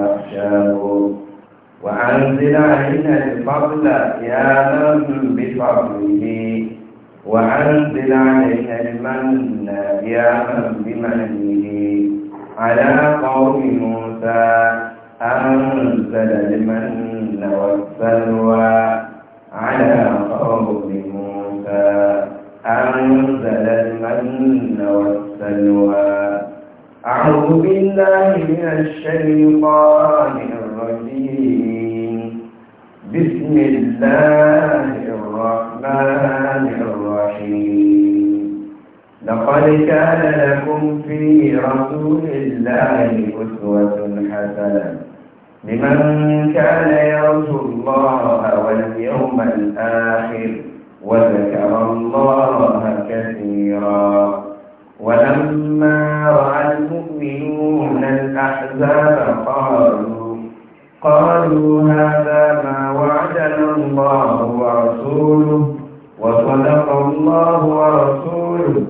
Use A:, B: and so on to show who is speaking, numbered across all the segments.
A: يخشاه وأنزل علينا الفضل يا من بفضله وأنزل علينا المن يا من بمنه على قوم موسى أنزل المن والسلوى على قوم موسى أنزل المن والسلوى أعوذ بالله من الشيطان الرجيم بسم الله الرحمن الرحيم لقد كان لكم في رسول الله أسوة حسنة لمن كان يرجو الله واليوم الآخر وذكر الله كثيرا ولما رأى المؤمنون الأحزاب قالوا قالوا هذا ما وعدنا الله ورسوله وصدق الله ورسوله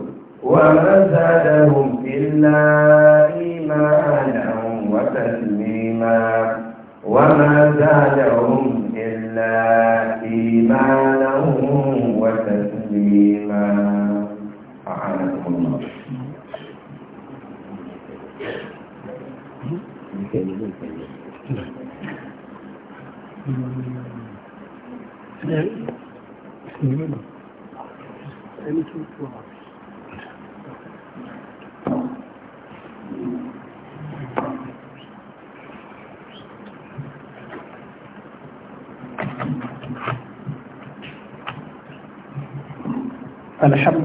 A: وما زادهم إلا إيمانا وتسليما وما زادهم إلا إيمانا وتسليما أعانكم
B: الله الحمد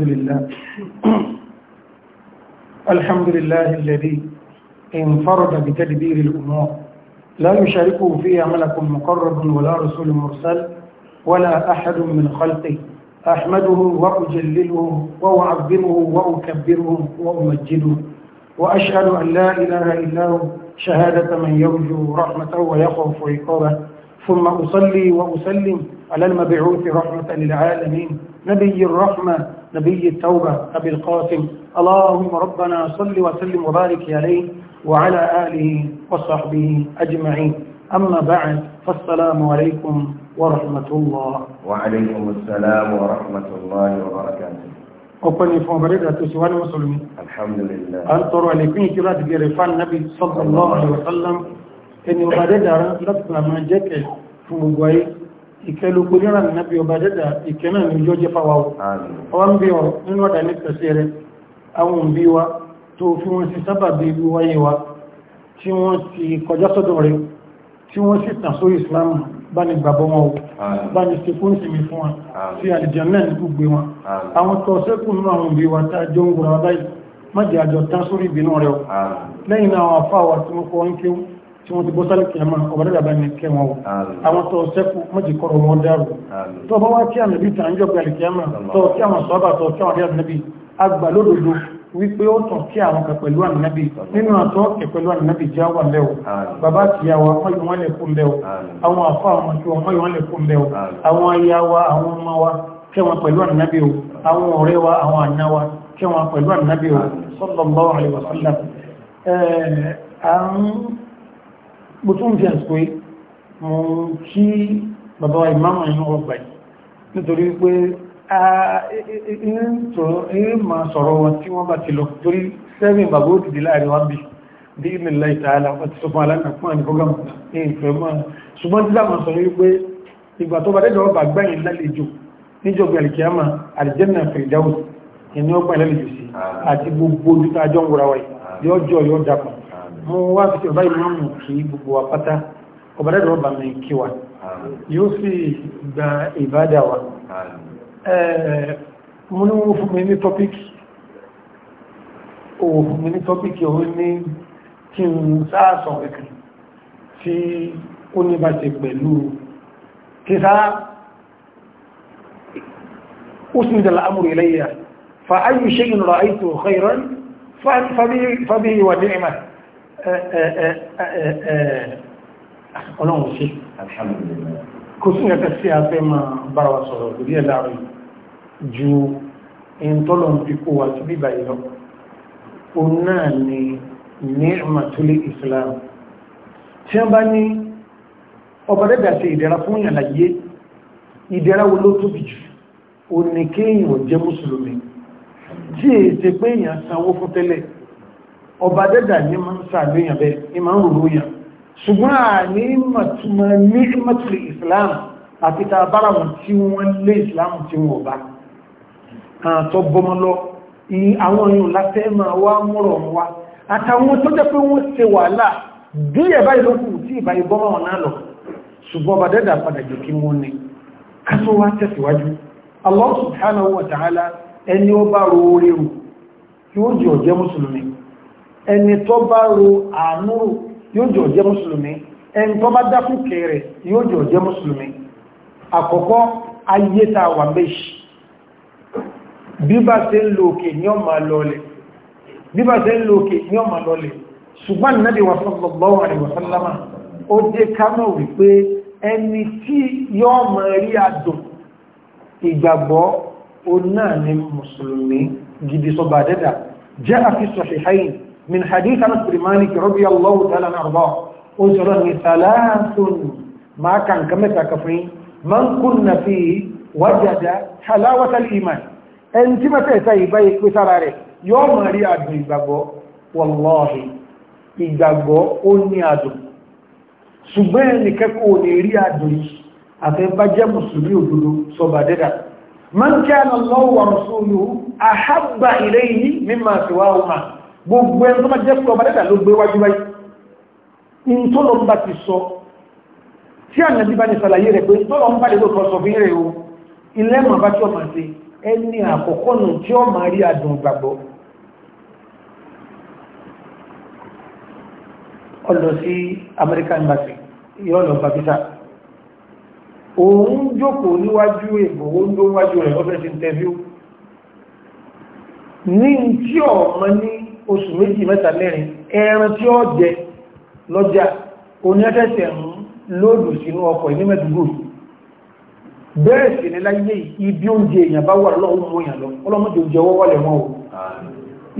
C: لله الحمد لله الذي انفرد بتدبير الأمور لا يشاركه فيها ملك مقرب ولا رسول مرسل ولا أحد من خلقه أحمده وأجلله وأعظمه وأكبره وأمجده وأشهد أن لا إله إلا هو شهادة من يرجو رحمته ويخوف عقابه ثم أصلي وأسلم على المبعوث رحمة للعالمين نبي الرحمة نبي التوبة أبي القاسم اللهم ربنا صل وسلم وبارك عليه وعلى آله وصحبه أجمعين أما بعد فالسلام عليكم ورحمة الله
A: وعليكم السلام ورحمة الله وبركاته ọ̀pẹ́ ni fún ọ̀bẹ̀rẹ́dà tó ṣe wá ní
B: mùsùlùmí. alhamdulillah. a ń tọrọ
C: àlékún ìkírà ti gẹ̀rẹ̀ fán nábi sallallahu alaihi wasallam ẹni ọba dẹ́dà rán lọ́pùlà máa jẹ́kẹ̀ fún gbogbo ayé ìkẹ́ ló kó níra àwọn òbí wa tó fi wọ́n sí sábàbí ibi wáyé wa tí wọ́n ti kọjá sọ́dọ̀ rẹ̀ tí wọ́n sì tàn Islam bá ní gbàgbọ́ wọn o bá ní ṣe fún ìsinmi fún wọn sí àlìjẹ̀mẹ́ ní gbogbo wọn àwọn tó sẹ́kù nínú àwọn òbí wa tá a jọ ń gbọ́ra wa báyìí má jẹ́ àjọ tán sórí ìbínú rẹ̀ o lẹ́yìn náà àwọn afá wa tí wọ́n kọ́ ń kéwú tí wọ́n ti bọ́ sálẹ̀ kìíyàmá ọ̀bọ̀dẹ́dà bá ní kẹwọn àwọn tó sẹ́kù méjì kọrọ wọn dárò tó bá wá kí àmì bí tàn jọ gbẹ̀lẹ̀ kìíyàmá tó kí àwọn sọ́bà tó kí àwọn rí àmì agbàlódòdó wípé ó tàn kí àwọn kan pẹ̀lú ànìyàbí nínú àtọ́ kẹ̀ pẹ̀lú ànìyàbí jẹ́ wà lẹ́wọ̀ bàbá ti yàwó ọmọyìnwọ́n lè kún lẹ́wọ̀ àwọn àfá àwọn àti ọmọyìnwọ́n lè kún lẹ́wọ̀ àwọn ayáwa àwọn ọmọ wa kẹwọn pẹ̀lú ànìyàbí o àwọn ọ̀rẹ́ wa àwọn àná wa kẹwọn pẹ̀lú ànìyàbí o sallallahu alaihi wasallam mo tún fi àsìkò yìí mo kí bàbá wa ìmáàmù ẹ̀yìn ọgbà yìí nítorí pé ma sọ̀rọ̀ wọn tí wọ́n bá ti lọ torí sẹ́rìn bàbá ó dìdì láàrin wá bí bí i nílẹ̀ ìtààlà wọ́n ti sọpọ̀ aláàrùn fún àní fọ́gbàmù ní ìfẹ́ mọ́ ṣùgbọ́n tí láàmà sọ wípé ìgbà tó bá dẹ́dọ̀ ọba gbẹ̀yìn lálejò níjọba alìkíyàmà alìjẹ́nà fèrèdáwò ìní ọgbà ìlàlejò sí àti gbogbo dúkà àjọ ń wura wáyé yọjọ yọ dàpọ̀ mo wá fi ṣe ọba ìmọ̀mù kí gbogbo wa pátá ọba dẹ́dọ̀ ọba mi kí wa yóò mo ní wọ́n fún mi ní tọ́píkì òwò fún mi ní tọ́píkì òun ní kí n sáàsọ̀ ẹ̀kì tí ó ní bá ṣe pẹ̀lú kí sáà ó sì ń jẹ́ láàmùrì lẹ́yà fa ayyu shay'in ra'aytu khayran fabihi wa ni'ma
B: ọlọ́run sí alhamdulillah
C: kò sí nǹkan tí a fẹ́ máa bára wa sọ̀rọ̀ lórí ẹ̀ láàrin ju ìntọ́lọ̀ ń fi kó wa sí bíbá yìí lọ òun náà ni ni'matul islam tí wọ́n bá ní ọba dẹ́gbà ṣe ìdẹ̀ra fún ìyàlàyé ìdẹ̀ra wo ló tóbi jù ó ní kéèyàn jẹ́ mùsùlùmí tí èyí ṣe pé èèyàn sanwó fún tẹ́lẹ̀ ọba ní máa ń sàgbéyàn bẹ́ẹ̀ ní máa ń rò lóyàn ṣùgbọ́n àní mọ̀túnmọ̀ ní mọ̀túnlẹ̀ islam àti ta bára wọn tí wọ́n lé islam tí wọ́n bá àtọ́ bọmọlọ àwọn èèyàn láfẹ́ máa wá mọ́rọ̀ wá àtàwọn tó jẹ́ pé wọ́n ṣe wàhálà bí ẹ̀bá ìlókù tí ìbá ìbọ́mọ̀ wọn náà lọ ṣùgbọ́n bá dẹ́dà ẹni tó bá ro àánú yóò jọ jẹ́ mùsùlùmí ẹni tó bá dákú kẹrẹ yóò jọ jẹ́ mùsùlùmí àkọ́kọ́ ayé ta wà méjì bí bá se ń lo òkè ní ọmọ lọlẹ̀ o ṣùgbọ́n Nábì wa sallallahu alaihi wa sallama ó jẹ́ ká wípé ẹni tí mọ̀ من حديث أنس بن مالك رضي الله تعالى عنه أرضاه أجرني ثلاث ما كان كما تكفي من كنا فيه وجد حلاوة الإيمان أنت ما تأتي بيك بسرارك يوم ري أدو إبابو والله إبابو أني أدو سبين ككو نري أدو أتبجى مسلمي أدو صبادنا من كان الله ورسوله أحب إليه مما سواهما gbogbo ẹni tó máa jẹ́ pé ọba dẹ́dà ló gbé wájú wáyé in tó lọ ń bá ti sọ tí ànàbí bá ní sàlàyé rẹ̀ pé tó lọ ń bá lè lóòtọ́ sọ fi rẹ̀ o ilé mọ̀ bá tí ọmọ ṣe ẹni àkọ́kọ́ nù tí ó máa rí àdùn gbàgbọ́ ọlọ sí American embassy yóò lọ bá bísà òun jókòó níwájú èbò ó ń dó wájú rẹ̀ ọ́fẹ́sì interview ní tí ọmọ ní oṣù méjì mẹ́ta mẹ́rin ẹran tí ó jẹ lọ́jà oníẹ́tẹ̀ẹ̀sẹ̀ ń lóòdù sínú ọkọ̀ ní mẹ́dúgbò bẹ́ẹ̀ sì ní láyé ibi oúnjẹ èèyàn bá wà lọ́wọ́ mú èèyàn lọ ọlọ́mọdé oúnjẹ ọwọ́ wọlé wọn o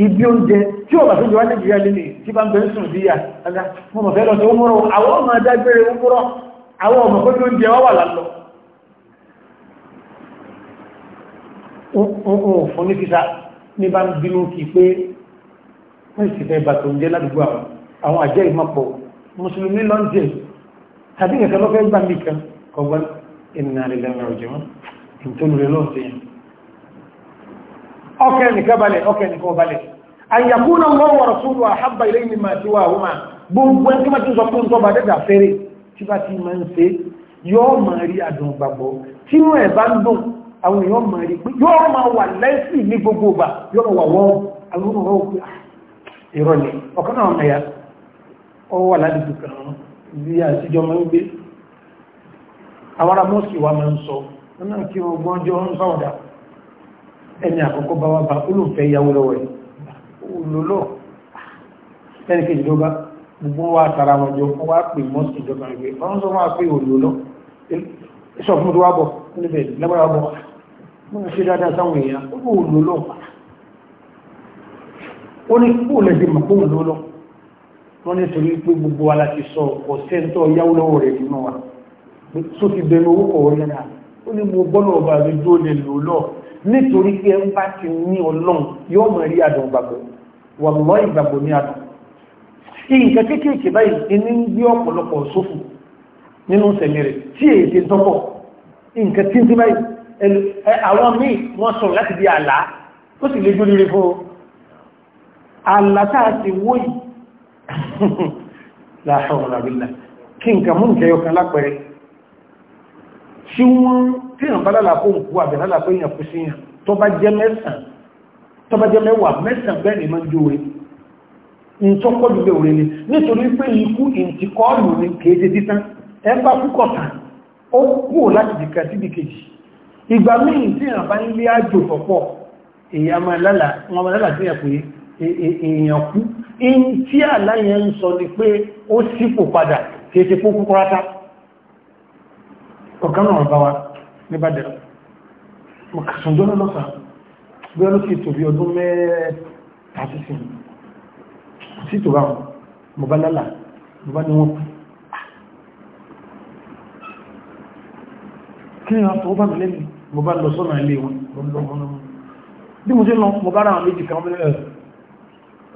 C: ibi oúnjẹ tí ó bá tó jọ wá nàìjíríà lélẹ̀ tí bá ń bẹ̀rẹ̀ sùn sí yà ẹ̀dá mo mọ̀ fẹ́ fún ní fisa ní bá ń bínú kì pé wọ́n sì fẹ́ bàtò ń jẹ́ ládùúgbò àwọn àwọn àjẹ́ ìmọ̀pọ̀ mùsùlùmí lọ ń jẹ́ tàbí nǹkan lọ́fẹ́ gbà mí kan kọgbọ́n ìnà àrẹ̀lẹ̀ ọ̀rọ̀ jẹun ìtòlùrẹ̀ lọ́ọ̀ sí yẹn ọkẹ́ nìkan balẹ̀ ọkẹ́ nìkan balẹ̀ àyàkúnà wọ́n wọ̀ rọ̀súlù àhábà ilé ìní máa ti wà àwọn máa gbogbo ẹni tó máa ti sọ fún tọ́ba dẹ́dà fẹ́rẹ̀ tí bá ti máa ń ṣe ìrọ̀lẹ̀ ọ̀kan náà mẹ́ya ó wà ládùúgbò kan bí àtijọ́ máa ń gbé awara mọ́sùkì wa máa ń sọ nínú kí wọ́n gbọ́n jọ ń sáwọ̀dà ẹni àkọ́kọ́ bá wá bá olùfẹ́ ìyàwó lọ́wọ́ ẹ̀ olùlọ́ ẹni kejì ló bá gbogbo wa tara wọn jọ wọ́n wá pè mọ́sùkì ìjọba ìgbé wọ́n sọ wọ́n pè olùlọ́ sọ fún mi tó wá bọ̀ níbẹ̀ lágbára bọ̀ wọ́n ṣe dáadáa sáwọn èèyàn ó bọ̀ olùlọ́ wọ́n ní kú lè di mọ̀kún lọ́lọ́ wọ́n ní torí pé gbogbo wa láti sọ ọ̀sẹ̀ tó yáwó lọ́wọ́ rẹ̀ nínú wa tó ti bẹ̀rẹ̀ owó kọ̀wọ́ yẹn náà ó ní mo gbọ́nà ọba rẹ̀ dúró lè lò lọ nítorí pé ń bá ti ní ọlọ́run yóò mọ̀ rí àdùn gbàgbọ́ wà mọ́ ìgbàgbọ́ ní àdùn sí àlàtà àti wóyì láàrínlá kí n kàmú nkẹ yọkan lápẹẹrẹ tí wọ́n tí yàn bá lálàpọ̀ òkú àbẹ̀ lálàpọ̀ èèyàn kú sí yàn tó bá jẹ́ mẹ́sàn tó bá jẹ́ mẹ́wàá mẹ́sàn bẹ́ẹ̀ ni máa jó rẹ̀ ń tó kọjú bẹ̀ òrẹ́ ni nítorí pé ikú ìntìkọ́ọ̀lù ni kéde títán ẹ bá púpọ̀ tán ó kú láti dìkà síbi kejì ìgbà míì tí yàn bá ń lé àjò tọ̀pọ̀ èèyàn kú in tí àláyẹn ń sọ ni pé ó sípò padà kìí ṣe kó kúkú rátá ọ̀kan náà bá wa ní bá dẹ̀rọ mo kàṣùn jọ́nà lọ́sà bí ọ ló sì tò bí ọdún mẹ́ẹ̀ẹ́ta sí sí sí tò bá wọn mo bá lálà mo bá ní wọn kú kí ni wọn tó bá mi lẹ́nu mo bá lọ sọ́nà ilé wọn bí mo ṣe lọ mo bá ra àwọn méjì kan mẹ́rin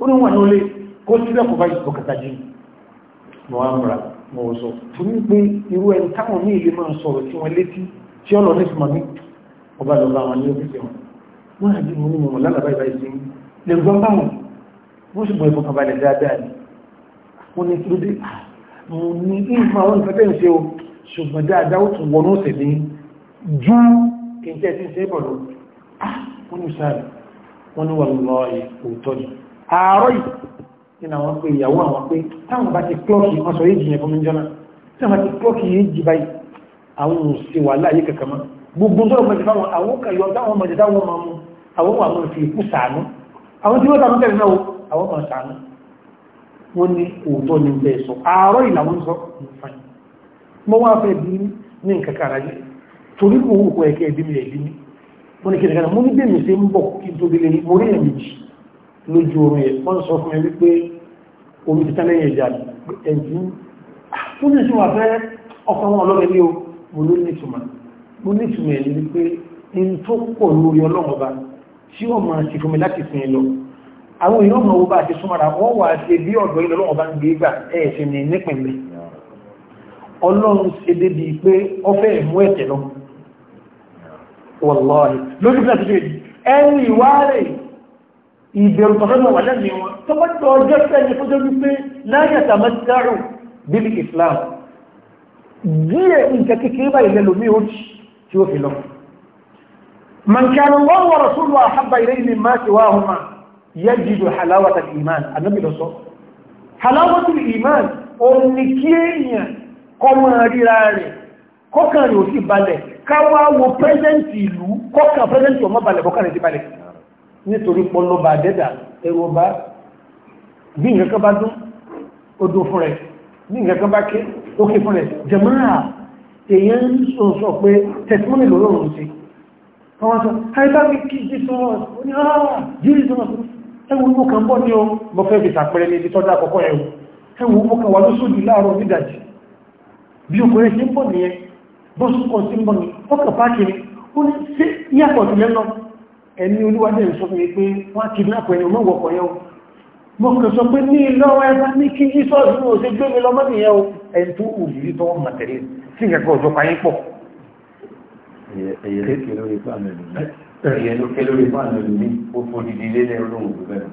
C: ó ní wọ́n ní olè kó síbẹ̀ kò bá ìbọ̀kàtà jẹ́
B: mọ̀ wá múra mọ̀ wọ́sọ̀
C: fún ní pé irú ẹni táwọn ní ilé máa sọ̀rọ̀ tí wọ́n létí tí ọlọ́ ní fúnmọ́ ní ọba lọ́ba àwọn ní ọ́fíìsì wọn wọ́n á bí mo ní mọ̀ lálàbá ìbá ìsẹ́ lè gbọ́n bá wọn wọ́n sì bọ̀ ìbọ̀kàn balẹ̀ dáadáa ni wọ́n ní kílódé mo ní ìfún àwọn ìfẹ́fẹ́ ń ṣe o ṣùgbọ́n dáadáa ó tún wọnú ọ̀sẹ̀ ní ju kìí tẹ́ ti ṣe é bọ̀ lọ wọ́n ní wà lọ́ọ̀ òótọ́ ni àárọ̀ yìí nínú àwọn pé ìyàwó àwọn pé táwọn bá ti klọ́ọ̀kì wọn sọ èjì yẹn fún mi jọ́nà tí wọ́n ti klọ́ọ̀kì èjì báyìí àwọn ò sí wàhálà yìí kankan mọ́ gbogbo tó mọ̀jẹ̀ fáwọn àwọn kan yọ táwọn mọ̀jẹ̀ táwọn máa mú àwọn wà wọn fi kú sàánú àwọn tí wọ́n ta mọ́tẹ̀rẹ̀ náà àwọn kan sàánú wọ́n ní òótọ́ ní bẹ́ẹ̀ sọ àárọ̀ ìlàwọ́n sọ nǹkan mọ́ wá fẹ́ bí ní nǹkan kan ayé torí kò wù kọ́ ẹ̀kẹ́ ẹ̀bí mi ẹ̀bí mi wọ́n ní kí lójú oorun yẹn wọ́n sọ fún ẹ wípé omi ti tẹ́lẹ̀ yẹn jà ẹ̀jú tó sì sí wà fẹ́ ọkọ̀ wọn ọlọ́rẹ̀ ní o mo ló ní ìtumà mo ní ìtumà ẹ̀ní wípé in tó pọ̀ lórí ọlọ́run ọba tí ó máa ti fún mi láti sin lọ àwọn èèyàn ọmọ owó bá ti súnmọ́ra wọ́n wà ṣe bí ọ̀dọ̀ ilẹ̀ ọlọ́run ọba ń gbé gbà ẹ̀ ṣe ní nípìnlẹ̀ ọlọ́run ṣe débi pé ọfẹ́ ìmú ẹ̀tẹ̀ lọ wọ́n lọ́ọ̀rẹ̀ lójú ìbẹ̀rù tọ̀fẹ́mọ̀ wà lẹ́nu wọn tó bá tọ́ ọjọ́ sẹ́ni tó jẹ́ wípé láyé àtàmọ́sáró bíbí Islam díẹ̀ nǹkan kékeré báyìí lẹ́nu mi ó tí ó fi lọ. mọ̀nkánù wọn wọ̀rọ̀ sólù àhábà ilé ìlú máa ti wá ọmọ yẹ jìdù halawata iman anábì lọ sọ. halawata iman òun ni kí èèyàn kọmọ nítorí pọlọba àdẹ́dà ẹwọ bá bí nǹkan bá dún ó dún fún rẹ̀ bí nǹkan bá ké ó ké fún rẹ̀ jẹ̀mọ́ra èèyàn ń sọ sọ pé tẹ̀símọ́nì lọ́rọ̀rùn sí àwọn sọ àìbá mi kí jí sọ́rọ̀ ní ààrùn jírí sọ́rọ̀ ẹwọ ìwọ kan bọ́ ní o mọ́ fẹ́ fi sàpẹrẹ ní ibi tọ́jú àkọ́kọ́ ẹwọ ẹwọ ìwọ kan wà ló sójú láàárọ̀ nídàjì bí ọkùnrin sí ń bọ̀ nìyẹn bó sùn kan sí ń bọ̀ ní ọkọ̀ páàkì ni ó ní sí yàtọ̀ sílẹ̀ náà ẹni olúwádẹ́ ìsọ fún mi pé wọ́n ti náà pẹ̀lú mọ́wọ̀pọ̀ yẹn mo kò sọ pé ní lọ́wọ́ ẹgbẹ́ ní kí ìsọ́ọ̀sì ní òṣè gbé mi lọ mọ́ nìyẹn o ẹni tó wù yìí tó wọ́n mọ̀tẹ̀lẹ́ sí ìkẹ́kọ̀ọ́ ọjọ́ payé pọ̀
B: ẹ̀yẹ̀ lókè
A: lórí fáàmì ẹ̀lú ní ó fòdìdí ilé lẹ́rọ lóhùn bẹ́ẹ̀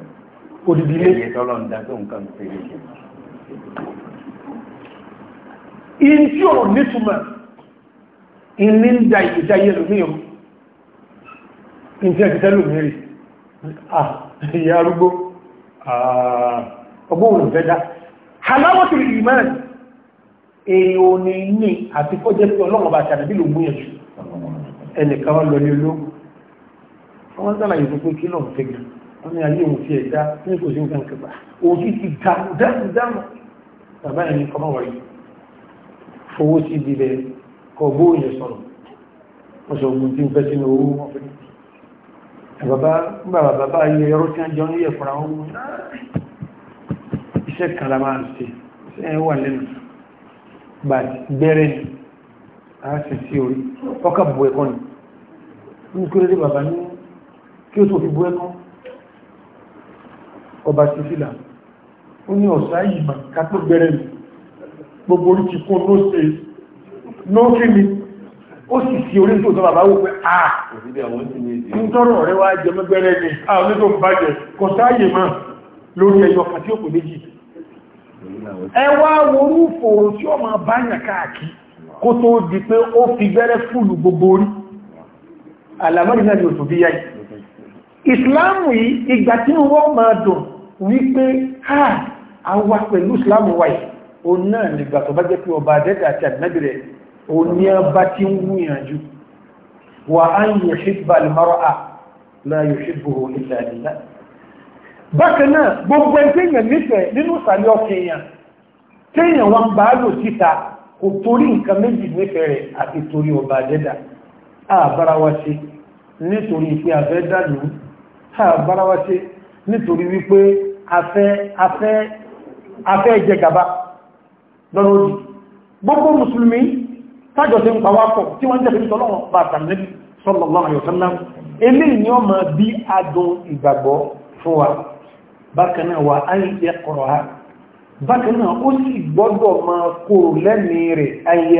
A: odidi ilé ẹ̀yẹ tọ́lọ́ ń dá tó nǹkan pẹ̀lú
C: ìyìn tí ò nítumọ̀ ìní ń da ìdáyẹ̀ lómi ọ̀hún iṣẹ́ ti tẹ́lò mẹ́rin ah, ìyá arúgbó ah, ọgbóhùn ìfẹ́dá aláwọ̀tí ìmán èyò ní ní àti fọ́jẹ́ pé ọlọ́wọ̀ bá tàbí ló mú ẹ̀ṣù ẹnìkan wọ́n lọ ní olóògùn wọ́n dára yìí pé kí lọ́n fẹ́ gan wọ́n ní ayé òun ti ẹ̀dá ní kò sí nǹkan kẹfà òun ti ga dáadáa bàbá ẹni kọ́mọ wọ̀nyí fowó sí ibi bẹ́ẹ̀ kọ́ gbóhùn ìyẹn sọ̀rọ̀ wọ́n sọ ogun tí ń fẹ́ sínú owó wọn fẹ́ bàbá bàbá yẹ ẹ̀rọ tí wọ́n jọ ń yẹ̀ fúnra wọn iṣẹ́ kan la máa ń ṣe ṣe wà lẹ́nu gbẹ̀rẹ̀ ni a ṣe sí orí ọkà bu ẹ̀kọ́ ni ní kí ó lé bàbá ní kí ó tó fi bu ẹ̀kọ́ ọba ti fìlà ó ní ọ̀sá ìgbà ká tó gbẹ̀rẹ̀ gbogbo orí ti kún ló ṣe lókè ni ó sì fi orí tó sọ bàbá wò pé à
B: ń
C: tọrọ rẹ wá jẹ mẹgbẹrẹ ni àwọn oníkó bàjẹ kò sáàyè mọ lórí ẹyọ kan tí ó kò méjì ẹ wá worú fòrò tí ó máa bá yàn káàkiri kó tó di pé ó fi bẹ́rẹ́ fúlù gbogbo orí àlàmọ́dé náà ni ò tó bí yáyì ìsìláàmù yìí ìgbà tí wọ́n máa dùn wípé ha àwa pẹ̀lú ìsìláàmù o náà nígbà tó bá òní ọba tí ń wúyànjú wà á ń yẹ̀ ṣígbà lọ́rọ̀ láyò ṣígbòrò ilẹ̀ àdìlá bákan náà gbogbo ẹgbẹ́yàn nífẹ̀ẹ́ nínú ìsàlẹ̀ ọkẹ̀yàn téèyàn wọn bá lò síta kò torí nǹkan méjì nífẹ̀ẹ́ rẹ̀ àti torí ọba àdẹ́dà àbárawá ṣe nítorí pé afẹ́ dànù àbárawá ṣe nítorí wípé afẹ́ jẹ gàba lọ́rọ̀ òdì gbogbo mùsùlùmí tájọ sí ń pa wá pọ̀ tí wọ́n jẹ́ fi tọ́lọ́wọ́ bá tàbí sallallahu alaihi wasallam ilé ìní ọmọ bí adùn ìgbàgbọ́ fún wa bákan náà wà áyẹ kọ̀rọ̀ ha bákan náà ó sì gbọ́dọ̀ máa kóró lẹ́ni rẹ̀ ayẹ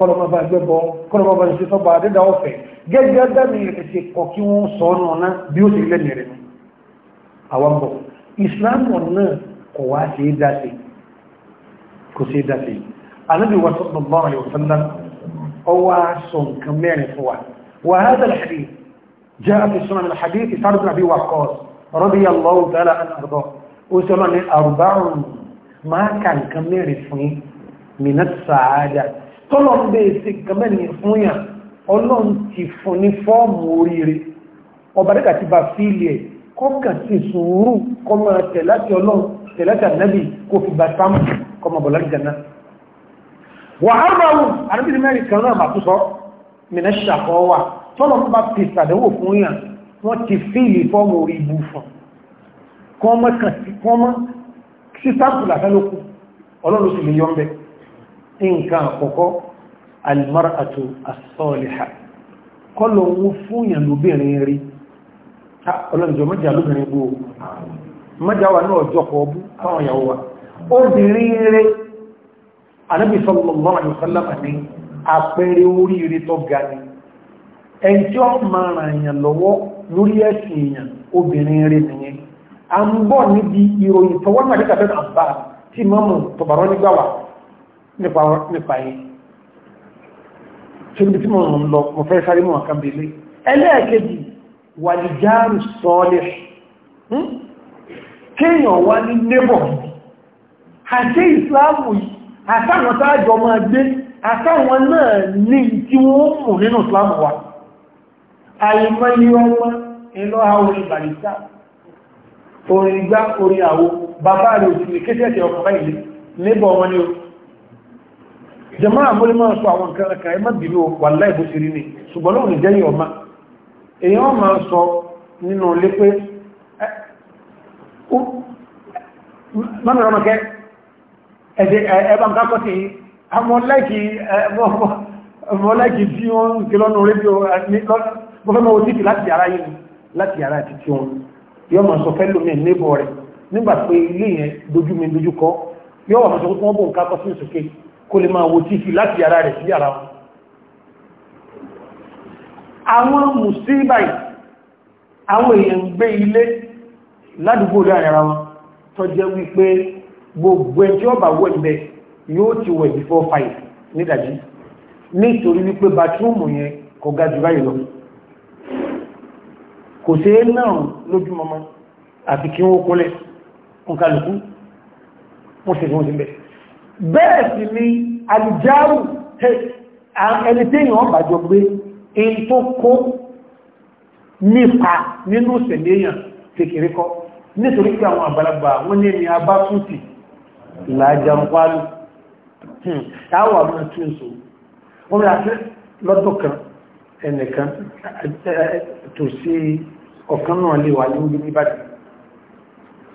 C: kọlọmọ bá gbé bọ kọlọmọ bá ṣe tọba àdédà ọfẹ gẹ́gẹ́ dámì rẹ ṣe kọ kí wọn sọ ọ nọ náà bí ó ṣe lẹ́nu rẹ àwọn bọ ìsìláàmù náà kò wá ṣe é dáṣe kò ṣe é dáṣe anábì wa sọ́dọ̀ bọ́ ọ̀rọ̀ sallam ọwọ́ sọ nǹkan mẹ́rin fún wa wà á jẹ́ àti sunan alhadith ìsáàdùn àbí wà kọ́ọ̀s radiyallahu ta'ala an àrùbọ̀ ó sọ lọ́ni àrùbárùn-ún tọ́lọ̀ ń bèè sí gẹ́mẹ́ni fún yàn ọlọ́run ti fún ní fọ́ọ̀mù oríire ọba dẹ́gà ti bá fíìlì ẹ̀ kọ́kà sí sùúrù kọmọ tẹ̀láti ọlọ́run tẹ̀láti ànábì kò fi bá sáàmù kọmọ bọ̀lá jẹ́nà wà á máa wù àdúgbò mẹ́rin kan náà màtú sọ mìíràn ṣàkọ́ wà sí lè yọ ń nǹkan àkọ́kọ́ almaratu asọ́lìhà kọ́lọ̀ ń fún yàn lóbìnrin rí ọlọ́njọ́ mọ́já lóbìnrin bú mọ́já wà náà jọkọ̀ ọbú fáwọn ìyàwó wa obìnrin rí anábì sallallahu alaihi wasallam ní àpẹẹrẹ orí rí tó ga ni ẹjọ́ máa ràn yàn lọ́wọ́ lórí ẹ̀sìn èèyàn nípa yìí ṣe níbi tí mọ̀ ń lọ mọ̀ fẹ́ sáré mọ̀ àkàbèlé ẹlẹ́ẹ̀kejì hmm? wà ní jáàrù sọ́ọ̀lẹ̀ kéèyàn wá ní nébọ̀ àti ìsìláàmù yìí àtàwọn tààjọ máa gbé àtàwọn náà ní tí wọ́n mú nínú ìsìláàmù wa àìmọ́lé ọmọ ẹlọ́ àwọn ìbàlìsá orin igbá orin àwo bàbá rẹ̀ òsìlè kéṣẹ́ jama àmúrí máa sọ àwọn nǹkan kan ẹmọ́ dìlú wàlá ìbò sí rí ni ṣùgbọ́n lóòrùn jẹ́yìn ọmọ èèyàn máa sọ nínú ilé pé mọ́nà ọmọkẹ́ ẹ̀dẹ̀ ẹ̀bá ń kákọ́ sí àmọ́ láìkì tí wọ́n ń ké lọ́nà rédíò bọ́fẹ́mọ́ òtítì láti ara yìí láti ara àti tí wọ́n yọ́ máa sọ fẹ́lú mi níbọ̀ rẹ̀ nígbà pé ilé yẹn dojú mi dojú kọ́ yọ́ wà máa sọ pé wọ́n bò ń kákọ́ sí ìsòkè kó lè máa wo tífì láti yàrá rẹ̀ sí yàrá wọn àwọn mùsíbàì àwọn èèyàn gbé ilé ládùúgbò láàrin ara wọn tó jẹ́ wípé gbogbo ẹjọ́ ọba wọ́ ìbẹ̀ yóò ti wẹ̀ before five nídàjí nítorí wípé bàtúùmù yẹn kò ga jù báyìí lọ kò sí náà lójúmọmọ àti kí wọ́n kúnlẹ̀ nǹkan lùkú wọ́n sì fún sí bẹ́ẹ̀ sì ni alìjáàrù ẹni tí èèyàn bàjọ pé in tó kó nípa nínú ìṣẹ̀lẹ̀ èèyàn kékeré kọ́ nítorí pé àwọn àgbàlagbà wọ́n ní ẹni abá sútì láàjá ń pálù hmm, táwà mọ́ tí ń so wọ́n rẹ̀ àti lọ́dọ̀ kan ẹnìkan tó sí ọ̀kan náà lè wà ní orí níbàdì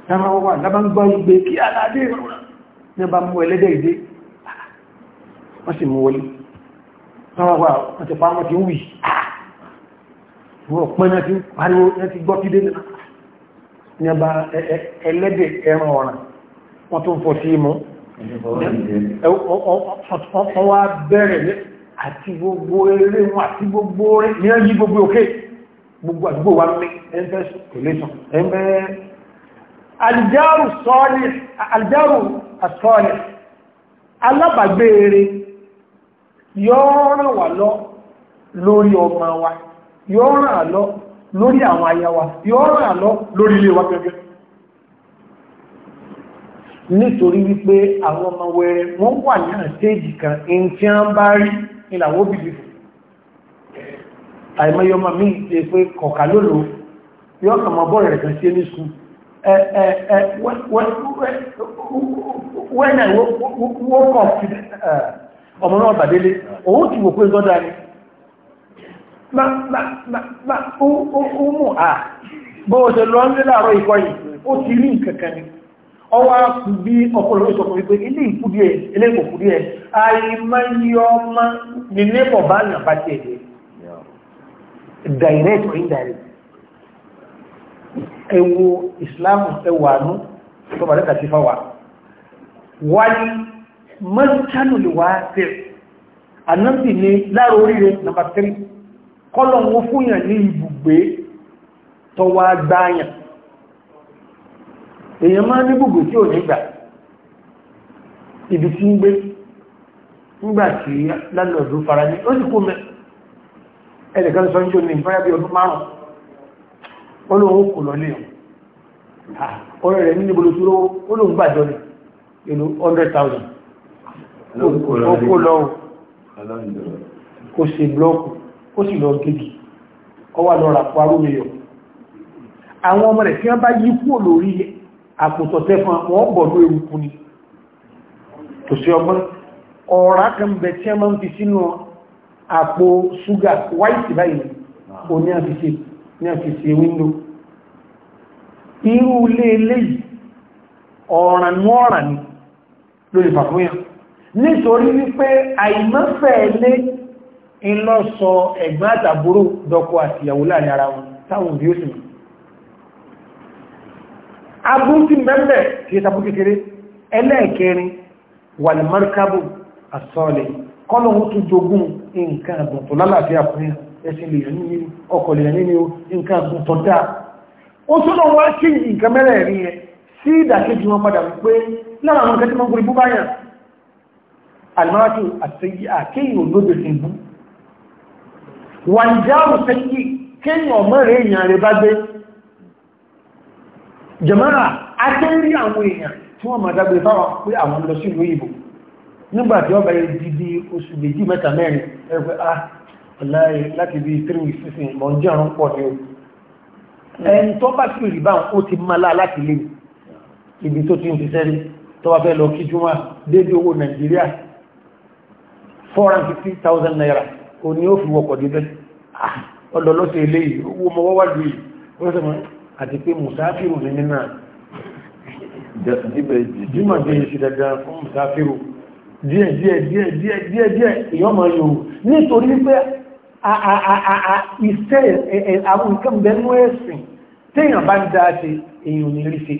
C: táwọn wà lábá ń gbọ́ ìgbé kí aládé ìrọ̀rùn ní ọba mú ẹlẹ́dẹ̀ ìdé wọ́n sì mú wọlé tọ́wọ́wà wọ́n ti pa wọ́n ti ń wì wọ́n pẹ́ náà ti pariwo náà ti gbọ́ kídé ní ọba ẹlẹ́dẹ̀ ẹran ọ̀ràn wọ́n tó ń fọ́ sí mú wọ́n wá bẹ̀rẹ̀ àti gbogbo eré wọn àti gbogbo rẹ̀ ní ẹ̀yí gbogbo òkè gbogbo àdúgbò wa ní ẹ̀ńfẹ́ kò lè sàn ẹ̀ńfẹ́ alìjáàrù sọ́ọ́lì alìjáàrù àtọ́ọ̀lẹ̀ alábàgbére yóò ràn wá lọ lórí ọmọ wa yóò ràn lọ lórí àwọn aya wa ràn lórí ilé wa gẹ́gẹ́ nítorí wípé àwọn ọmọ wẹrẹ wọ́n wà ní àtẹ́jì kan in tí a ń bá rí ìlàwó bìbì àìmọ́yọmọ mi ṣe pé when I woke up ọmọ náà bàdélé òun ti wò pé gọ́dá ni ma ma mú à bó ṣe lọ ń lé láàárọ̀ yìí ó ti rí nǹkankan ni ọwá kù bí ọpọlọ ìṣọ̀kan wípé ilé ìkúdí ẹ̀ ilé ìkòkúdí ẹ̀ àìmáyọmá ni nébọ̀ bá yàn bá ti direct or indirect wal maskanul wasi' ànábì ní láàrò oríire nàbà 3 kọ́lọ̀wọ́ fúnyàn ní ibùgbé tọwà gbáyàn èyàn máa ní gbogbo tí ò nígbà ibi tí ń gbé nígbà tí lánàdù fara ní ó sì kú mẹ́ ẹnìkan sọ níjò ní ìfẹ́yà bí kò lọ lè ọ̀rẹ́ rẹ̀ ní níbo lóṣúró olóhun gbàjọ́ ni ìlú 100,000 okó lọ kò sí blọ́ọ̀kù kò sí lọ gígì ọwà lọ ràpọ̀ arúmiyọ̀ àwọn ọmọ rẹ̀ tí wọ́n bá yí kúrò lórí àpòtọ̀ tẹ́fọn wọ́n bọ̀ ló ewu kú ni kò sí ọgbọ́n ọ̀rá kan bẹ̀ tí wọ́n fi sínú àpò ṣúgà wáìtì báyìí o ah. ní àfisí ní àfisí wíńdò irú ilé eléyìí lórí fàfúnyàn nítorí wípé àìmọ́fẹ́ẹ̀lé ìlọ́sọ ẹ̀gbọ́n àtàbúrò dọ́kọ àti ìyàwó láàrin ara wọn táwọn òbí ó sì mọ̀ abúrúkú mẹ́mẹ́ kí sapú kékeré ẹlẹ́ẹ̀kẹrin wà ní markabu àsọ́ọ̀lẹ̀ kọ́lọ̀wọ́ tó jogún nǹkan àgbọ̀ntọ̀ lálàáfíà fún ẹ̀sìn lè ní ọkọ̀ lè ní nǹkan àgbọ̀ntọ̀ dáa ó tún lọ nǹkan tí ìdàkejì wọn padà wípé lára àwọn nǹkan tí wọ́n gbogbo báyà almaratu àtẹ́yí àkéyìn olóògbé sí ibú wà ń jáàrù tẹ́yí kéyìn ọmọ rẹ̀ èèyàn rẹ̀ bá gbé jẹmọ́ra akẹ́rí àwọn èèyàn tí wọ́n máa dágbé fáwọn pé àwọn lọ sí ìlú ìbò nígbàtí ọba ìdídi oṣù méjì ibi tó ti ń fi sẹ́rí tó bá fẹ́ lọ kí júmọ́ débi owó nàìjíríà 450,000 naira o ní ó fi wọkọ̀ débẹ̀ ah, ọlọ́lọ́sẹ̀ eléyìí owó mọ́wọ́ wà lórí rọ́sẹ̀mọ́ àti pé mùsáfíru ní nínà jímọ̀ jẹ́ ìṣẹ́ dandan fún mùsáfíru díẹ̀ díẹ̀ díẹ̀ díẹ̀ díẹ̀ díẹ̀ ìyọ́mọ yòó nítorí pé iṣẹ́ àwọn nǹkan bẹ̀rẹ̀ ẹ̀sìn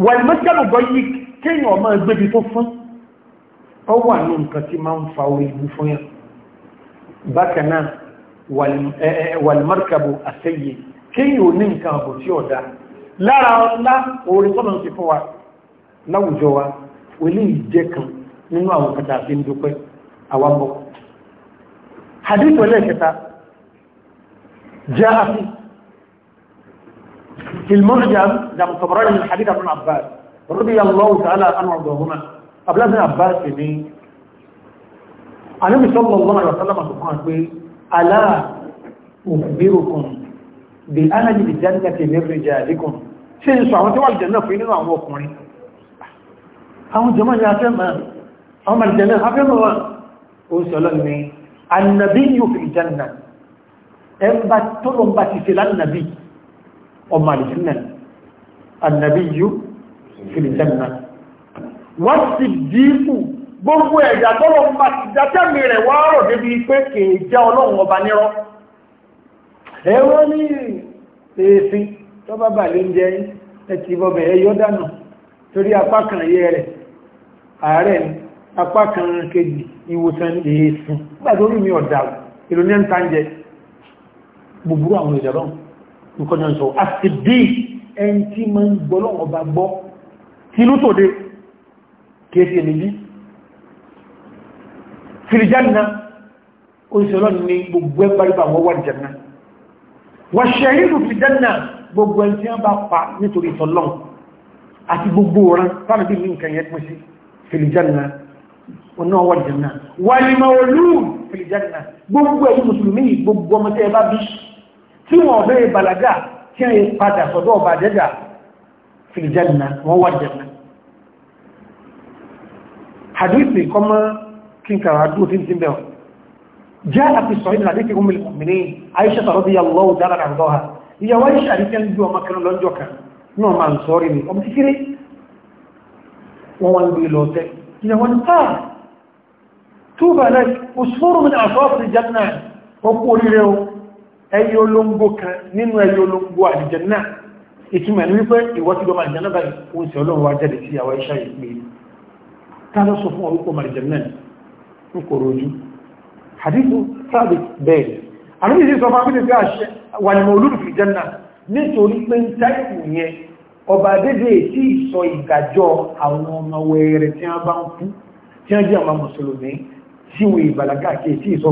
C: wàlmọ́sẹ́lù gọ́ yìí kéèyàn ọmọ ẹgbẹ́bi tó fún ọ wà ní nǹkan tí máa ń fa orí ibu fún yàn bákan náà wàlmọ́sẹ́lù àṣẹyẹ kéèyàn ní nǹkan àbò tí ọ̀dá lára ọlá orí tọ́nà ti fún wa láwùjọ wa olè ìjẹ́ kan nínú àwọn kàtà àti ìdúpẹ́ àwábọ̀ hadith wọlé ìkẹta jẹ́ àfihàn في المعجم جم طبراني من حديث ابن عباس رضي الله تعالى عنه وارضاهما قبل ابن عباس ني النبي صلى الله عليه وسلم سبحانه وتعالى الا اخبركم بأمل الجنة من رجالكم ṣe ń sọ àwọn tí wà lìjẹ̀ náà fún nínú àwọn ọkùnrin àwọn jẹmọ́ ni a fẹ́ máa àwọn mẹ́lìjẹ̀ náà fẹ́ mọ́ wọn ọmọ àdìsínà ànàbí yú fìlìsẹ́nà wọ́n ti dìíkù gbogbo ẹ̀dà tọ́lọ̀ bá ti dátẹ́mì rẹ̀ wá rọ̀ débi pé kèè jẹ́ ọlọ́run ọba nírọ́ ẹwọ́ ní èéfí tó bá bà ló ń jẹ ẹtì bọ́bẹ̀ ẹyọ́ dànù torí apá kan yẹ rẹ̀ ààrẹ apá kan kejì ìwòsàn èéfí gbàdórí mi ọ̀dà ìrònú jẹ gbogbo àwọn ìjọba nǹkan jọ sọ àtìdí ẹn tí ma ń gbọ́lọ́wọ́ bá gbọ́ tí ló tòde kéèsì ènìyàn fìrìjánà oṣìṣẹ́lọ́ ni gbogbo ẹgbàrígbà wọ́n wà jẹ́nà wà ṣẹ̀rìrù fìrìjánà gbogbo ẹn tí wọ́n bá pa nítorí ìtọ́lọ́n àti gbogbo ọ̀rán tánàbí ní ọ̀nà wà jẹ́nà wà ní ma olú fìrìjánà gbogbo ẹ̀yí mùsùlùmí gbogbo ọmọ tẹ́ bá bí tí wọ́n bẹ́ balaga tí a padà sọ́dọ̀ ọba jẹ́gà fìlìjẹ́nà wọ́n wà jẹ́nà hadithi kọmọ kí n kàrà dúró tí ti bẹ̀rọ jẹ́ àti sọ ìdìnà àti ìhùn mìírí Aisha sọ̀rọ̀bí yàlọ́wù dára àgbọ́ha ìyàwó Aisha àti tẹ́lú ọmọ kan lọ́jọ́ kan náà ma ń sọ́rí ni ọmọ kékeré ẹyẹ olóngbò kan nínú ẹyẹ olóngbò àlìjẹ̀nà ìtumẹ̀ ní wípé ìwọ́ ti dọ́mà àlìjẹ̀nà báyìí fún ìṣẹ́ ọlọ́run wá jáde sí àwọn iṣẹ́ ìpè ta ló sọ fún ọrúkọ àlìjẹ̀nà ń kòrò ojú hadithu sáàbì bẹ́ẹ̀ àlúbì sí sọ fún abúlé bí àṣẹ wà ní olúrù fi jẹ́nà nítorí pé ń táìpù yẹn ọba dédé tí ìsọ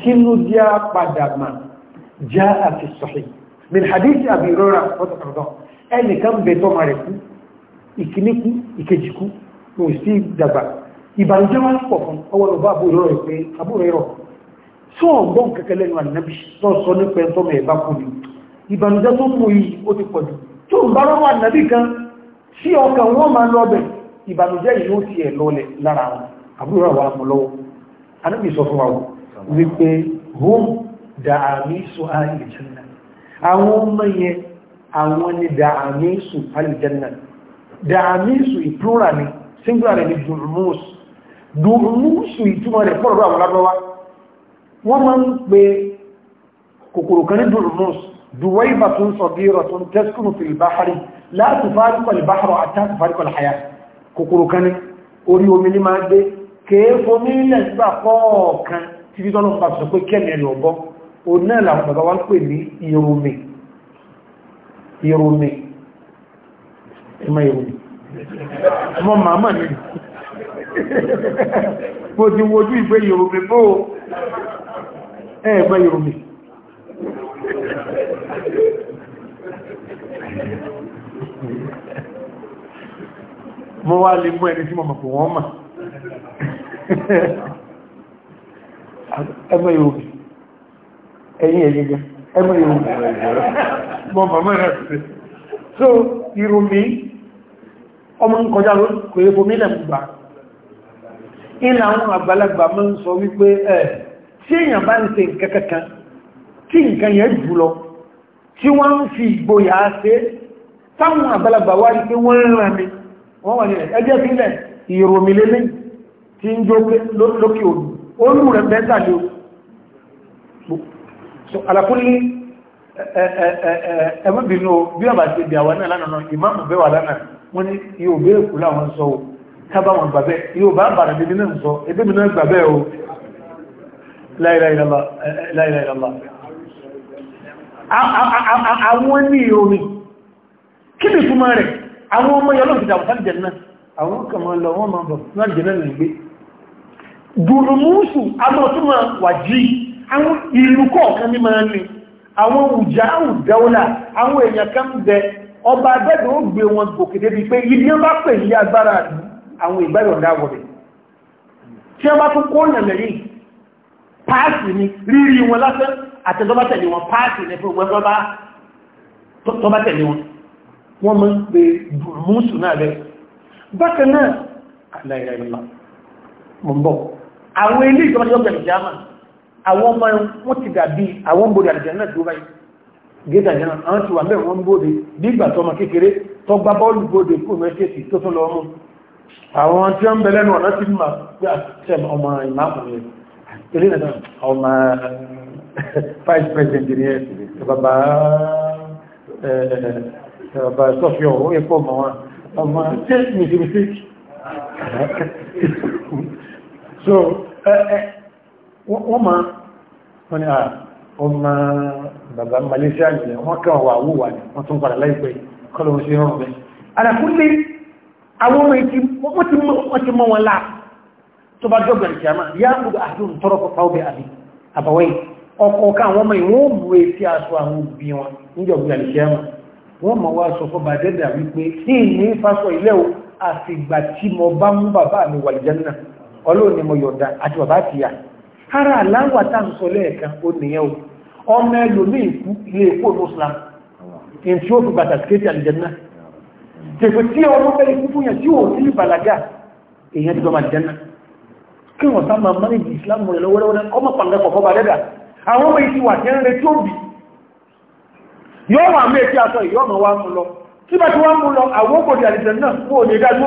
C: kí ló jẹ́ padà mà já àti sọ̀hì min hadithi àbí ìrora fọ́tọ̀tọ̀tọ̀ ẹnìkan bẹ̀ tọ́ ma rẹ̀ kú ìkíní kú ìkejì kú ló sí dàgbà ìbànújẹ́ wá pọ̀ fún ọwọ́ lọ bá àbú ìrọ̀ rẹ̀ pé àbú rẹ̀ rọ̀ tó ọgbọ́n kẹ́kẹ́ lẹ́nu ànábì tó sọ nípa ẹ̀tọ́ mẹ́ ẹ̀bá kú ni ìbànújẹ́ tó mú yìí ó ti pọ̀ jù tó ń àwọn wípé hum dààmí sùn àìlìjẹ́nà àwọn ọmọ yẹn àwọn ni dààmí sùn àìlìjẹ́nà dààmí sùn ìplúra ni singular ni dùrùmùs dùrùmùs ìtumọ̀ rẹ̀ fọ́rọ̀ àwọn lábọ́wá wọ́n máa ń pe kòkòrò kan ní dùrùmùs دويبة صغيرة تسكن في البحر لا تفارق البحر حتى تفارق الحياة كوكورو كان اوري اومي ما دي كيفو مي لسبا فوكان títí tọ́lọ́ bá sọ pé kẹ́mì ẹni ọ̀bọ́ o náà làwọn bàbá wá ń pè ní irumi irumi ẹmọ irumi ọmọ màmá ni mo ti wojú ìgbé irumi bó ẹ̀ẹ̀mọ irumi
B: mo
C: wá lè mú ẹni tí mo mọ̀ pọ̀ wọ́n mọ̀ ẹmọ ìhòbì ẹ̀yìn ẹ̀yẹgẹ ẹmọ ìhòbì mọ́ rẹ̀ so ìrùmí ọmọ ń kọjá kò yẹ fòmí lẹ̀ gbà ilẹ̀ àwọn àgbàlagbà mọ́ ń sọ wípé ẹ̀ tí èyàn bá ń ṣe nǹkan tí nǹkan yẹn jù lọ tí wọ́n ń fi ìgboyà ṣe táwọn àgbàlagbà wá rí pé wọ́n ń mi wọ́n wà ẹjẹ́ sílẹ̀ lélẹ́yìn tí ń lókè oòrùn rẹ̀ bẹ́ẹ̀ta ló so alákúnlé ẹmọ́bìnú bí ọba ti bí àwọn náà lánàá ìmáàmù bẹ́wà lánàá wọ́n ní yóò bẹ́ èkú láwọn sọ o kábà wọn gbàbẹ́ yóò bá bàrà bíbí náà sọ ebí mi náà gbàbẹ́ o láìláìlọ́lá àwọn ní ìròyìn kí ni túnmọ̀ rẹ̀ àwọn ọmọ yọlọ́gbìdà àwọn kàmọ́ lọ wọ́n máa bọ̀ láti jẹ́ náà nìgbé dùnmùsù agbọ́túnmọ̀ wàjí àwọn ìlú kọ̀ọ̀kan ní máa ní àwọn òjá òdáwọ́lá àwọn èèyàn kan bẹ ọba abẹ́dẹ̀ ó gbé wọn gòkè débi pé ilé bá pè ní agbára àwọn ìgbáyọ̀dá wọ̀dẹ̀ tí wọ́n bá tún kó ni rírí wọn lásán àtẹ́tọ́bá tẹ̀lé wọn páàsì ní fún wọn àwọn ilé ìjọba jọ pẹ̀lú jama àwọn ọmọ wọn ti dàbí àwọn bòdì àdìjẹ́ náà tó báyìí gẹ́gẹ́ àjẹ́nà àwọn ti wà mẹ́rin wọn bòdì nígbà tọmọ kékeré tó gbá bọ́ọ̀lù bòdì kú mẹ́sẹ̀sì tó tún lọ mú àwọn tí wọ́n bẹ̀lẹ́nu ọ̀nà ti mà pé àtẹ́m ah, ọmọ ìmáàmù rẹ̀ ilé nàdà ọmọ eh, vice president ní ẹ̀ bàbá eh, eh, bàbá sọfíọ̀ ó yẹ kó ọmọ wọn ọmọ tí mi ti mi so wọ́n ma wọ́n ni ọmọ bàbá Malaysia nìyẹn wọ́n kàn wà wúwà ní wọ́n tún padà láìpẹ́ kọlọ̀ wọ́n sí rọrùn bẹ́ alákúnlé àwọn ọmọ ìtí wọ́n ti mọ́ wọn láà tó bá jọ́gbẹ̀ ìkìyàmá yá kúrò àdún tọrọ pọ̀pá obì àbí àbàwẹ́ ọkọ̀ ká wọ́n mọ̀ ìwọ̀n bú etí aṣọ àwọn òbí wọn níjọ̀gbẹ̀ ìkìyàmá wọ́n mọ̀ wá sọ fọ́bà dẹ́dà wípé ní ìní fásọ ilẹ̀ o àfìgbà tí mo bá mú bàbá mi wà lìjẹ́ náà ọlọ́run ni mo yọ̀ǹda àti bàbá ti yà ara aláwà tá ń sọ lẹ́ẹ̀kan ó nìyẹn o ọmọ ẹlòmíì kú ilé ìkó muslim in tí ó fi bàtà kéèkì àlìjẹ́nà tèfè tí ọmọ bẹ́ẹ̀ ikú fún yẹn tí ò sí ìbàlágà èèyàn ti máa mánìjì islam rẹ̀ lọ́wọ́lọ́wọ́ ọmọ pàǹdà pọ̀ fọ́bà dẹ́dà àwọn ọmọ ìtì wà tí ń retí wa mú lọ tí bá ti wá mú lọ àwọn òbòdì àlìjẹ́nà kó o lè dájú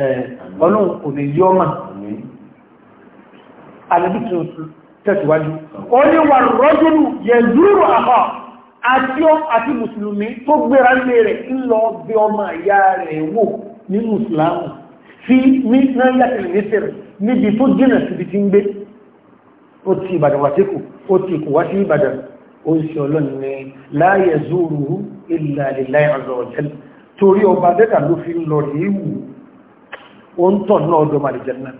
C: Eh, ọlọ́run kò ní yọ́ mà alẹ́bí tó tẹ̀síwájú ó ní wà rọ́júrù yẹ̀zúrù àkọ́ àti àti mùsùlùmí tó gbéra lé rẹ̀ ńlọ bí ọmọ ìyá rẹ̀ wò ní mùsùlámù fi ní náírà tẹ̀lẹ̀mẹ́sẹ̀rẹ̀ níbi torí ọba dẹ́ta ló fi ń lọ rí wù òun tọ̀ náà ọdọ̀ màlì jẹ́nà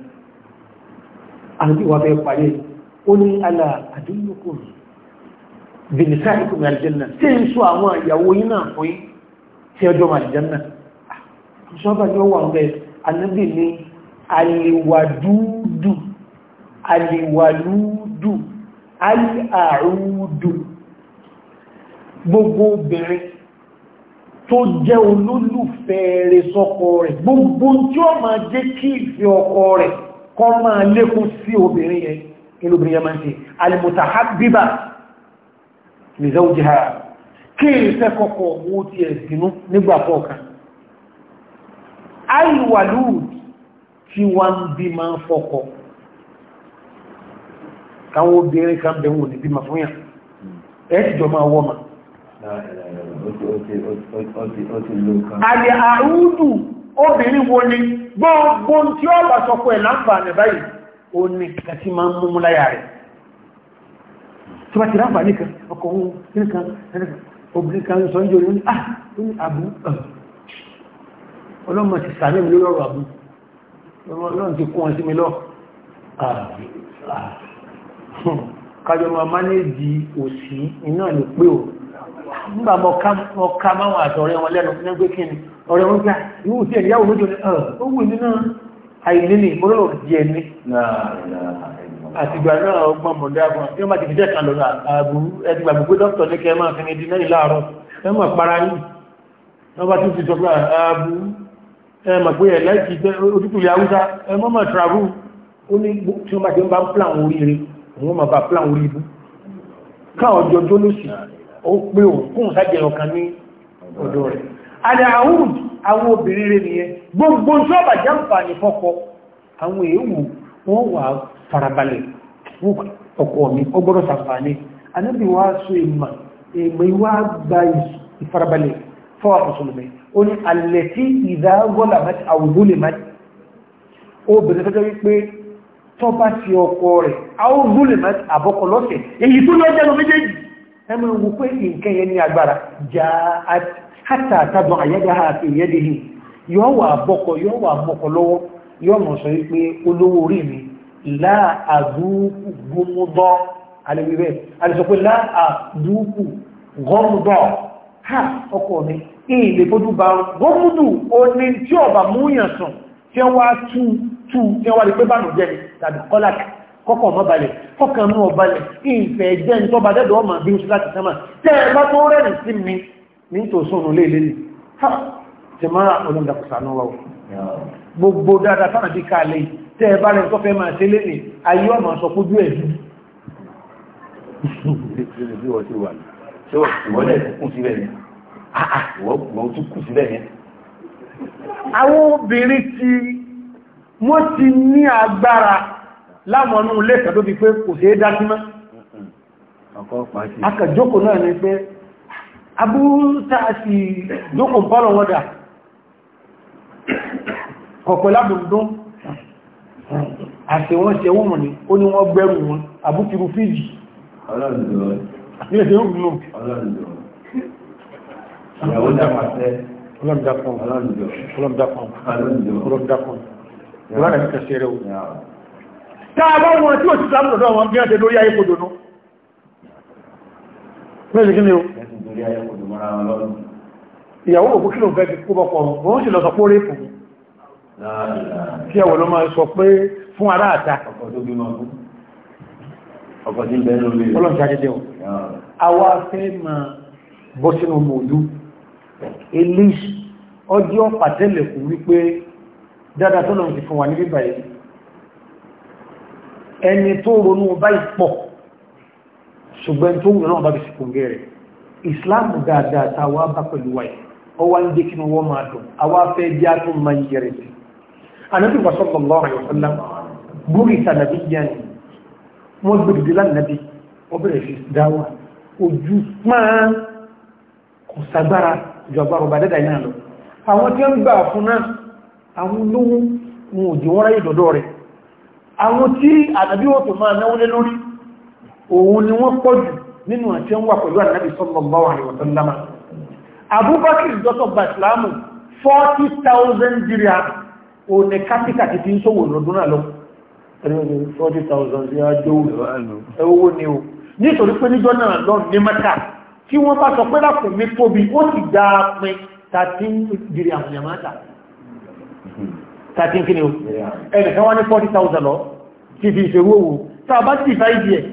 C: àti wà bẹ́ẹ̀ parí ó ní alà àdúgbò bìnìsá ìkùnmí àlìjẹ́nà tí ń sọ àwọn ìyàwó yín náà fún yín tí ọjọ́ màlì jẹ́nà ìṣọ́bà ni ó wà ń bẹ anábì ní àlèwàdúdù àlèwàlúdù àlèàrúdù gbogbo obìnrin tó jẹ́ olólùfẹ́ rẹ̀ sọ́kọ rẹ̀ gbogbo tí ó máa jẹ́ kí ìfẹ́ ọkọ rẹ̀ kọ́ máa lékún sí obìnrin yẹn ilúbìnrin yẹn máa ń ṣe alìmùtàhábíbà lèzẹ́ òjì ha kí ìfẹ́ kọ́kọ́ owó ti ẹ̀sìnú nígbà fọ́ọ̀kan àìwàlú tí wọ́n bí máa ń fọ́kọ káwọn obìnrin kan bẹ̀wọ̀n ní bí ma fún yàn ẹ̀ sì jọ àlè àrúdù obìnrin wo ni gbogbo tí ó bà sọpọ̀ ẹ̀ láǹfààní báyìí ó ní kàtí máa ń múmú láyà rẹ̀ tí wá ti láǹfààní kan ọkọ̀ ohun kíníkan obìnrin kan sọ ní orí ah ó ní àbú ọlọ́mọ ti sàmì mi lọ́rọ̀ àbú ọlọ́run ti kún ọ sí mi lọ ah, ah. kájọ máa mánéjì òsì iná ló pé òun nígbà mọ̀ká máwọn àtọ̀rẹ́ wọn lẹ́nu ní gbé kí ni ọ̀rẹ́ wọn gbá ìwú sí ẹ̀yà òun jòrò ẹ̀ ó wù ní náà ni mọ́rọ̀ díẹ̀ ní àtìgbà náà ọgbọ́n mọ̀dágún yóò má ti fi jẹ́ kan lọ àgbúrú ẹgbà gbogbo dókítà ní kẹ́ máa fi ní dínà ìlàárọ̀ ẹ mọ̀ para yìí wọ́n bá tún ti sọ pé àgbúrú ẹ mọ̀ pé ẹ̀ travel ó ní tí wọ́n bá ti ń bá ń plan oríire òun mọ̀ káwọn jọjọ́ lóṣìí ó pé òun kún sájẹ̀ ọ̀kan ní ọ̀dọ̀ rẹ̀ alẹ́ àwùd àwọn obìnrin rẹ̀ nìyẹn gbogbo ṣọ́bà jàǹfààní fọ́kọ àwọn èèwù wọ́n wà farabalẹ̀ ọkọ mi ó gbọ́dọ̀ sàǹfààní anábì wá sọ ìmọ̀ èèmọ̀ ìwá gba ìfarabalẹ̀ fọ́wà mùsùlùmí ó ní alẹ́ tí ìdá gọ́là mẹ́ta lè máa obìnrin lọ́sẹ̀ èyí tó lọ́jọ́ méjèèjì ẹmọ wù pé nǹkan yẹn ní agbára já àtàtàbọ̀ àyẹ́dá àti ìyẹ́dẹ̀ yìí yóò wà bọ́kọ̀ yóò wà mọ́kọ̀ lọ́wọ́ yóò mọ̀ sọ wípé olówó orí mi láàdúgbòmúdọ́ alẹ́wíwẹ́ alẹ́sọ̀pẹ́ láàdúgbò gọ́mùdọ́ ha ọkọ̀ mi ilẹ̀ fojú bá gọ́mùdù oní tí ọba múyàn sàn kọ́kọ̀ ọmọ balẹ̀ kọ́kàn mú ọ balẹ̀ ìfẹ́ jẹ́ ń tọ́ba dẹ́dọ̀ ọmọ bí oṣù láti sẹ́mà tẹ́ ẹ bá tó rẹ̀ sí mi ní tó sọ̀nù léèlé ni ha ti máa olóńdàkùsà náà wà gbogbo dáadáa sáà bí kalẹ̀ tẹ́ ẹ bá rẹ̀ tó fẹ́ máa ṣe lé ní ayé ọmọ sọ kójú ẹ̀ àwọn obìnrin tí wọ́n ti ní agbára láwọn ọ̀nà ilé ìkàtó ti pé kò ṣe é dá sí mọ́
B: akàjókò náà ni
C: pé abúrútàṣì jókò pọ́lọ̀ wọ́dà kọ̀pẹ̀ lábùdún àti wọ́n ṣe wọ́n ni ó ní wọ́n gbẹ́rù wọn àbúkìrù fíjì
A: Ọlọ́run
C: dákùn.
B: Ọlọ́run dákùn. Ọlọ́run dákùn. Ọlọ́run dákùn
D: tààbá
C: wọn tí ò sí sáàmù lọ́dọ̀ wọn bí wọ́n tẹ lórí ayé kodò nú mẹ́rin kí ni o ìyàwó òkú kí ló fẹ́ kó bọ́pọ̀ wọ́n sì lọ sọ pé ó rí fún kí ẹwọ̀ ló máa sọ pé fún ará àta
B: ọkọ̀ tí ń bẹ́ẹ̀ lórí ọlọ́nà jẹ́
C: àwa fẹ́ máa bọ́ sínú mòlú elise ọjọ́ pàtẹ́lẹ̀kù wípé dáadáa ẹni tó ronú báyìí pọ̀ ṣùgbọ́n tó wùn náà bá bí sìkún gẹ́rẹ̀ islam dáadáa tàwa bá pẹ̀lú wáyé ọwá ń jẹ́ kí wọ́n máa dùn àwa fẹ́ bí a tún máa yẹrẹ sí anábì wa sallallahu alaihi wasallam búrì sànàbí yẹn wọ́n gbèdìdì lánàbí wọ́n bẹ̀rẹ̀ sí àwọn tí ànàbí wọ́n tó máa náwó lé lórí òun ni wọ́n pọ̀jù nínú àti ń wà pẹ̀lú ànàbí sallallahu alaihi wasallam Abubakar dọ́tọ̀ bàtìláàmù 40,000 dirham o ní kápítà ti fi ń sọ́wọ́ lọ́dún náà 40,000 dirham ẹwọ́ ni o nítorí pé níjọ́ náà lọ ní mẹ́ta tí wọ́n bá sọ pé lápò mi tóbi ó sì dáa thirteen kí ni o ẹnì kan wá ní forty thousand lọ tí fi ìṣòro owó tá a bá ti ìfà ìdí ẹ̀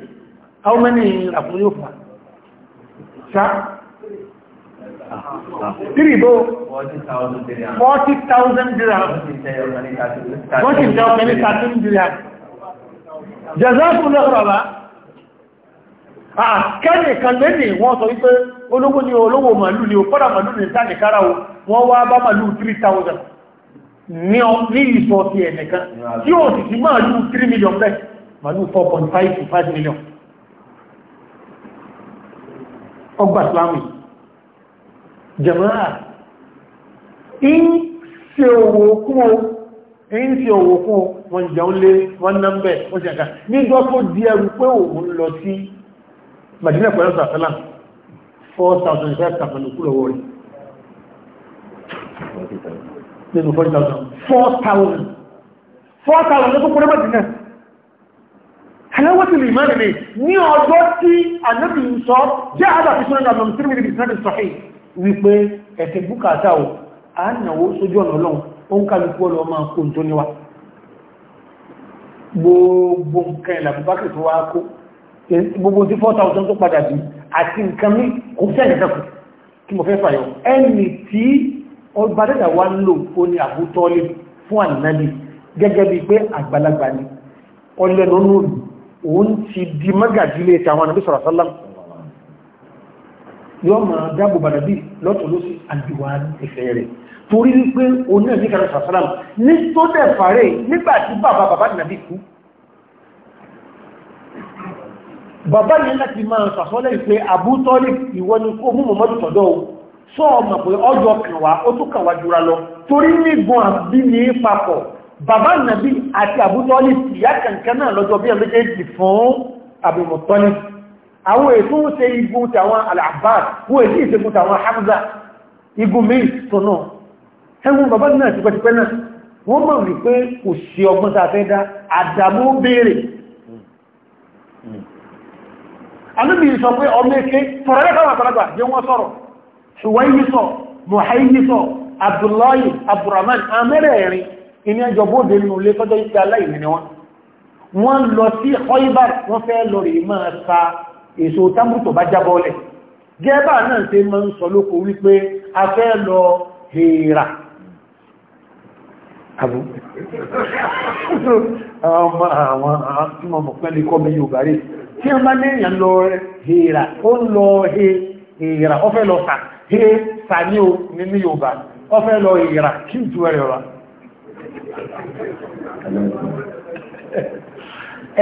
C: how many àkùnrin yóò fà ṣá
A: three bó forty thousand dirham
C: forty thousand thirteen dirham jazakumullahu khairan àkẹ́lẹ̀ kan lẹ́nìí wọ́n sọ wípé olówó ni olówó màlúù ni ò kọ́dà màlúù ní ìtànìkára wọ́n wá bá màlúù 3000 ní ìsọ ti ẹ̀nìkan tí ó sì ti máa lú 3 million bẹ́ẹ̀ màálù 4.5 to 5 million ọgbà islamu jẹ̀mọ́ra in ṣe owó kún o in ṣe owó kún wọn jẹun lé wọn náà bẹ̀ ó ṣe ẹ̀ka nígbọ́ tó di ẹrù pé òun lọ sí madina pẹ̀lú sàtàlá 4,000 pẹ̀lú kúrò wọ́n rí nínú 40,000 4,000 4,000 ló tó kúrẹ́ mẹ́tìnà aláwọ̀tí lè máa rẹ̀ ní ọjọ́ tí anábì ń sọ jẹ́ àdàfi sọ́nà àmàmì tí mílì ìsìnà ti sọ̀hìn wípé ẹ̀tẹ̀ búkàtà ò àánàwó sójú ọ̀nà ọlọ́run ó ń kálukú ọlọ́ máa kó tó níwá gbogbo nǹkan ìlàbùbákì tó wá kó gbogbo tí 4,000 tó padà bí àti nǹkan mí kò fẹ́ ẹ̀ẹ́dẹ́kù kí mo fẹ́ fàyọ ẹni tí ọba dẹ́dà wá ń lò ó ní àbútọ́lé fún ànábì gẹ́gẹ́ bí pé àgbàlagbà ni ọlẹ́nu nù òun ti di mágàjílé ti àwọn ànábì sọ̀rọ̀ sálám yọ máa dáàbò bàdà bí lọ́tọ̀ ló sì àdìwà ìfẹ́ rẹ̀ torí wípé òun náà ní kàrẹ́ sọ̀rọ̀ sálám ní tó dẹ̀ fàárẹ̀ nígbà sọ ọmọ pé ọjọ́ kan wá ó tún kàn wá jura lọ torí nígbọn àbí ní papọ̀ bàbá nàbí àti àbútọ́lì ìyá kankan náà lọ́jọ́ bí ẹ̀mẹ́jẹ́jì fún àbìmọ̀tọ́lì àwọn ètò ń se igun tàwọn al-Abbas wọ́n èdè ìṣẹ́gun tàwọn Hamza igun mí tọ́nà ẹgbùn bàbá náà ti pẹ́tipẹ́ náà wọ́n mọ̀ wípé kò sí ọgbọ́n tàà ṣùwáyísọ̀ mọ̀háyísọ̀ abdullahi abdurrahman amẹ́rẹ̀ẹ̀rin iní ẹjọ́ bóde nínú ilé tọ́jọ́ ìpẹ́ aláìní ni wọ́n wọ́n lọ sí Khaybar wọ́n fẹ́ lọ rí máa sa èso tábù tó bá jábọ́lẹ̀ gẹ́bà náà ṣe máa ń sọ lóko wípé a fẹ́ lọ hèèrà àbú ọmọ ìyìrà ọfẹ́ lọ kà hé sani o nínú yorùbá ọfẹ́ lọ ìyìrà kí n ju ẹrẹ̀ rà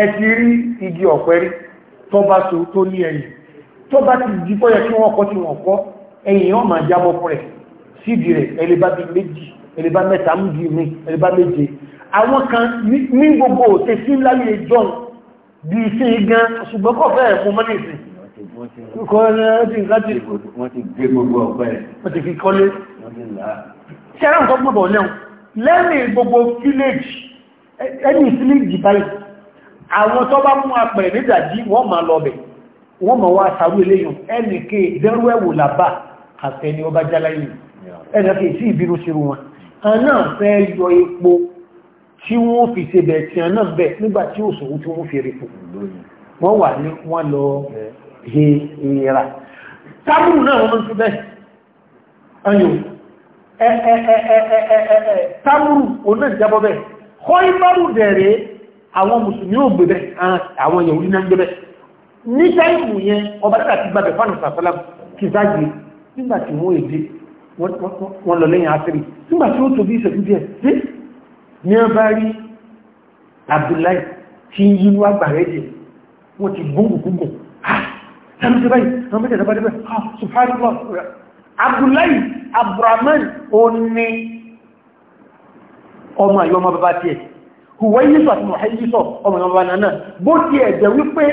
C: ẹ ti rí igi ọ̀pẹ rí tó bá so tó ní ẹ̀yìn tó bá ti di fọ́yẹ kí wọ́n kọ́ tí wọ́n kọ́ ẹ̀yìn wọ́n máa jábọ́ fún rẹ̀ síbi rẹ̀ ẹlẹ́bá bíi méjì ẹlẹ́bá mẹ́ta ń bí mi
B: Wọ́n
A: ti gbé gbogbo ọ̀pẹ́ ẹ̀. Wọ́n ti fi kọ́lé. Wọ́n ti làá. Ṣé ẹ̀rọ
C: nǹkan gbọ́dọ̀ lẹ́hùn? Lẹ́yìn gbogbo village, ẹni village báyìí, àwọn tó bá mú apẹ̀rẹ̀ nídàjí wọ́n máa lọ bẹ̀. Wọ́n máa wá sàrú eléyìn. Ẹnì ke dẹ́rú ẹ̀wò làbà àfẹ́ni ọba jáláyìn. Ẹnì ke sí ìbínú ṣirú wọn. Àná fẹ́ yọ epo tí wọ́n fi ṣe bẹ̀ tí àná bẹ̀ nígbà tí òṣòwò tí wọ́n fi rí hìhìrà tábùrù náà wọ́n ń tún bẹ́ẹ̀ ayò tábùrù òun náà jábọ́ bẹ́ẹ̀ kọ́ ìbárù dẹ̀rẹ̀ àwọn mùsùlùmí ò gbé bẹ́ẹ̀ ah, àwọn èèyàn orí náà ń gbé bẹ́ẹ̀ ní táìmù yẹn ọba dára ti gbàgbẹ̀ fánà sàfẹ́lá kì sáàjì nígbà tí wọ́n èdè wọ́n lọ lẹ́yìn àṣírí nígbà tí ó tó bí ìṣẹ́jú díẹ̀ sí ẹnu ṣe báyìí àwọn mẹ́tẹ̀ẹ̀ta bá dé bẹ́ẹ̀ ah subhanallah abdullahi abdulrahman oní ọmọ àyọ ọmọ bàbá tiẹ̀ huwa yíso àti mọ̀hẹ́yíso ọmọ ìyọmọ bàbá náà bó ti ẹ̀jẹ̀ wípé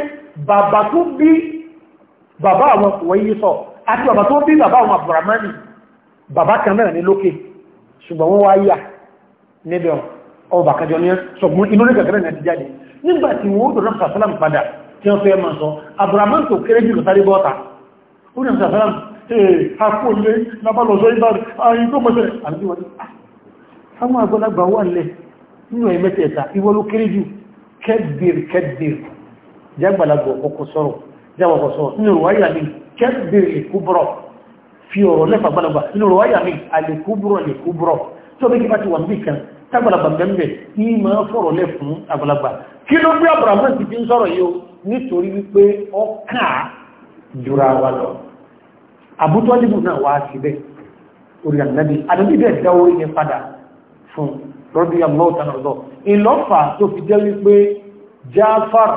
C: bàbá tó bí bàbá àwọn huwa yíso àti bàbá tó bí bàbá àwọn abdulrahman bàbá kan mẹ́rin ní lókè ṣùgbọ́n wọ́n wá yà níbẹ̀ ọba kẹjọ ní ṣọ̀gbọ́n inú lẹ́gbẹ̀ẹ́rẹ́ náà ti jáde nígbàtí wọ́n ó dọ̀rọ̀ sàtọ́lá padà tí wọ́n fẹ́ máa sọ abdulrahman tó kéré jù lọ sáré bọ́ta ó ní àṣàfẹ́ràn ee eh, akóòlé lábálọ̀ṣọ́ ìbáàrí ààyìn tó mọ́ sẹ́rẹ̀ àti wọ́n ah, àwọn àgbọ́lagbà wà lẹ́ nínú ẹ̀mẹ́tẹ̀ẹ̀ta ìwọ ló kéré jù kẹ́bìr kẹ́bìr jágbàlagbà ọkọ̀ sọ́rọ̀ jáwọ̀kọ̀ sọ́rọ̀ nínú rọ̀wáyà mi kẹ́bìr lèkúbọ̀rọ̀ fi ọ̀rọ̀ lẹ́fà gbàlagbà nínú rọ̀wáyà mi àlèkúbọ̀rọ̀ lèkúbọ̀rọ̀ tó bí kí bá ti wà níbi kan tágbàlagbà bẹ̀m̀bẹ̀ ní máa fọ̀rọ̀ lẹ́ fún àgbàlagbà kí ló gbé àbúrà mọ́ nítorí wípé ọkà jùra wa lọ àbútọ́líbù náà wá síbẹ̀ orí ànábì ànábì bẹ́ẹ̀ dá orí yẹn padà fún rọ́bí àmọ́tànàdọ́ ìlọ́fà tó fi jẹ́ wípé Jáfàr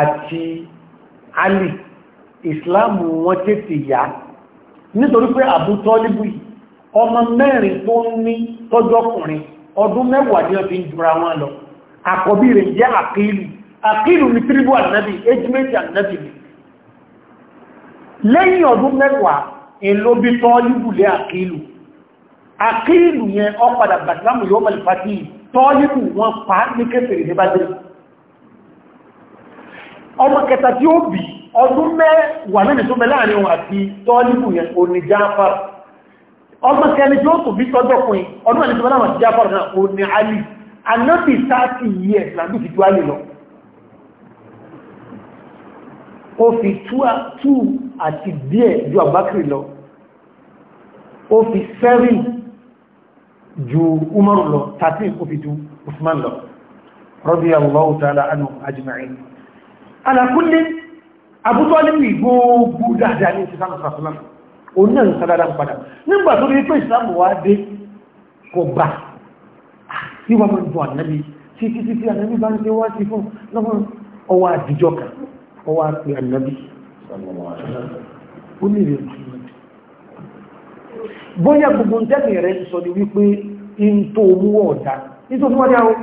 C: àti Ali ìsìláàmù wọn tètè yá nítorí pé àbútọ́líbù ọmọ mẹ́rin tó ń ní tọ́jọ́kùnrin ọdún mẹ́wàá ní ọdún jùra wọn lọ àkọ́bí rẹ̀ jẹ́ àkílù àkílù ní tíríbù ànábì ejúmẹ́tì ànábì ni lẹ́yìn ọdún mẹ́wàá ìlóbi tọ́ yíbùlẹ̀ àkílù àkílù yẹn ọpadà bàtìlámù yóò mẹ́lì pàtí tọ́ yíbù wọn pa ní kẹfẹ̀rẹ̀ ní bájẹ́ ọmọ kẹta tí ó bí ọdún mẹ́wàá mẹ́rin tó mẹ́ láàrin wọn àti tọ́ yíbù yẹn ò ní jáfàr ọmọ kẹni tí ó tó ó fi tú àti díẹ̀ ju àbákìrì lọ ó fi sẹ́rì ju umaru lọ tàbí ó fi tú usman lọ radiyallahu ta'ala anhum ajma'in ala kulli abútọ́lẹ́mì gbogbo dáadáa ní ìsìnkú sàfihàn òun náà ń sádára ń padà nígbà tó rí pé ìsìlámù wá dé kò bá sí ah, wọn mọ́ ìbọn ànábi títí títí ànábi bá ń ṣe wá sí fún lọ́wọ́ ọwọ́ àdìjọ kan ó wá pe ànábì ó lè rí bóyá gbogbo jẹ́kìn rẹ̀ sọ ni wípé in tó mú ọ̀dá nítorí wọ́n rẹ̀ sọ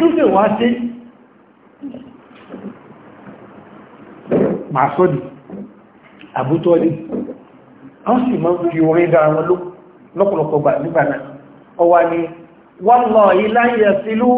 C: pé sí màá sọ́dì àbútọ́lì wọ́n sì máa fi dára wọn lókù lọ́pọ̀lọpọ̀ gbà nígbà náà ọwà ni wallahi la yasilu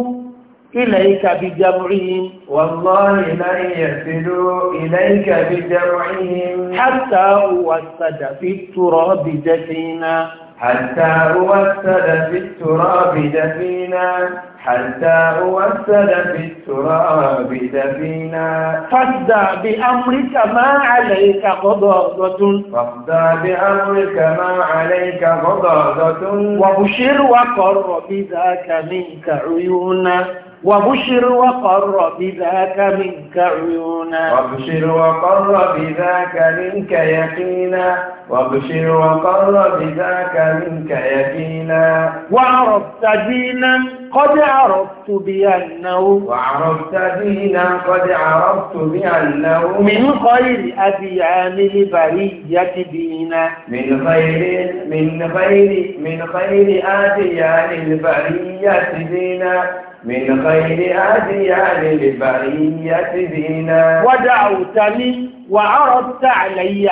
C: ilayka bi jam'ihim wallahi la yasilu ilayka bi jam'ihim hatta huwa sada fi turabi jasina حتى أوسد في التراب
A: دفينا حتى أوسد في التراب دفينا فاصدع بأمرك ما عليك غضاضة فاصدع بأمرك ما عليك غضاضة
C: وبشر وقر بذاك
A: منك عيونا وبشر وقر بذاك منك عيونا وبشر وقر بذاك منك يقينا وابشر وقر بذاك منك يقينا وعرفت دينا قد عرفت بأنه وعرفت دينا قد عرفت بأنه من خير أبي عامل برية دينا من خير من خير من خير أديان البرية دينا من خير أديان البرية دينا
C: ودعوتني وعرضت علي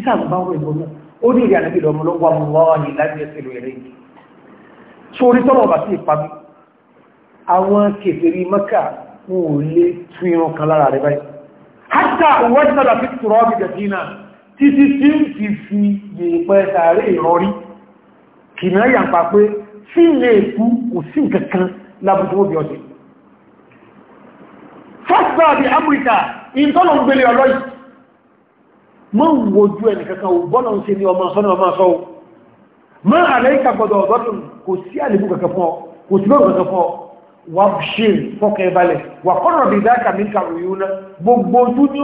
C: ìsàgbà ọmọ ìbọn náà ó ní ìrìn àdébìlọ ọmọ lọ́wọ́ àwọn ní láti ẹsẹ̀ lò ẹ̀rẹ́ yìí sórí tọ́lọ̀ bá sí ìpamí àwọn kèfèrí mẹ́kà wọn ò lè tún irun kan lára rẹ̀ báyìí hátà wọ́n ti sọ́dọ̀ fi tùrọ́ bí gẹ̀dínà títí tí ń fi fi yèèpẹ́ sàárè ìrọrí kìnnà yà ń pa pé sí ilé èkú kò sí nǹkankan lábùtò ó mọ́ ń wojú ẹnìkankan ò bọ́nà ń ṣe ní ọmọ sọ́nà ọmọ sọ́ mọ́ àlẹ́kà gbọdọ̀ ọ̀dọ́dún kò sí àlébù kankan fún ọ kò sí lọ́rùn kankan fún ọ wà ṣe fọ́kẹ́ balẹ̀ wà kọ́rọ̀ bí dáka mi ka òyìn náà gbogbo ojú ní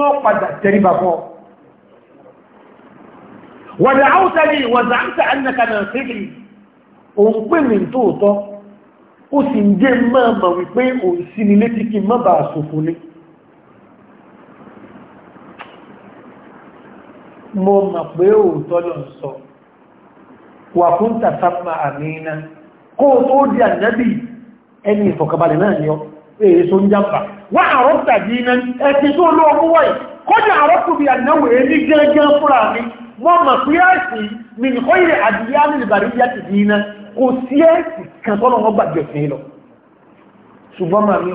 C: ọ mo mọ̀ pé òótọ́ ló ń sọ wà fún tàtàmà àmìnà kó tó di ànábì ẹni ìfọ̀kàbalẹ̀ náà ni ọ èso ń jàmbá wà àrọ́pùtà dínà ẹ̀sìn tó lọ ọmú wáyé kọjá àrọ́pù bí ànáwò èyí gẹ́gẹ́ fúnra mi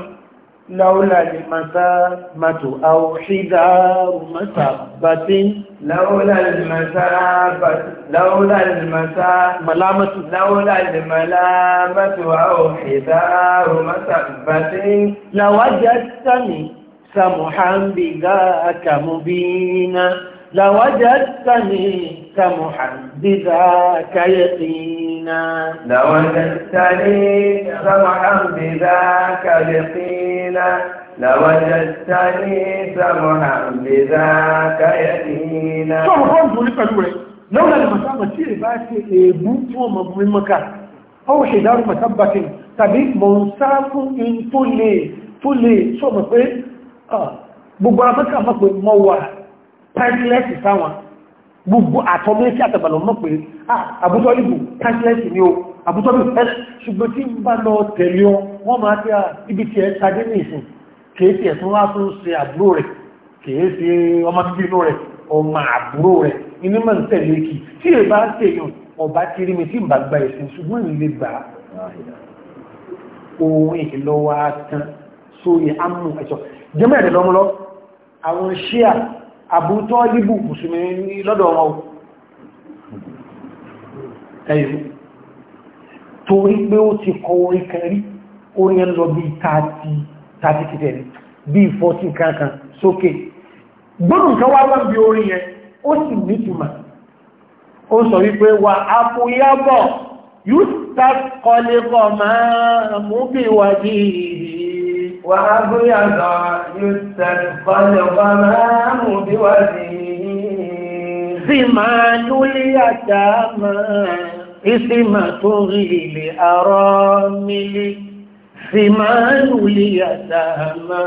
C: لولا المثابة أو
A: حذار مثابة لولا المثابة لولا المثابة ملامة لولا الملامة أو حذار مثابة لوجدتني سمحا
C: بذاك مبينا لوجدتني سمحا
A: بذاك يقينا قينا لو وجدتني سمحا بذاك يقينا لوجدتني سمحا بذاك يقينا شو هو دولي قدوله لولا المسامة
C: تيري باتي بوت وما بمكة أو حدار مسبة tàbí mọ̀nsáfù in tó lè tó lè sọ́mọ̀ pé gbogbo afẹ́kà mọ́ pé mọ́ wà timeless sáwọn gbogbo àtọ́gbé sí àtàbàlọ̀ mọ́ pé ah, àbútọ́ ìbò káṣílẹ̀sì ni ó àbútọ́ ìbò ẹ̀lẹ̀ ṣùgbọ́n tí ń bá lọ tẹ̀lé ọ wọ́n máa tí a ah, ibi tí ẹ tagé ní ìsìn kèéfì ẹ̀sùn wá tún ṣe àbúrò rẹ̀ kèéfì ọmọ bíbí inú rẹ̀ ọmọ àbúrò rẹ̀ inú mọ̀ ń tẹ̀lé kì tí ẹ bá tèèyàn ọba ti rí mi tí ń bá gba ẹ̀sìn ṣùgbọ́n ìlé gbà ohun ìlọ́wọ́ tán lọ́mọlọ́ àwọn ṣíà àbútọ́ líbù mùsùlùmí lọ́dọ̀ wọn ẹ̀yọ́ torí pé ó ti kọ orin kan rí orin ẹ̀ lọ bí 30 kìtẹ̀lì bí 40 kankan sókè gbọ́nù kan wá wọ́n bí orin yẹn ó sì nítùmà ó sọ wípé wà ápòyábọ̀ yóò tàkọlẹ́kọ̀ máa mú
A: bí wà ní وأبيض يستسقى الغمام بوجهه سمات اليتامى اسمة غيل
C: أرامل سمان
A: اليتامى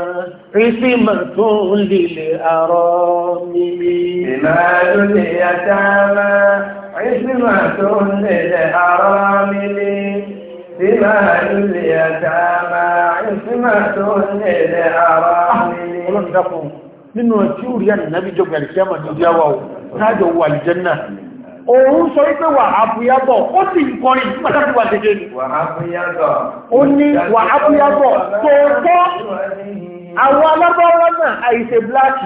C: اسمة
A: للأرامل سمان اليتامى بما اليتامى عصمة للأراحل ọlọ́run dákun
C: nínú tí ó rí ànìyàn jọ gbẹ̀rẹ̀ kí a máa dúdú àwọ̀ láàjọ wà ìjẹ́nà òun sọ wípé wà ápúyábọ̀ ó sì ń kọrin pàtàkì wà tẹ́jẹ́ ni ó ní wà ápúyábọ̀ tó tọ́ àwọn alábọ́wọ́ náà àìṣe bláàkì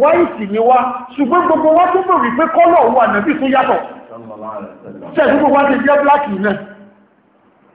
C: wáìtì ni wá ṣùgbọ́n gbogbo wá tó mọ̀ wípé kọ́lọ̀ wà nàbí tó yàtọ̀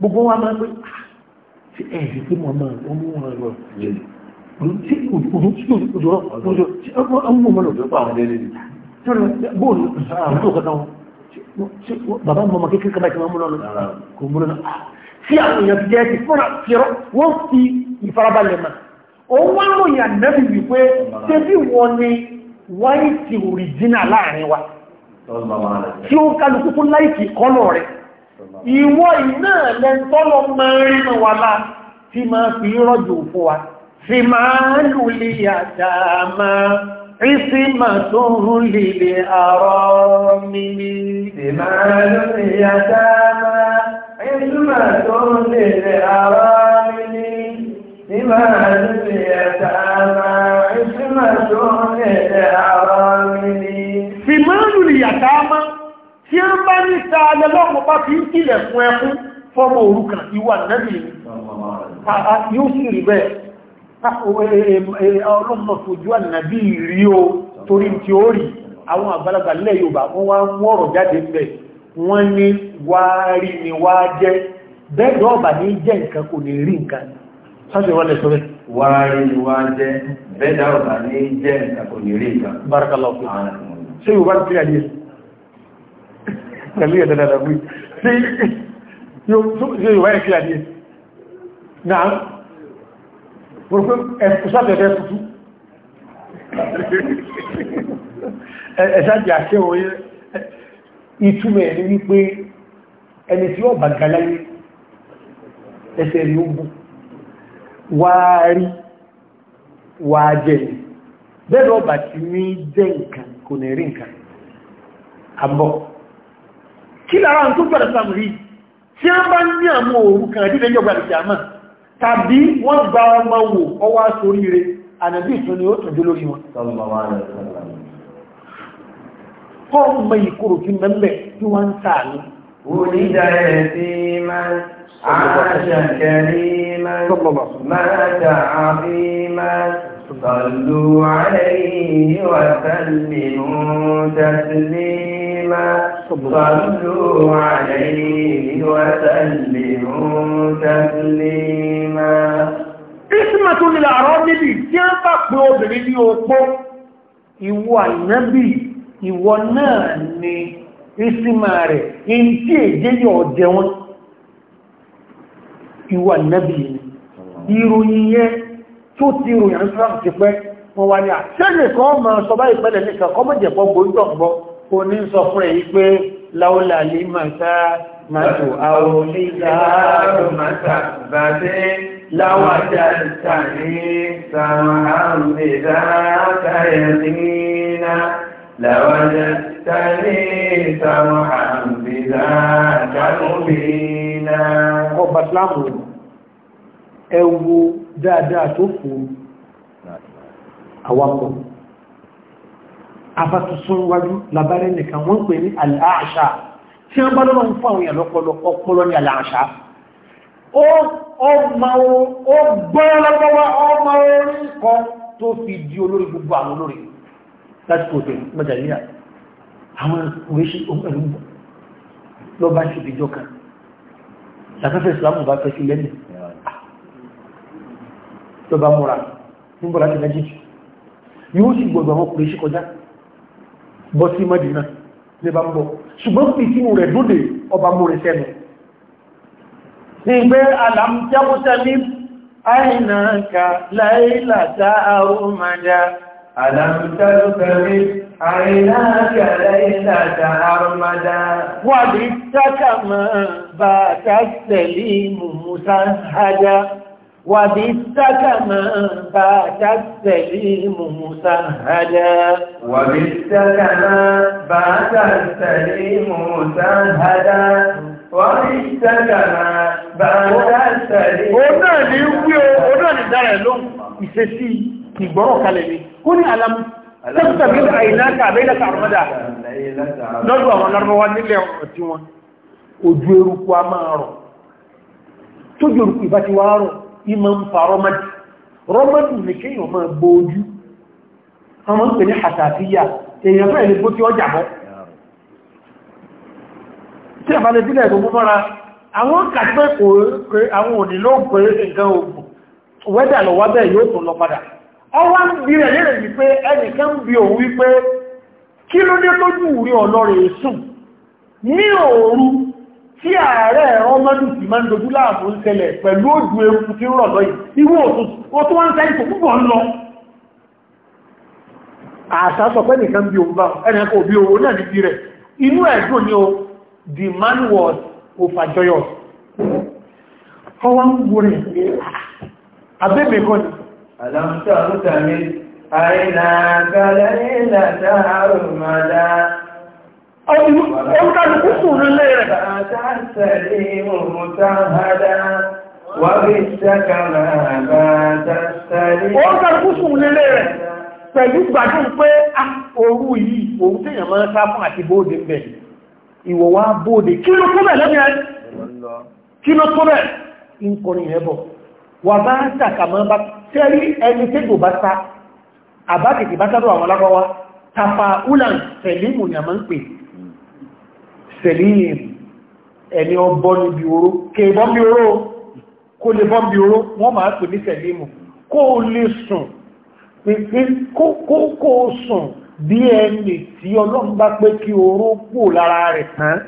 C: gbogbo wa máa ń pè ṣe ẹ ẹ pé mo máa ń mú wọn lọ lè tí òun tí òjò òjò tí ọmọ mọ lọ pa àwọn ẹlẹ ni tí wọn bóòlù àwọn tó kọta wọn bàbá mọ ọmọ kékeré kaba tí wọn mú lọ kò mú lọ tí àwọn èèyàn ti jẹ ti fúnra fìrọ wọn fi ìfarabalẹ̀ mà òun wá lóyìn ànábì wípé tẹbí wọn ni wáyé ti òrìjínà láàrin wa tí ó kálukú fún láìkì kọlọ rẹ ìwọ iná lẹ́ntọ́lọ máa rínú wa láà tí máa fi rọ́jò fún wa fi máa lù lè àjà máa rí sí máa tó rún lè àrọ́ mímí fi máa lù àjà
A: máa rí sí máa tó rún lè àrọ́ mímí
C: tí ó bá ní sáàlẹ̀ lọ́pọ̀ bá fi ń kílẹ̀ fún ẹkún fọ́mọ̀ òrukàn ìwà nẹ́bì yóò sì rí bẹ́ẹ̀ e, e, e, ọlọ́mọ fojú ànàbí rí o torí tí ó rí àwọn àgbàlagbà lẹ́ Yorùbá wọ́n wá ń wọ́rọ̀ jáde bẹ̀ wọ́n ní wá rí ni wá jẹ́ bẹ́ẹ̀dọ́ ọ̀bà ní jẹ́ nǹkan kò ní pẹ̀lú ẹ̀dẹ̀ dàdàgbé tí yóò wáyé kí àdíyẹ náà wọ́n fún ẹ̀kùsàtẹ̀ẹ̀fẹ́ tuntun ẹ̀ṣájì àṣẹ òye ìtumẹ̀ ní wípé ẹni tí ó bà galáyé ẹsẹ̀ rí ó bú wáárí wáájẹ́ bẹ́ẹ̀ ọba ti ní jẹ́ nǹkan kò ní rí nǹkan àbọ̀ kí lára ń tó gbọ́dọ̀ sàmùrí tí a bá ní àmọ́ òru kan àdílé ìjọba àti àmà tàbí wọ́n gba ọmọ wò ọwá sórí rẹ̀ ànàbí ìtún ni ó tún lórí wọn
A: صلوا عليه وسلموا تسليما صلوا عليه وسلموا تسليما
C: اسمة للأعراب níbi tí a ń bá pé obìnrin ní opó ìwọ ànábì ìwọ náà ni ìsìnmà rẹ̀ in tí èjé yọ jẹ wọn ìwọ ànábì ìròyìn yẹn tó ti ròyìn àrísìláàmù ti pẹ́ wọ́n wá ní àṣẹ́lẹ̀ kan máa sọ bá ìpẹ́lẹ̀ nìkan kọ́mọ̀jẹ̀pọ̀ kò ní sọ fún èyí pé láúlà lè màtá màtò
A: àwọn onígbàárùn màtà bàdé láwàjá ìtàní sàmàrùn ìdáátàyẹ̀ nínà
C: láwàjá ìtàní sàmàrùn ìdáátàyẹ̀ ọba islamu ẹwu dáadáa tó fún àwapọ̀ afatusun wájú labarẹ́ nìkan wọ́n pè ní aláàṣà tí wọ́n bá lọ́wọ́ ń fún àwọn èèyàn lọ́pọlọ ọpọlọ ní aláàṣà ó gbọ́n lọ́wọ́ ọmọ orí kan tó fi di olórí gbogbo àwọn olórí láti kò tẹ̀ mọ́jàlíyà àwọn oríṣi ọmọlú lọ bá ṣe ìjọ kan ṣàkẹ́fẹ́ ìsìlámù bá fẹ́ sí lẹ́nu tó bá múra nígbọ̀lá ti mẹ́jì yóò sì gbogbo àwọn oríṣi kọjá bọ́ sí mọ́dínà ní bá ń bọ̀ ṣùgbọ́n fi sínú rẹ̀ dóde ọba mú rẹ̀ sẹ́nu ìgbé alamtẹ́kútẹ́mí àìnàkà
A: láìlàtà àrùmàdà alamtẹ́kútẹ́mí àìnàkà láìlàtà àrùmàdà wà
C: وبالسك
A: من بات السليم مسهدا وبالسك من بات السليم مسهدا
B: وبالسك
C: من بات السليم ọ̀nà ni wí o ọ̀nà ni dára ló ìṣesí ìgbọ́rọ̀ kalẹ̀ ni kó ní alam tẹ́kùtà bí àìláka àbẹ́lẹ́ka àrọ́mọ́dà ìmọ̀ ń fa rọ́mọ́dì rọ́mọ́dì ní kéèyàn máa gbó ojú ọmọ ń pè ní àtàfíyà èèyàn fẹ́ ìlú tí ó jàbọ́ tí àbálẹ̀ sílẹ̀ tó mú mọ́ra àwọn kàtíkọ́ pé àwọn òní ló ń pè nǹkan ogun wẹ́dà lọ wábẹ̀ yóò tún lọ padà ọwá ń bí rẹ̀ lérè wípé ẹnìkan o òun wípé kilo ló dé tójú rí ọlọ́rẹ̀ sùn ní òru tí ààrẹ ọmọdún sì máa ń dojú láàbò ń ṣẹlẹ̀ pẹ̀lú òjò ewu tí ń rọ̀ lọ́yìn iwú òtún wọ́n ń sẹ́yìn tó púpọ̀ ń lọ àṣà sọ pé nìkan bí òun bá ẹnìyàn kò bí owó náà níbi rẹ̀ inú ẹ̀dùn ni o the man was of
A: joyous? ń wo rẹ̀ abẹ́bẹ̀ kan ni àlàmúta Olúkàlùkù sùn nílé rẹ̀. Àtàṣẹ̀lẹ̀ mọ̀mọ̀tàhádá wà bí ṣẹ́kàmà bá
D: tàṣẹ̀lẹ̀. Olúkàlùkù sùn nílé rẹ̀
C: pẹ̀lú gbàdún pé orú ah, yìí òun tí èèyàn máa sá fún àti bóòdé bẹ̀. Ìwọ̀ wá bóòdé kí ló tó bẹ̀ lẹ́mìí ẹ́? Kí ló tó bẹ̀? Ìkọrin ẹ̀ bọ̀. Wà bá ṣàkàmà bá tẹ́rí ẹni tẹ́gbò bá sá. Àbá bá sádọ̀ àwọn alákọ́wá. Tàfà Ulan Sẹ̀límù ni a máa ń pè sẹ̀lìm ẹni ọbọ́ níbi oró kèbọ́n bí oró kó lè bọ́n bí oró wọ́n máa pè ní sẹ̀lìmù kó lè sùn pípín kó sùn bí ẹni tí ọlọ́run bá pé kí oró kú lára rẹ̀ tán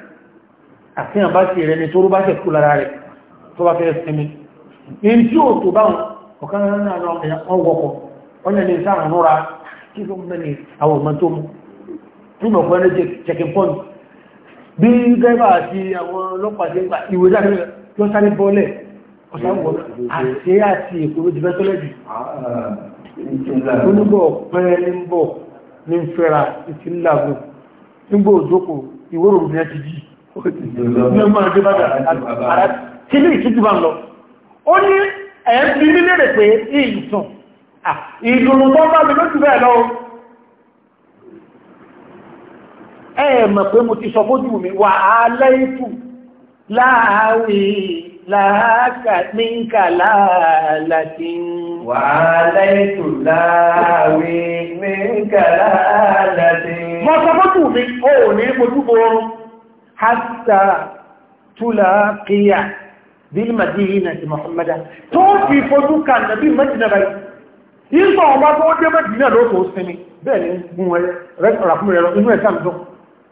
C: àti àbá sí rẹ̀ ni tó rú bá tẹ̀ kú lára rẹ̀ tó bá fẹ́ sinmi in tí ò tó báwọn ọ̀kan náà wọ́n wọ́pọ̀ ọ̀nà ní sáà nura kí ló mẹ́ni àwọn pẹ́lú checking point bí gẹ́gbà àti àwọn ọlọ́pàá ti ń gbà ìwé jáde lọ sáré bọ́ọ̀lẹ̀ ọ̀sánwọ̀n àti àti ìkòrò jù bẹ́tọ́lẹ̀ jù onígbọ̀ pẹ́ẹ́ ní bọ̀ ní fẹ́ra ìtì ńláàbò nígbò òjòkó ìwòrò ní ẹti jì ó ní ẹ̀ẹ́ ẹ mọ̀ pé mo ti sọ fójú mi wà á lẹ́ìtù láàáwí láàákà ní kàlá láti wà á lẹ́ìtù
A: láàáwí ní kàlá láti
D: mọ́
C: sọ fójú mi ó ní mojú borun hátà túlákíyà bíl madina ti muhammada tó fi fojú kan nàbí madina báyìí yíò ọba tó dé madina ló sinmi bẹ́ẹ̀ ni gún rẹ̀ rẹ̀ ràkúnrẹ̀ inú ẹ̀ká mìíràn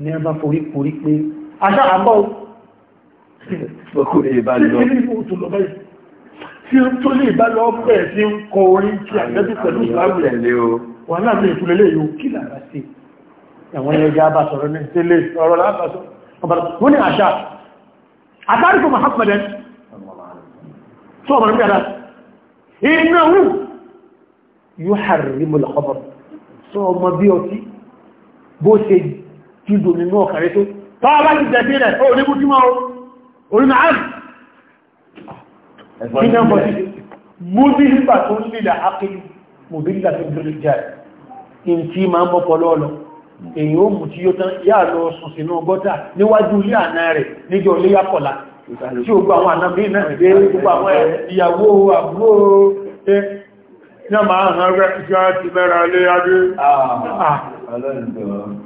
C: ní ẹbá forí forí pé aṣá àbọ́
A: òkú lè bá lọ
C: tí ó tó lè bá lọ pẹ̀ sí ń kọ orí tí àgbẹ́bí pẹ̀lú ìsìláàmù rẹ̀ wà láàrin ìtúlẹ̀ lè yóò kí lára sí ẹ̀wọ̀n ẹgbẹ́ abásọ̀rọ̀ ní tẹ́lẹ̀ ọ̀rọ̀ lábásọ̀ wọ́n ni àṣà tí dòmí mọ́ ọ̀kàrẹ́ tó tọ́wọ́ bá ti jẹ̀bí rẹ̀ ó ní bútí mọ́ orí náà ní nọ́mbọ̀ sí múdí nígbà tó ń lílà ákìlì mòbílà tó gbẹ̀rẹ̀ jẹ́ in tí ma ń bọ́pọ̀ lọ́ọ̀lọ́ èyí ó mú tí yóò tán yà lọ sùn sínú gọ́tà níwájú ilé àná rẹ̀ níjọ ilé yàkọ̀lá tí ó gbà àwọn ànàmì náà náà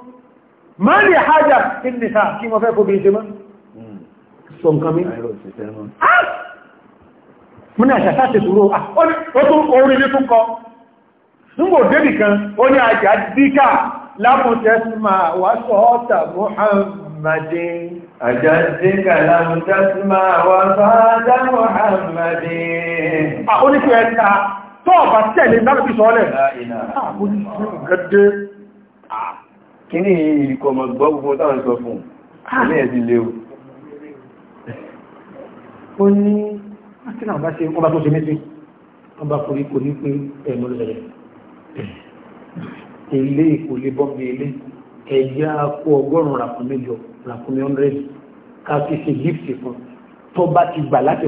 C: máa lè hajjá ìdìsá kí wọ́n fẹ́ kó bí i ṣe mọ́ sọ nǹkan mi ah! mú ní àṣàṣà ti ṣúró ah! orí ní tún kọ nígbò débì kan ó ní àjà díkà lápùtẹ́ símà
A: wà sọ́ọ́tà muhammadin àjà díkà lápùtẹ́ símà wà sọ́ọ́tà muhammadin àwọn oníṣẹ́ ẹ̀ta
C: tọ́ọ̀bà tẹ́lẹ̀ lábẹ́bí sọ́ọ́lẹ̀ kí
A: ní ìrìkọ ọmọ gbọ́ gbogbo táwọn sọ fún ní ẹ̀sì lé o
C: ó ní àtìlà ah, ọba ṣe ọba tó ṣe méjì ọba forí kò ní pé ẹ̀mọ́ lẹ̀rẹ̀ ilé kò lè bọ́ bí ilé ẹ̀yà kó ọgọ́rùn-ún ràkún mẹ́jọ ràkún mi ọ́nrẹ́ ká fi ṣe gífì fún tó bá ti ẹ̀yẹ̀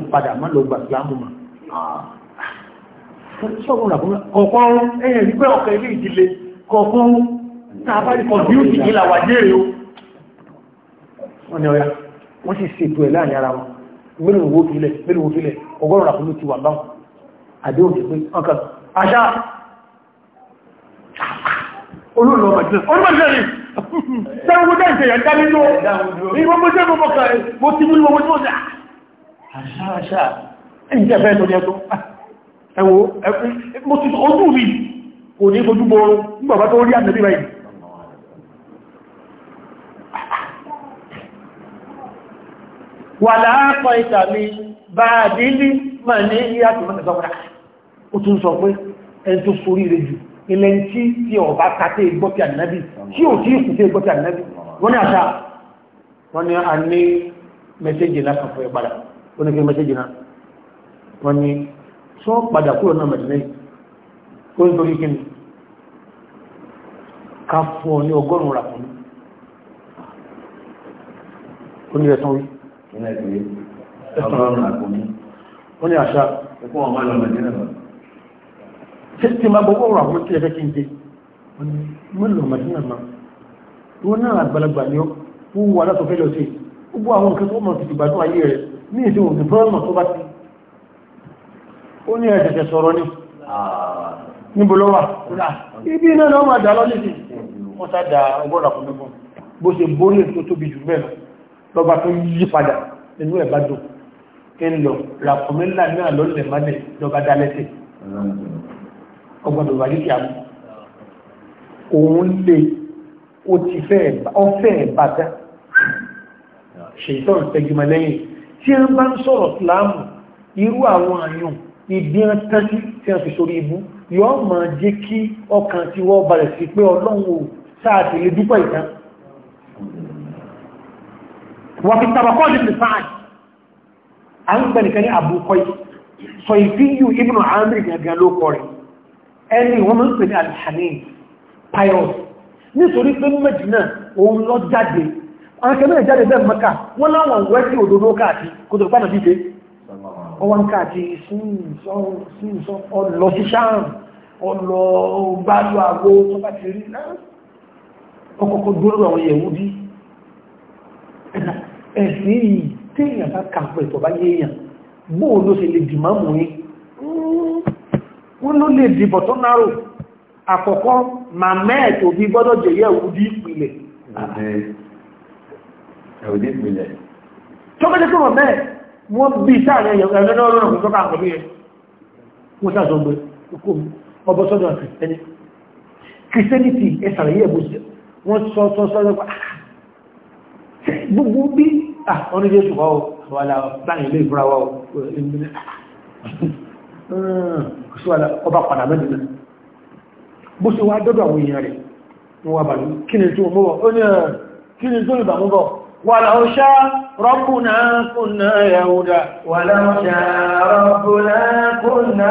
C: wípé ọ̀kẹ́ ilé ìdílé kọ̀ọ̀kan tàbárí kọ̀bíútì ní làwà jẹ́rẹ̀ o wọ́n ni ọ̀yá wọ́n sì ṣètò ẹ̀ láàrin ara wọn mẹ́rin owó fílẹ̀ mẹ́rin owó fílẹ̀ ọgọ́rùn àkúlù ti wà báwọn àdéhùn ti pé ọkàn àṣà olóòlò ọmọ ìjọ ọdún
D: mẹ́rin rẹ̀ sẹ́wọ́n mọ́jẹ́ ìṣẹ̀yà dá nínú ìwọ́n mọ́jẹ́ mọ́ mọ́kàn
C: mo ti mú ìwọ́n mọ́jẹ́ mọ́jẹ́ àṣà àṣà ẹ̀yìn tẹ́ fẹ́ tó ní ẹ̀tọ́ ẹ̀wọ̀ mo ti ojú mi kò ní fojú bọ́ọ̀rọ̀ nígbàbá tó rí àmì wà láàpọ̀ ìtàmí bá dìlí mà ní ìyàtọ̀ mọ́ta sọ́kọ́dá ó tún sọ pé ẹni tó sorí rẹ̀ jù ilẹ̀ tí tí ọba kàtẹ́ ìgbọ́pì ànábì tí ò tí ìkùtẹ́ ìgbọ́pì ànábì wọ́n ní àṣà wọ́n ní a ní mẹ́sẹ́jì lásán fún ìpadà wọ́n ní kí mẹ́sẹ́jì náà wọ́n
B: nínú ẹgbẹ́ ọgọ́rùn-ún àkómi ó ní àṣà ẹkún ọmọ ẹlọ mẹdínà lọ
C: ṣé tí máa gbogbo ọ̀rọ̀ àwọn tí ẹ fẹ́ kí n dé mo lọ mẹdínà lọ wọn náà àgbàlagbà ni ó wọn wà látọ fẹ́ lọ sí gbogbo àwọn nǹkan tó mọ títí gbádùn ayé rẹ ní ìṣe òsì fọlọmọ tó bá ti ó ní ẹsẹsẹ sọ̀rọ̀ ni ah. níbo ló wà ibi náà ló máa dà lọ nísìnyí wọn sá da ọgọ́rùn-ún àkómi fún bó ṣe borí ètò tóbi jù bẹ́ẹ̀ lọ́ba tó yí padà nínú ẹ̀ bá dùn ń lọ ràpọ̀mílà náà ló lè má lè lọ́ba dá lẹ́sẹ̀ ọgbọ́dọ̀ wáyé kí a mú òun lè ó ti fẹ́ ọfẹ́ bàtà ṣètọ́ ìtẹ́gbìmọ̀ lẹ́yìn tí a bá ń sọ̀rọ̀ láàmù irú àwọn àyàn ibi ń tẹ́jú tí a fi sórí ibú yọ́ ma jẹ́ kí ọkàn tí wọ́n balẹ̀ sí pé ọlọ́run ò sáà ti lè dúpọ̀ ìtàn وفي الطبقات ابن سعد أنبني كان أبو قيس صيفي ابن عامر بن قالوا قري ẹni wọ́n mọ́ ń pè ní alhanin pius nítorí pé mẹ́jìnà òun lọ jáde akẹ́mẹ́ jáde bẹ́ẹ̀ mọ́ká wọ́n láwọn wẹ́sí òdòdó káàkiri kò tó pàdà bíbe ọwọ́n káàkiri
B: sínsọ́
C: ọlọ ẹ̀sìn yìí téèyàn bá kà pẹ̀ tó bá yéèyàn bóò ló ṣe lè dìmọ́ mú yí wọ́n ló lè dìbọ̀ tó náró àkọ́kọ́ màmá ẹ̀ tó bí gbọ́dọ̀ jẹ̀yẹ́ òdí ìpìlẹ̀ òdí ìpìlẹ̀ tó bẹ́ẹ̀ tó màmá ẹ̀ wọ́n bí sáàrin ẹ̀yọ̀ ẹ̀rọ náà rọrùn tó káàkọ́ bí ẹ wọ́n sàzọ gbé ikú ọbọ sọ́dọ̀ kìrìsẹ́nìtì ẹ̀sàrẹ̀yẹ̀ bó ṣe wọ́n sọ sọ́sọ́ gbogbo bí ọ̀nà jésù wá wàlá báyìí lè fúra wá ọba padà mẹ́jìnà bó ṣe wá dọ́dọ̀ àwọn èèyàn rẹ̀ wọ́n wà bàlú kí ni tó mọ́ ó ní kí ni tó lùbà mọ́bọ̀ wà láwọ́ṣá rọ́bùnà kùnà yahuda wà láwọ́ṣá rọ́bùnà kùnà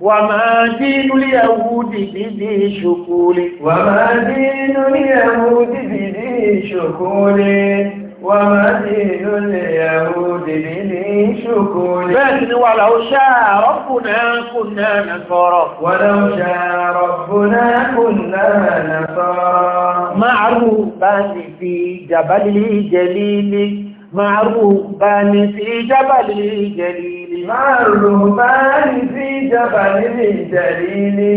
C: وما
A: دين اليهود بذي شكول وما دين اليهود بذي شكول وما دين اليهود بذي شكول بل ولو شاء ربنا كنا نصارى
D: ولو شاء ربنا كنا
A: نصارى
C: معروفان في جبل جليل معروفان في جبل جليل
A: máa rò máa rí sí ìjọba níbi ìjẹ̀rí ní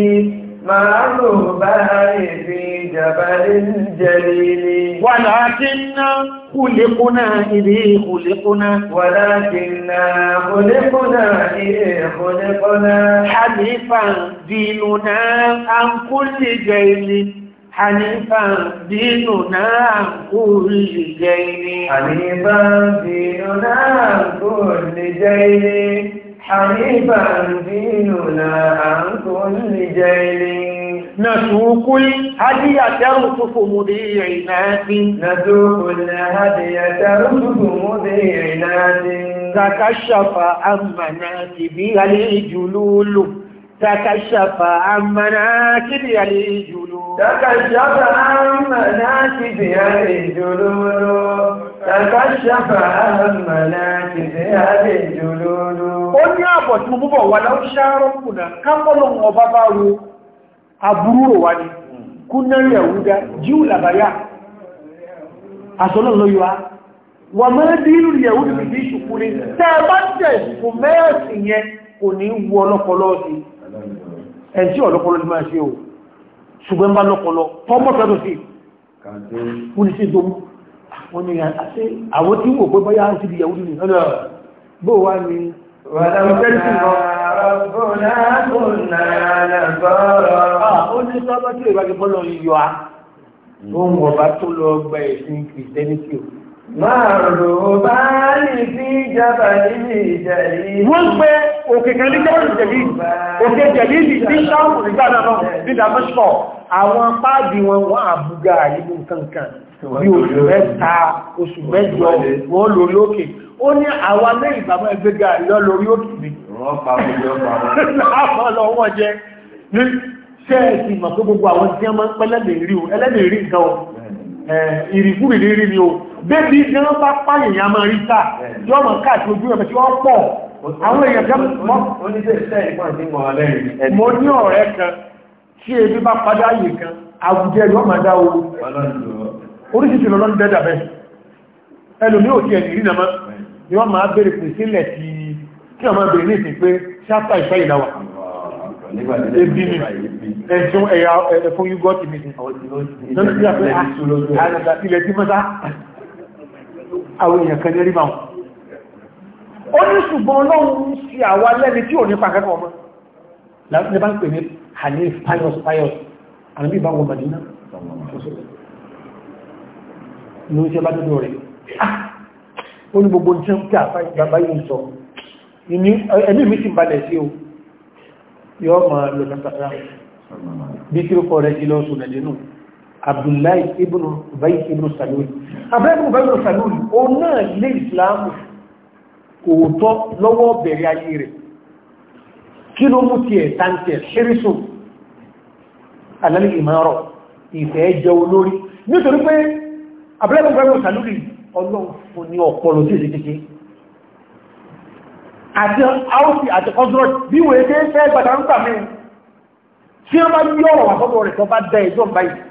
A: máa rò máa rí sí ìjọba níbi ìjẹ̀rí ní. wà láti ná kúlékúnà ìrí kúlékúnà. wà láti ná kúlékúnà ìrí kúlékúnà. hàlífà dìnnú náà à ń kúlè jẹ ilé. حنيفا ديننا عن كل جين حنيفا ديننا عن كل جين حنيفا ديننا عن كل جين نسوق الهدي ترتف مذيعنات نسوق الهدي ترتف مذيعنات تكشف عن مناكبها الجلول تكشف
C: عن مناكبها الجلول تكشف عن مناكبها
A: الجلول تكشف عن مناكبها
D: الجلول
A: ó ní àbọ̀
C: tí mo búbọ̀ wà láwọ́ ṣáàrọ̀ kùnà kápọ̀lọ̀ ọba bá ro àbúrò wà ní kúnnẹ́rì ẹ̀wúdá jíù làbáyà àṣọ́lọ̀ lọ́yọ́ wà mẹ́rin dínú ẹ̀wúdá bí i ṣùkúrí tẹ́ bá tẹ̀ fún mẹ́ẹ̀sì yẹn ṣùgbọ́n ń bá lọ́pọ̀lọ́ tọ́mọ́ sọ́dọ̀ sí wọ́n ní sí ìdómú wọ́n ní àṣẹ àwọn tí wò pé bọ́yá ń síbi yàwó nínú ọ̀nà bó wá ah, ní wọ́n
A: ní sọ́dọ̀ sí Wọ́n pé òkè kan ní jẹ́rì jẹ̀lì, òkè jẹ̀lì ní
C: tí ṣáàmù nígbà náà ní Damascus, àwọn páàdì wọn wọ́n àbúgà ìlú kankan bí oṣù mẹ́ta, oṣù mẹ́jọ, wọ́n lórí òkè. Ó ní àwọn alẹ́ ìbàmọ́ ẹgbẹ́gà lọ lórí òkè mi. Wọ́n pa gbogbo àwọn ọmọ bébí gan bá pàyìyàn máa rí tà yọ́ mọ̀ káàkiri ojú ẹ̀mẹ́ tí wọ́n pọ̀ àwọn èèyàn kan mọ́
A: mo ní
C: ọ̀rẹ́ kan tí ebi bá padà yìí kan àwùjẹ yọ́ máa dá ooru oríṣiríṣi lọ́lọ́ ń dẹ́dà bẹ́ẹ̀ ẹlòmí ò tí ẹ̀nì rí nàmá ni wọ́n máa bèèrè pè sílẹ̀ tí kí ọmọ bèèrè ní ìsìn pé ṣáfà ìfẹ́ ìdáwà
B: ebi ni ẹ̀sùn
C: ẹ̀yà ẹ̀fún yúgọ́tì mi àwọn èèyàn kan ní rí báwọn ó ní ṣùgbọ́n ọlọ́run sí àwa lẹ́ni tí ò ní pàkẹ́kọ̀ọ́ mọ́ ní bá ń pè ní hanif pius pius àwọn ìbá wọn Madina ní oúnjẹ bá dúdú rẹ̀ ah! ó ní gbogbo jẹ́ ń pè àbá yìí sọ ẹ̀mí mi sì ń balẹ̀ sí o yọ́ ma lọ bí kí ó kọ rẹ̀ jí lọ́sùn nàìjíríà abdullahi ibn ubay ibn salul abẹ́bù ubay ibn salul òun náà ilé ìsìláàmù kò tọ́ lọ́wọ́ bẹ̀rẹ̀ ayé rẹ̀ kí ló mú tiẹ̀ tàǹtẹ̀ ṣírísù alẹ́ ìmọ̀ràn ìfẹ́ jẹ́ olórí nítorí pé abẹ́bù ubay ibn salul ọlọ́run fún ní ọpọlọ sí ìsìnkí àti áùsì àti ọdúnrọ̀ bí wèé tẹ́ fẹ́ mẹ́rin tí wọ́n bá yí ọ̀rọ̀ wà rẹ̀ tó bá dá ẹjọ́ báyìí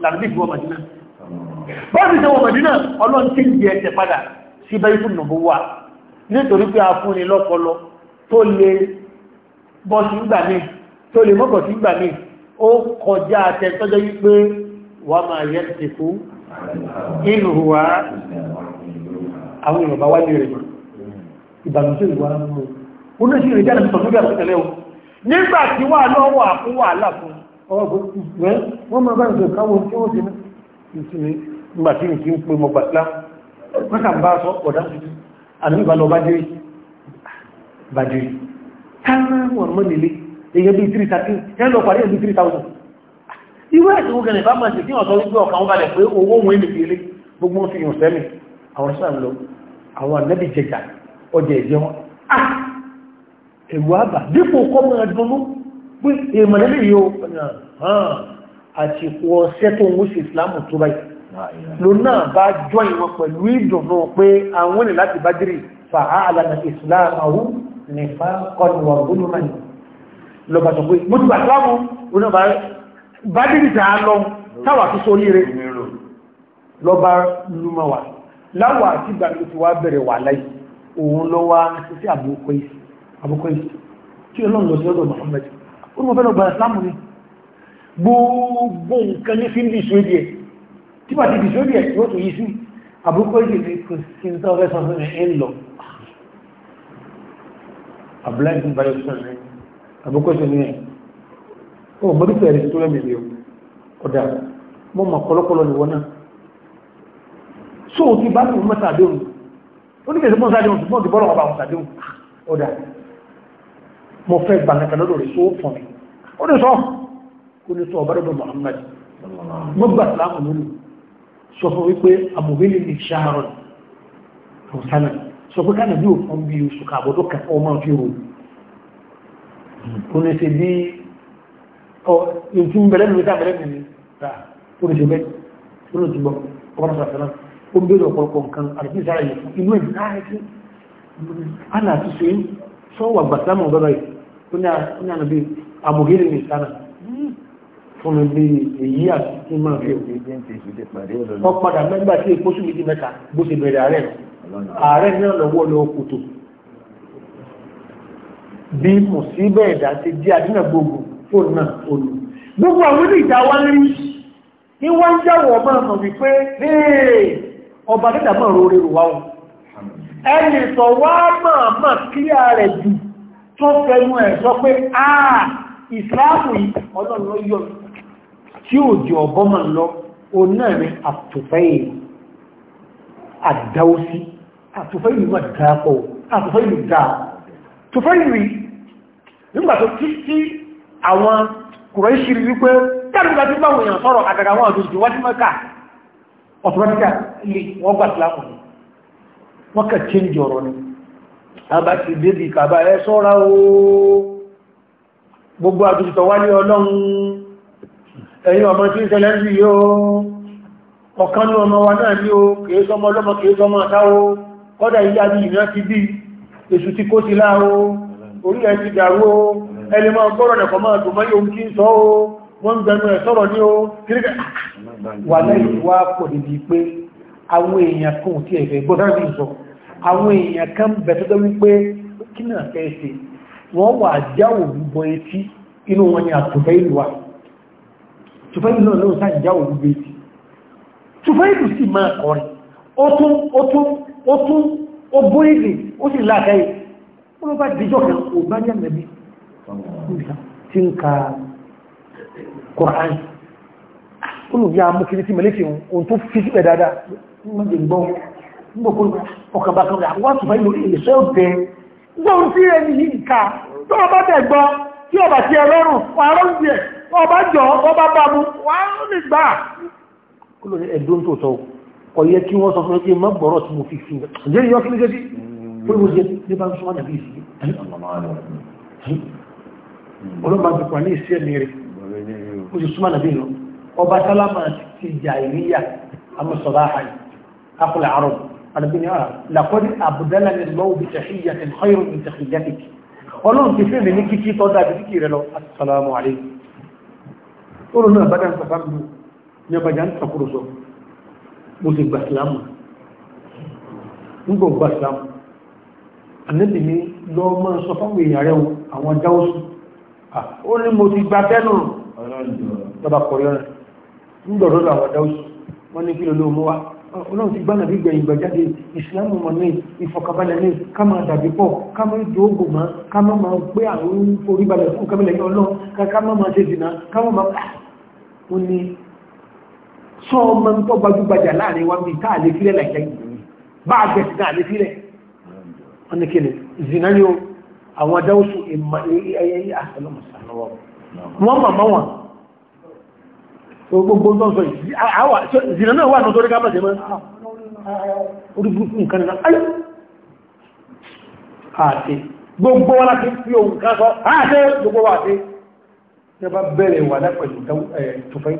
C: làbí ìfowó màdínà bọ́ọ̀sì tó wọ màdínà ọlọ́run tí ń di ẹsẹ̀ padà sí bẹ́ẹ̀ fún nàbó wà nítorí pé afúnni lọ́pọlọ tó lè bọ́ọ̀sì ń gbà mí tó lè mọ́kọ̀ sí gbà mí ó kọjá àtẹ tọ́jọ́ yí pé wà máa yẹ ti kú inú wa àwọn èèyàn bá wájú rẹ̀ ìbànújẹ́ ìwà ń mú un ó ní sí ìrìnjẹ́ àti sọ̀tún bí àtúntẹ̀lẹ́ o nígbà tí ọgbẹ́ wọ́n máa bá ìjọ káwọn tí ó dínà ìsinmi nígbàtí ìsí ń pè mọ̀ gbàtlá mọ́ta bá sọ ọ̀dá àníbàlọ bájírí bájírí
A: táwọn
C: mọ́nìlé èyàn bí 330 ẹlọ parí ẹ̀bí 3000 irú ẹ̀sìn ogun ẹ̀bá máa jẹ́ tí wọ́n sọ wípé ọkà wọn balẹ̀ pé owó wọn èlè fèrè gbogbo wọn fi yàn sẹ́mi àwọn sáà lọ àwọn ànẹ́bì jẹjà ọjà ẹ̀jẹ̀ wọn ẹ̀wọ̀ àbà dípò kọ́mọ̀ ẹ̀dùnú pé èèmọ̀ lélẹ̀ yìí ó hàn àsìkò ọ̀sẹ̀ tó ń wúṣe ìsìlámù tó báyìí ló náà bá jọ ìwọ̀n pẹ̀lú ìdùnnú pé àwọn ènìyàn láti bájírì fàá àlànà ìsìlámù àwú nìfà kọlùwà gbólúmọ̀ni lọ́ba sọ pé mo ti gbà sílámù oná bájírì tà á lọ táwà tó sórí rẹ̀ lọ́ba lúmọ̀ wà láwà àti gbàgbé ti wá bẹ̀rẹ̀ wà láì òun lọ́wọ́ sí àbúkọ́ ìsì tí ọlọ́run lọ sí ọ̀dọ̀ Muhammad ó mọ̀ fẹ́ lọ gbà ìsìlámù ni gbogbo nǹkan ní fíìmù ìṣòdì ẹ̀ tí bàtí ìṣòdì ẹ̀ yóò tó yí sí àbúkọ́ ìdìbò kò sí ń tọ́ fẹ́ sọ fún ẹ̀ ń lọ àbúláì fún báyọ̀ sọ rẹ̀ àbúkọ́ ìṣòdì ẹ̀ ó mọ̀ tó fẹ́ẹ̀rẹ̀ tó lẹ́mì rí ọ̀dà mọ́ mọ̀ pọ̀lọpọ̀lọ ni wọ́n náà sóòtú bá ní mọ́ sàdéhùn ó ní mo fẹ́ gbà nǹkan lọ́dọ̀ rẹ̀ sóò fún mi ó ní sọ ó ní sọ ọ̀bá lọ́dọ̀ Muhammad mo gbà sílámù lónìí sọ fún wípé àbòbílì ní ṣáàrọ̀ tòsánà sọ pé kánà bí òfin bí oṣù kàbọ̀dọ̀ kan ọmọ fi rò ó ní ṣe bí ọ ìtún bẹ̀rẹ̀ mi ká bẹ̀rẹ̀ mi ní ta ó ní ṣe bẹ́ẹ̀ ó ní ti gbọ́ ọmọ sàfẹ́ràn ó ń bẹ̀rẹ̀ ọ̀pọ̀lọpọ̀ nǹkan àdìsí sára yìí sọ́wọ́ gbàtàmù bẹ́rẹ̀ ní ànàbí àbògírí ní sára fún mi bí èyí àti tí máa fi òkú ọ̀padà mẹ́gbà tí èkó sí méjì mẹ́ta bó ṣe bẹ̀rẹ̀ ààrẹ ààrẹ náà lọ́wọ́ lọ kòtò bí mò sí bẹ́ẹ̀ dá ti di àdínà gbogbo fóònù náà olù gbogbo àwọn ilé ìta wá rí ní wọ́n ń jáwọ̀ ọmọ ọmọ wípé ọba dídà máa rọrẹ́ rò wá ẹni sọ wá mọ̀ọ́mọ̀ kílíà rẹ̀ jù tó fẹnu ẹ̀ sọ pé àà ìsìláàmù yìí ọlọ́run ló yọ tí ò jẹ́ ọgbọ́n máa lọ òun náà ni àtùfẹ́yì àdáwọ́sí àtùfẹ́yì wà dáàpọ̀ àtùfẹ́yì dáa tùfẹ́yì rí nígbà tó tí tí àwọn Kùrẹ́ṣì rí wípé tẹ́lùgbà tí báwọn èèyàn sọ̀rọ̀ àgàgà wọn àjòjì wájú mẹ́ka ọ̀tọ̀mẹ́tíkà lè wọ́n gbà síláàmù ni wọ́n kà change ọ̀rọ̀ ni a bá ti débi kàbá ẹ sọ́ra o gbogbo àtúntọ̀ wá ní ọlọ́run ẹ̀yìn ọmọ tí ń ṣẹlẹ̀ sí yóò ọ̀kan ní ọmọ wa náà ní o kìí sọmọ ọlọ́mọ kìí sọmọ àtàwó kọ́dà ilé àti ìrìnà o ẹni máa gbọ́rọ̀ nẹ̀kọ́ máa tó o wọ́n ń gbẹnu ẹ̀ sọ̀rọ̀ ní o kìrìkà ah, ah, wà dìdì pé àwọn èèyàn kan tí ẹ̀fẹ́ gbọ́dárí sọ àwọn èèyàn kan bẹ̀tọ́tọ́ wípé kí náà fẹ́ ṣe wọ́n wà jáwò gbogbo etí inú wọn ni àtùfẹ́ ìlú wa tùfẹ́ ìlú náà lóòsá ìjáwò gbogbo etí tùfẹ́ ìlú sì máa kọrin ó tún ó bóyìí ó sì láàkáyì ó ló bá dìjọ́ kan ohun tó fi sípẹ̀ dáadáa mo lè gbọ́ nígbà kó ọkàn bá kan rẹ̀ wá tùfẹ́ ìlú ìṣẹ́ òbẹ̀ gbọ́n sí ẹni yìí ká tó ọba tẹ̀ gbọ́ tí ọba ti ẹ lọ́rùn wà lọ́rùn ẹ̀ ọba jọ ọba bá mu wà lè gbà kó lórí ẹ̀dùn tó tọ́ kò yẹ kí wọ́n sọ fún ẹgbẹ́ má gbọ́rọ̀ tí mo fi fi ǹjẹ́ yọ kí ló jẹ́ sí pé mo jẹ́ ní bá ń súnmọ́ nàbí ìsì ọlọ́mọ àgbẹ̀kọ̀ ní ìsì ẹ̀mí rẹ̀ mo sì ọba sálámà ti jà ìríyà amọ̀sọ̀rọ̀ àhàyè أخو العرب أنا بني أرى لقد أبدلني الله بتحية خير من تحيتك ولو أنت فيلم نكي كي تودا بذكير له السلام عليك. قولوا لنا بدأ تفهموا يبقى أنت تقرصوا مسيب بسلامه nígbò gbà islam àníbì ní lọ mọ́ sọ fáwọn èèyàn rẹ̀ àwọn jáwọ́sù ó ní mo ti gba tẹ́nu lọ́bà kọ̀ọ̀yọ́ rẹ̀ àwọn jáwọ́sù wọ́n ní kí ló ló mú wa ọlọ́run ti gbá nàbí gbẹ̀yìn gbẹ̀jáde ìsìlámù mọ̀ ní ìfọ̀kàbalẹ̀ ní káma dàbí pọ̀ káma ìdóògùn mọ́ káma máa pé àwọn oríbalẹ̀ fún kábẹ̀lẹ̀ ní ọlọ́run káma máa ṣe dìnnà káma máa pà ó ní sọ ọmọ ń tọ́ gbajúgbajà láàrin wa bíi táà lè fílẹ̀ láìpẹ́ ni zina ni o àwọn adáwọ̀sù ìmọ̀ ẹ̀ gbogbo sọ́sọ́ ìzìnà náà wà ní ọdọ́rí gábà jẹmọ́ orígbùkú nǹkan nínú ayé àti gbogbo wọn láti fi ohun kan sọ àti gbogbo wà tí ẹ bá bẹ̀rẹ̀ wà lápẹ̀lú tufẹ́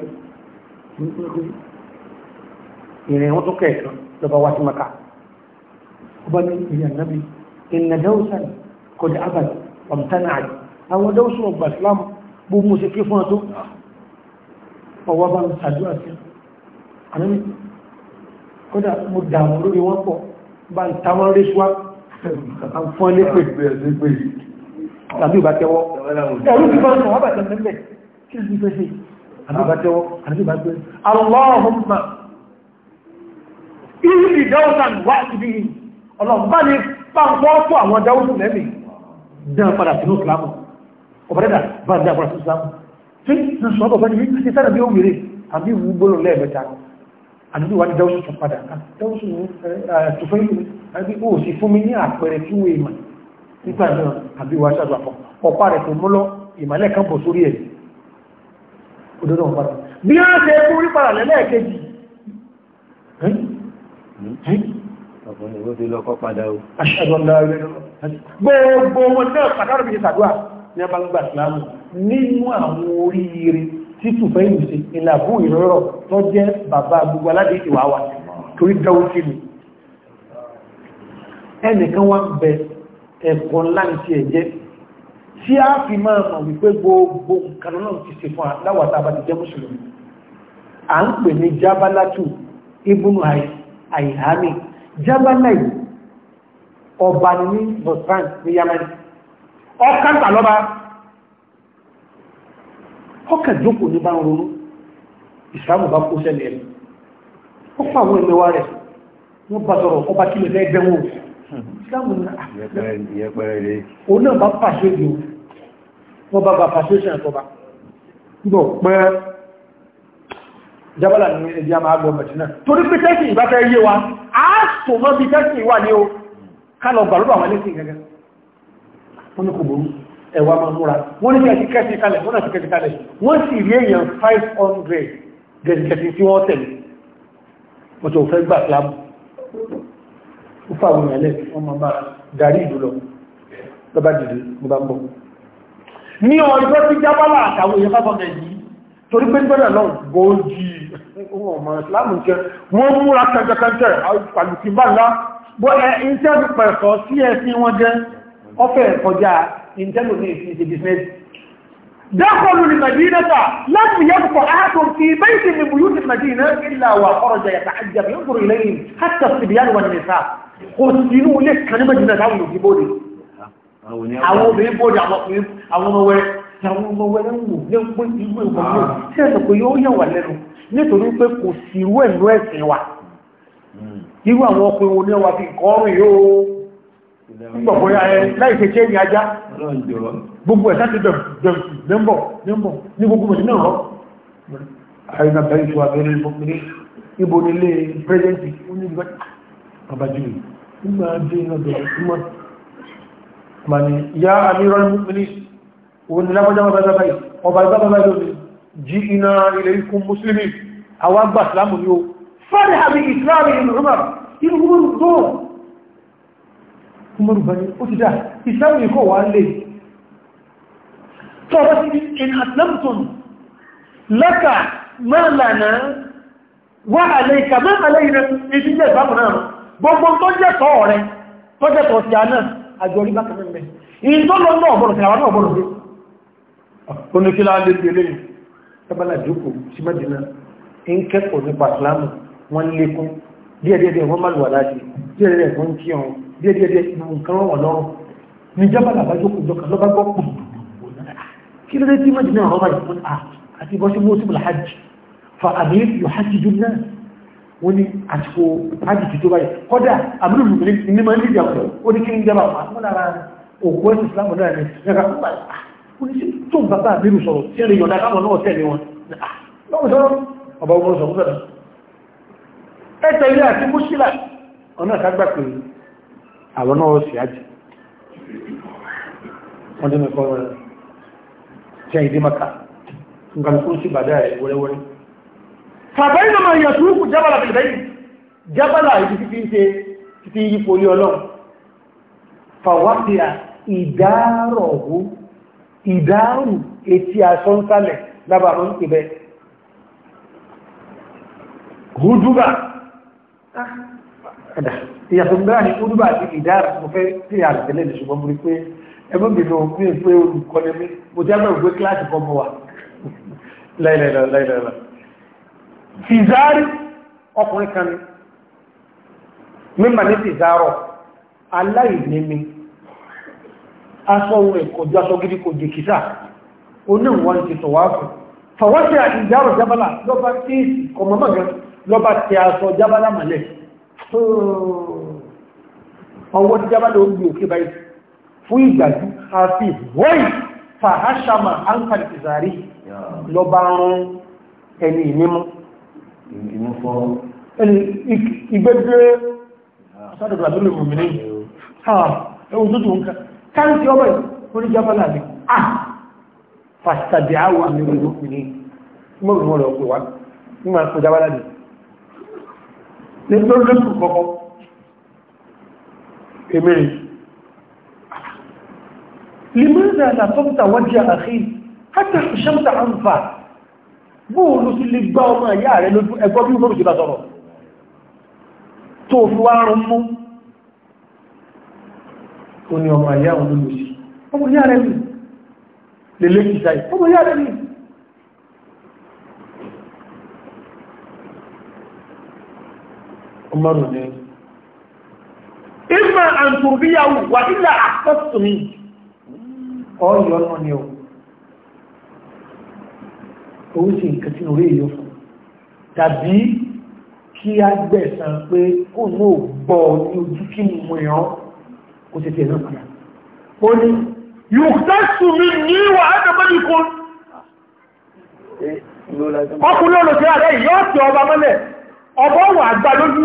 C: ìrìn wọn tó kẹ́ẹ̀kọ́ lọba wá sí maka ọba ní ìrìn ànábì ìrìn àdáwùsàn kọjá abàdì ọ̀mtánà àjì àwọn ọwọ́ bá ń sàdúrà sí àmì kódà mo dààmú lórí wọn pọ̀ bá ń tamọ́ rí ṣwá fún ẹlé pè tàbí ìbá tẹ́wọ́ ní fẹ́ sí Allahumma ìlú ìdáwọ́sàn wá ìbí ọlọ́mbá ní pàǹpọ́ fún àwọn dáwọ́sù lẹ́mì dán padà sínú ìsìlámù ọ̀bẹ̀rẹ̀dà bá ń dá tí ní sọ́bọ̀ bá ní wí sí sára bí ó wèrè àbí ìwú gbóló lẹ́ẹ̀mẹ́ta àdúgbò wá ní dáwọ́sù tó padà dáwọ́sù tòfẹ́ ìlú àbí ó sì fún mi ní àpẹẹrẹ tí wọ́n ìmọ̀ nípa náà àbí wá ṣáàdù àpọ̀ ọ̀pá rẹ̀ tó múlọ ìmọ̀lẹ̀ kan bọ̀ sórí ẹ̀ òdodo ọ̀pá rẹ̀ bí wọ́n ṣe fún rí padà lẹ́lẹ́ẹ̀kejì
A: ọkùnrin ìwé ti lọ́kọ́ padà
C: gbogbo wọn náà padà rẹ̀ bí ṣàdúrà ní abágbà ìsìlámù nínú àwọn oríire tí tùfẹ́ ìrìnṣẹ́ ìlàbú ìrọ́rọ̀ tó jẹ́ bàbá gbogbo aládé ìwà wà torí dáwókí ni ẹnìkan wá bẹ ẹ̀kọ́ láti ẹ̀jẹ́ tí a fi máa mọ̀ wípé gbogbo nǹkan náà ti ṣe fún aláwàtà àbájá jẹ́ mùsùlùmí à ń pè ní jábálátù ibùnú àìhámi jábálátù ọba ní ọkàntà lọ́ba ọkà jókòó ní bá ń ronú ìsìlámù bá kó sẹ́lẹ̀ ẹ̀mí ó fà àwọn ẹ̀mẹ́wà rẹ̀ wọ́n bá sọ̀rọ̀ ọba kí lè fẹ́ gbẹ́wọ̀n ìsìlámù ah, náà bá pàṣẹ ìlú wọ́n bá bá pàṣẹ ìṣẹ́ àtọ́ba gbọ́ pẹ́ jábálà ní ẹjẹ́ máa lọ mẹ̀tínà torí pé tẹ́sì ìbá fẹ́ yé wa á sọ mọ́ bí tẹ́sì wà ní o ká lọ gbàlúbà wọn lẹ́sìn gẹ́gẹ́ ẹwà máa múra wọ́n ní kẹsì kẹsì kalẹ̀ wọ́n náà ti kẹsì kalẹ̀ wọ́n sì rí èèyàn 500 gẹ̀ẹ́gẹ̀ẹ́sì tí wọ́n tẹ̀lé wọ́n tó fẹ́ gbà fìlámù ó fàwọn èèyàn lẹ́sì wọ́n máa máa darí ìlú lọ lọ́bá dìde mo bá ń bọ̀ ní ọjọ́ tí jábálà àtàwọn èèyàn fáfọ́ mẹ́ yìí torí pé gbọ́dọ̀ náà gbòójì ọmọ ìsìlámù jẹ wọ́n múra kẹjọkẹjọ àlùkìbá ńlá bọ́ ẹ iṣẹ́ pẹ̀sọ̀ sí ẹ̀sìn wọn jẹ́ ọfẹ́ ìtẹ́lò ní ìfi ṣe bísínẹ́sì dákọlù ní madinata láti yẹ́pọ̀ ahàtùn fi bẹ́ẹ̀sì ní buyúti madina ilà wà ọ̀rọ̀jà yàtà àjàbí ń kúrò ilẹ̀ yìí hátà sí bí yàrá nìta kò sí inú ilé kan ní madina táwọn òbí bóde àwọn obìnrin bóde àwọn ọmọ wẹrẹ àwọn ọmọ wẹrẹ ń wò ní pé ìwé ìwọ̀n yóò sí ẹ̀sọ̀ pé yóò yà wà lẹ́nu nítorí pé kò sí irú ẹ̀nú ẹ̀sìn wa irú àwọn ọkùnrin oníwà fi kọ́ ọrùn yóò gbogbo ya ẹ láì ṣe ṣe ní ajá gbogbo ẹ̀ sáti dẹ̀mbọ̀ ní gbogbo mọ̀ nínú ọ̀rọ̀ àìyàn àbẹ̀rẹ̀ ìṣòwò abẹ́rẹ́ ìbọ̀kúnlé ibo nílé pírẹ́sẹ̀ntì ó ní ìgbà àbájú nígbà dé iná bẹ̀rẹ̀ súnmọ́ mà ní ìyá àmìrọ̀ mọ́kúnlé òun ni lápọ́já wọn bàbá báyìí ọba ìgbà bàbá yóò ní jí iná ilẹ̀ ikú mùsùlùmí àwọn àgbà ìsìlámù ni ó mọ́rùbá ní ó ti dá ìsáwò ikọ̀ wà lè tó ọba sí ní in atlanton lọ́kà máa lànà wà àlẹ́ìkà máa àlẹ́ìrẹ ibi jẹ́ ìbámu náà gbogbo tó jẹ́ tọ́ ọ̀rẹ́ tó jẹ́ tọ́ sí àná àjọrí bákan mẹ́ wọ́n lékún díẹ̀díẹ̀díẹ̀ wọ́n má lùwà láti díẹ̀díẹ̀ wọ́n kí ọ̀run déédéé gbogbo nǹkan wọ̀ lọ́rùn ní ìjọba làbájọ́ kò jọ kan lọ́ba gbọ́ pọ̀ ah, kí ló dé tí mọ́jì náà rọ́bà yìí fún ah, à àti bọ́sí mọ́sí bùlá hajj fa àmì yóò hajj jù náà wọ́n ní àsìkò hajj ti tó báyìí kọ́dà àmìlú lùmìnir ní máa ń lè jà pẹ̀lú ó ní kí ń jẹba àwọn lára òkú ẹ̀sìn islamu náà ni ẹ̀ka ó ah, ní sí tó ń bàbá àmìlú sọ̀rọ̀ tí ẹ̀rẹ̀ yọ̀dá káwọn náà tẹ̀lé wọn lọ́wọ́ ọba ọmọ sọ̀rọ̀ ẹ̀ tẹ̀lé àti mọ́sílà ọ̀nà àkágbà pẹ̀lú àwọn náà sì ájì wọ́n tí mẹ́kọ́ rẹ̀ tí a ìdí maka nǹkan kún sí bàdá ẹ̀ wẹ́rẹ́wẹ́rẹ́ fàbẹ́ ìlú ma yẹ túnkù jábàlá bẹ̀rẹ̀ jábàlá ìdí títí ń ṣe títí yípo ní ọlọ́run fàwáfíà ìdárọ̀hú ìdárù etí asọ́nsálẹ̀ lábàrún ìbẹ̀ hùdúbà ẹ̀dà ìyàtọ̀ mìíràn ní kúrúbà àti ìdára mo fẹ́ sí àtẹ̀lẹ́ ní ṣùgbọ́n mo rí pé ẹgbẹ́ mi ló pín pé olùkọ́ ni mí mo ti àgbẹ̀rù pé kíláàsì kan mọ́ wa láìláìláìláìlá tìzáárì ọkùnrin kan ni mímà ní tìzáárọ̀ aláìními aṣọ ohun ẹ̀kọ́jú aṣọ gidi kò jẹ kìsà oníwọ̀n ti tọ̀wáfù tọ̀wọ́sẹ̀ ìjárọ̀ jábálà lọ́ba tí kọmọmọ́gán lọ́ba tí aṣọ jábálà mọ̀lẹ́ Hmm. ọwọ́ tí jábá ló gbé òkè báyìí fún ìgbàjú àfi wọ́ì fàáṣàmà áńkàlì ìzàrí lọ bá rán ẹni ìnímú ìgbẹ́gbẹ́ sádọ̀dọ̀ àdúrà ìmòmìnì ẹwùn tó tún ká káàkiri ọmọ ìkórí jábá láàrin ah fàṣàdì àwọn àmì ìmòmìnì mọ́ ní tó lóṣù kọ́kọ́ èmìrì lèmọ́nà àtàfọ́ta wájí àkí hátà ìṣẹ́mta àǹfà bóòlù sí lè gbá ọmọ ìyá rẹ̀ lójú ẹgbọ́ bí wọ́n jùlọ sọ̀rọ̀ tó fi wá rún mú ó ní ọmọ ìyá òun lójú sí ọmọ ìyá rẹ̀ ní lè lè kìí Umaru ni ìmọ̀ àǹtùrbíyàwó wà nílà àkọ́sùmí ọ̀yọ́ náà ni ó owó sí nǹkan tí orí èyí fún tàbí kí a gbẹ̀sàn pé kò ní ò gbọ́ ní ojú kí ni mo yàn kó ti tẹ̀lé ọ̀pàá ó ní yóò tẹ́sùmí ní wà á tẹ́bẹ́lì kan
A: ọkùnrin olùsẹ́
C: àrẹ ìyọ́ ọ̀sẹ̀ ọba mọ́lẹ̀ ọbọ̀ wà lójú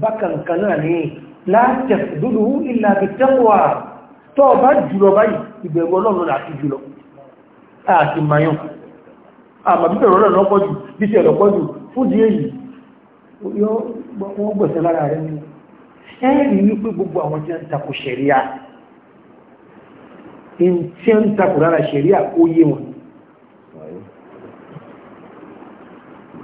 C: bákan kan náà ní láàtẹ̀ dúdú ìlà àbìtẹ́wà tó bá jùlọ báyìí ìbẹ̀rù ọlọ́run àti jùlọ àti mayan àmàbíbẹ̀rù ọlọ́run ọpọ̀jù bí ṣe ọ̀pọ̀jù fún di èyí wọ́n gbẹ̀sẹ̀ lára rẹ̀ ní ẹ̀rì wípé gbogbo àwọn tí ń takò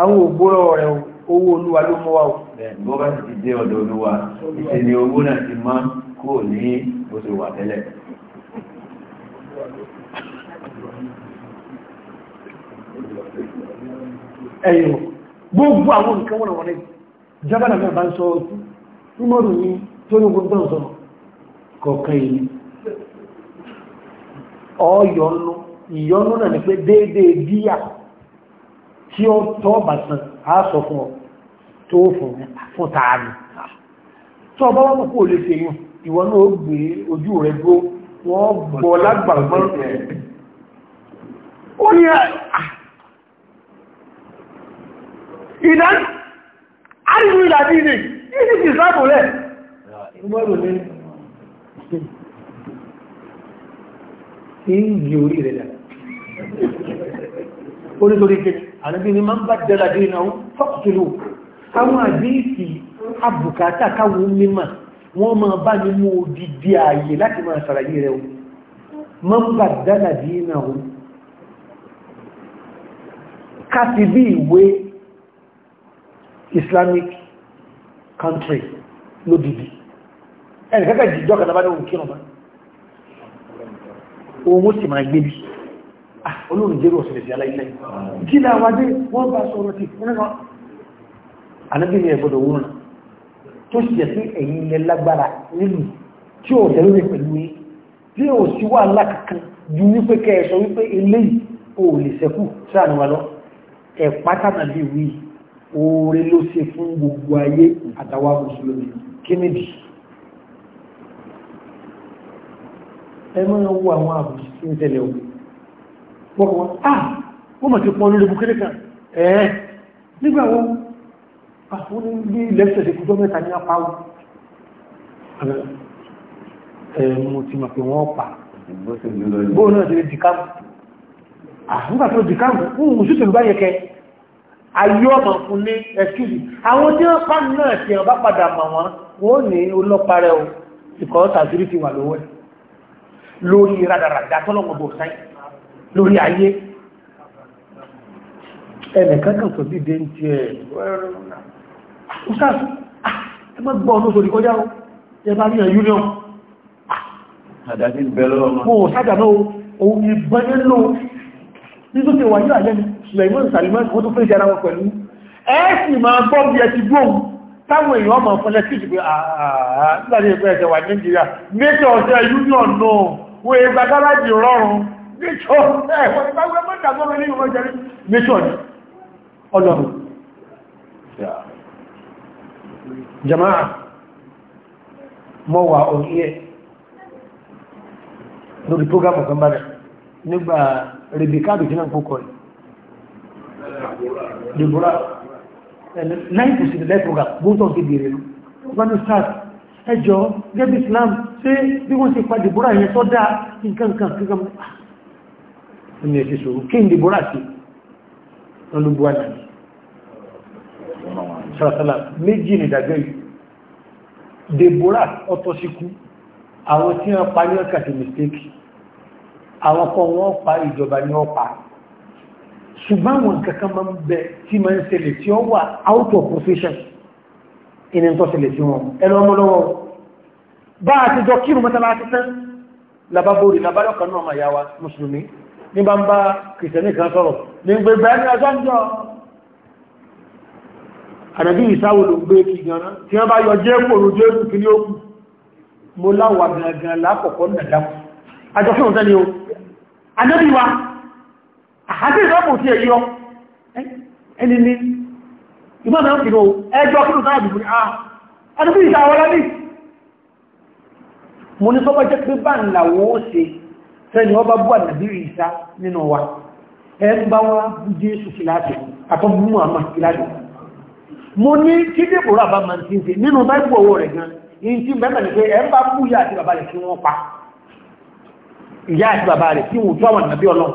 C: àwọn ògbóró rẹ̀ owó olúwa ló mú wa o. bó bá
A: ti dé ọ̀dọ̀ olúwa ìṣe ni owó náà ti máa ń kó ní bó wà tẹ́lẹ̀.
C: ẹ̀yọ̀ gbogbo àwọn nǹkan wọ́n wọ́n jábánà mẹ́bà ń sọ ọdún nímọ̀rù ní tó ní gbogbo ọ̀sọ̀ kọ̀ọ̀kan ọ̀yọ̀nú náà ni pé déédéé díyà tí ó tọ́ bà sàn á sọ fún ọ tó fún tààrí tó ọba wọn kò lè ṣe yún ìwọ náà ó gbé ojú rẹ dúró wọn gbọ́ lágbàgbọ́ ó ní ah, ah. ìdá àríwú ìlàdí ilé ìdí ti sáàbò rẹ̀ ìmọ́rò ní orí rẹ̀ dà orí torí kéjì ànábì ni máa ń bá dẹ́lá dé náà fọ́kùtùlù àwọn àdéhìsì àbùkátà káwọn mímọ̀ wọ́n máa bá nínú odidi ààyè láti máa sàràyè rẹ̀ máa ń bá dẹ́lá dé náà káti bí ìwé Islamic country lódìdí ẹnìkẹ́kẹ́ jìjọ́ kàtàbá ní òun kírùn-ún òun ó sì máa gbébí olóòrùn ah, jẹ́rù ọ̀sẹ̀lẹ̀ sí aláìlẹ́ kí ní àwọn adé wọ́n bá sọ ọ̀rọ̀ tí wọ́n náà anábìnrin ẹ̀gbọ́dọ̀ wúrùn tó ṣẹ̀ sí ẹ̀yìn ilẹ̀ lágbára nílù tí ó tẹ̀lú rẹ̀ pẹ̀lú yí tí ó sì wà lákàkán ju wípé kẹsọ wípé eléyìí ò lè sẹ́kù sáànù wa lọ ẹ̀pá tàbí wí oore ló ṣe fún gbogbo ayé àtàwà mùsùlùmí kínìdì ẹ máa wo àwọn àbùsí tí ń tẹ̀lé ọ̀gbìn wọ́n ah wọ́n mọ̀ tí pọ̀ lórí bukiri kan ẹ̀ẹ́ nígbà ah, wọn àwọn ní lẹ́fẹ̀ẹ́ ìkújọ́ mẹ́ta ní apáwọ́
B: ẹ̀mù ti mọ̀ pé wọ́n pa bóò
C: náà ti lè dìkáàmù àfúgbà ah, tó dìkáàmù fún òṣìṣẹ́ ìgbà yẹkẹ ayé ọmọ fún ní ẹ̀kìlì àwọn tí wọ́n pa náà ti ọba padà mọ̀ wọ́n wọ́n ní olọ́parẹ́ o ìkọ́ tàbí ti wà lówẹ́ lórí rádaràdà tọ́lọ́mọ̀bọ̀ sáyẹ̀ lórí ayé ẹnìkankan tó sì dé
A: ń ti ẹ̀ ọ̀sáàtù
C: ah, ẹgbẹ́ gbọ́ ọ̀nà kọjá ní union
A: àdájí ọmọ
C: ohun ìbọn tó táwọn èèyàn sí àà nígbàtí ìpẹ́ ẹ̀sẹ̀ wà mẹ́tọ̀ ọ̀sẹ̀ union náà wọ́n rọrùn nature ẹ̀wọ̀n ìgbàgbẹ́ mọ́ta gọ́mẹ́ ní ọmọ jẹ́rí nature ni ọlọ́run jama'a mọ́ wà orí ẹ̀ lórí program ọ̀kan bá rẹ̀ nígbà rebecca jìnà púpọ̀ rẹ̀ dìbòrà láìpù sí ilẹ̀ program gbóntọ́ sí bèèrè lọ wọ́n ni ẹjọ́ gẹ́bí Islam ṣe bí wọ́n ṣe pa dìbòrà ìyẹn tó dáa nǹkan kan kíkà ní ẹ̀sẹ̀ sòrò kí n dìbò láti lọ́lọ́gbò àdàbí sàrásàlá méjì ní ìdàgbẹ́ yìí dèbòrà ọ̀tọ̀ síkú àwọn tí wọ́n pa ní ọ̀kà mistake àwọn kan wọ́n pa ìjọba ní ọ̀pá ṣùgbọ́n àwọn kankan máa ń bẹ tí máa ń ṣẹlẹ̀ tí ó wà out of profession ìní tó ṣẹlẹ̀ sí wọn ẹ̀rọ ọmọlọ́wọ́ bá àtijọ́ kírùn mọ́tàlá àti tán labábórì labárọ̀kan náà máa yá wa mùsùlùmí ní bá ń bá kìrìsìtẹ́nì kan sọ̀rọ̀ ní gbẹgbẹ́ ní ọjọ́ ìjọ àdàbí ìsáwò ló gbé kí gánà tí wọ́n bá yọ jẹ́ pòrò jẹ́ òkú kí ní ó kù mo láwà gangan lákọ̀ọ́kọ́ nàdámù àjọṣùn òtẹ́ ni ah, ó adébí wa àti ìsọ́pù tí èyí sẹ́ni ọba bá bú ànàbí ìsá nínú wa ẹ dị bá wá bú jésù kìláàtì àtọ́bùnmù àmà kìláàtì mo ní kí débòrò àbá gan in tí mẹ́ta ní pé ẹ bá bú ìyá àti bàbá rẹ̀ kí wọ́n pa ìyá àti bàbá rẹ̀ kí wọ́n tó àwọn ànàbí ọlọ́run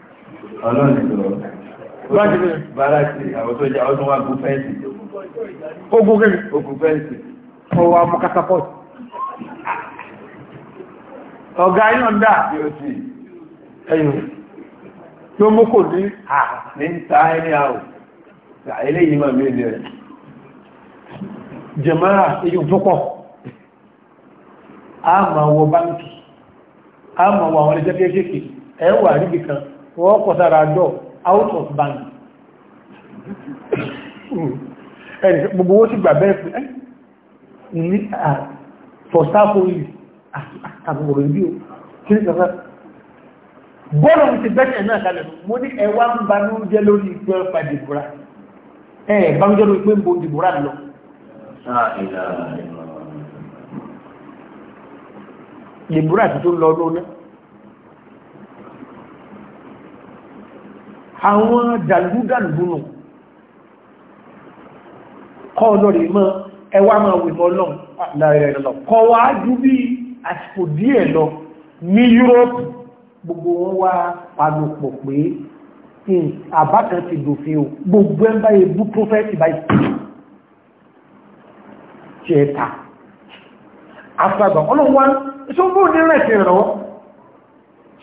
A: ọlọ́run lọ báràkì àwọn tó jẹ́ àwọn tó wà gún fẹ́ǹsì ogun
C: kí ogun fẹ́ǹsì ọwọ́ amú katapọ́t ọ̀gá iná ń dà bí ó sì ẹ̀yìn tó mú kò ní à ní ń ta ẹni àwọ̀ eléyìí máa mí ilé rẹ̀ jẹ̀mọ́ra èyí tó pọ̀ a máa wọ ẹ̀ wọ́n kọ̀ sára àjọ out of bank ẹni gbogbo owó sì gbà bẹ́ẹ̀ pé ní ah, for staff only àtàbùrò ah, ah, ibi o kí ní kọ̀ọ̀kan bọ́ọ̀lù ti bẹ́ẹ̀ náà kalẹ̀ mo ní ẹwà ń ba ní oúnjẹ lórí ìgbẹ́ ọ̀pá ìdìbòrà ẹ̀ bá ń jẹ́ lórí pé ń bo ìdìbòrà lọ ìdìbòrà ti tó lọ lónìí àwọn dàlúdàlúgbùnù kọ́ lórí mọ́ ẹwà máa wè mọ́ lọ́n ah, lọ kọ́ wá jú bí àsìkò díẹ̀ lọ ní Yúróòpù gbogbo wọn wá panupọ̀ pé àbákan ti dòfin o gbogbo ẹ̀ báyìí bú prófẹ́tì báyìí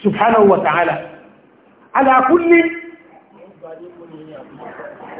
C: subhanahu wa ta'ala ala kulli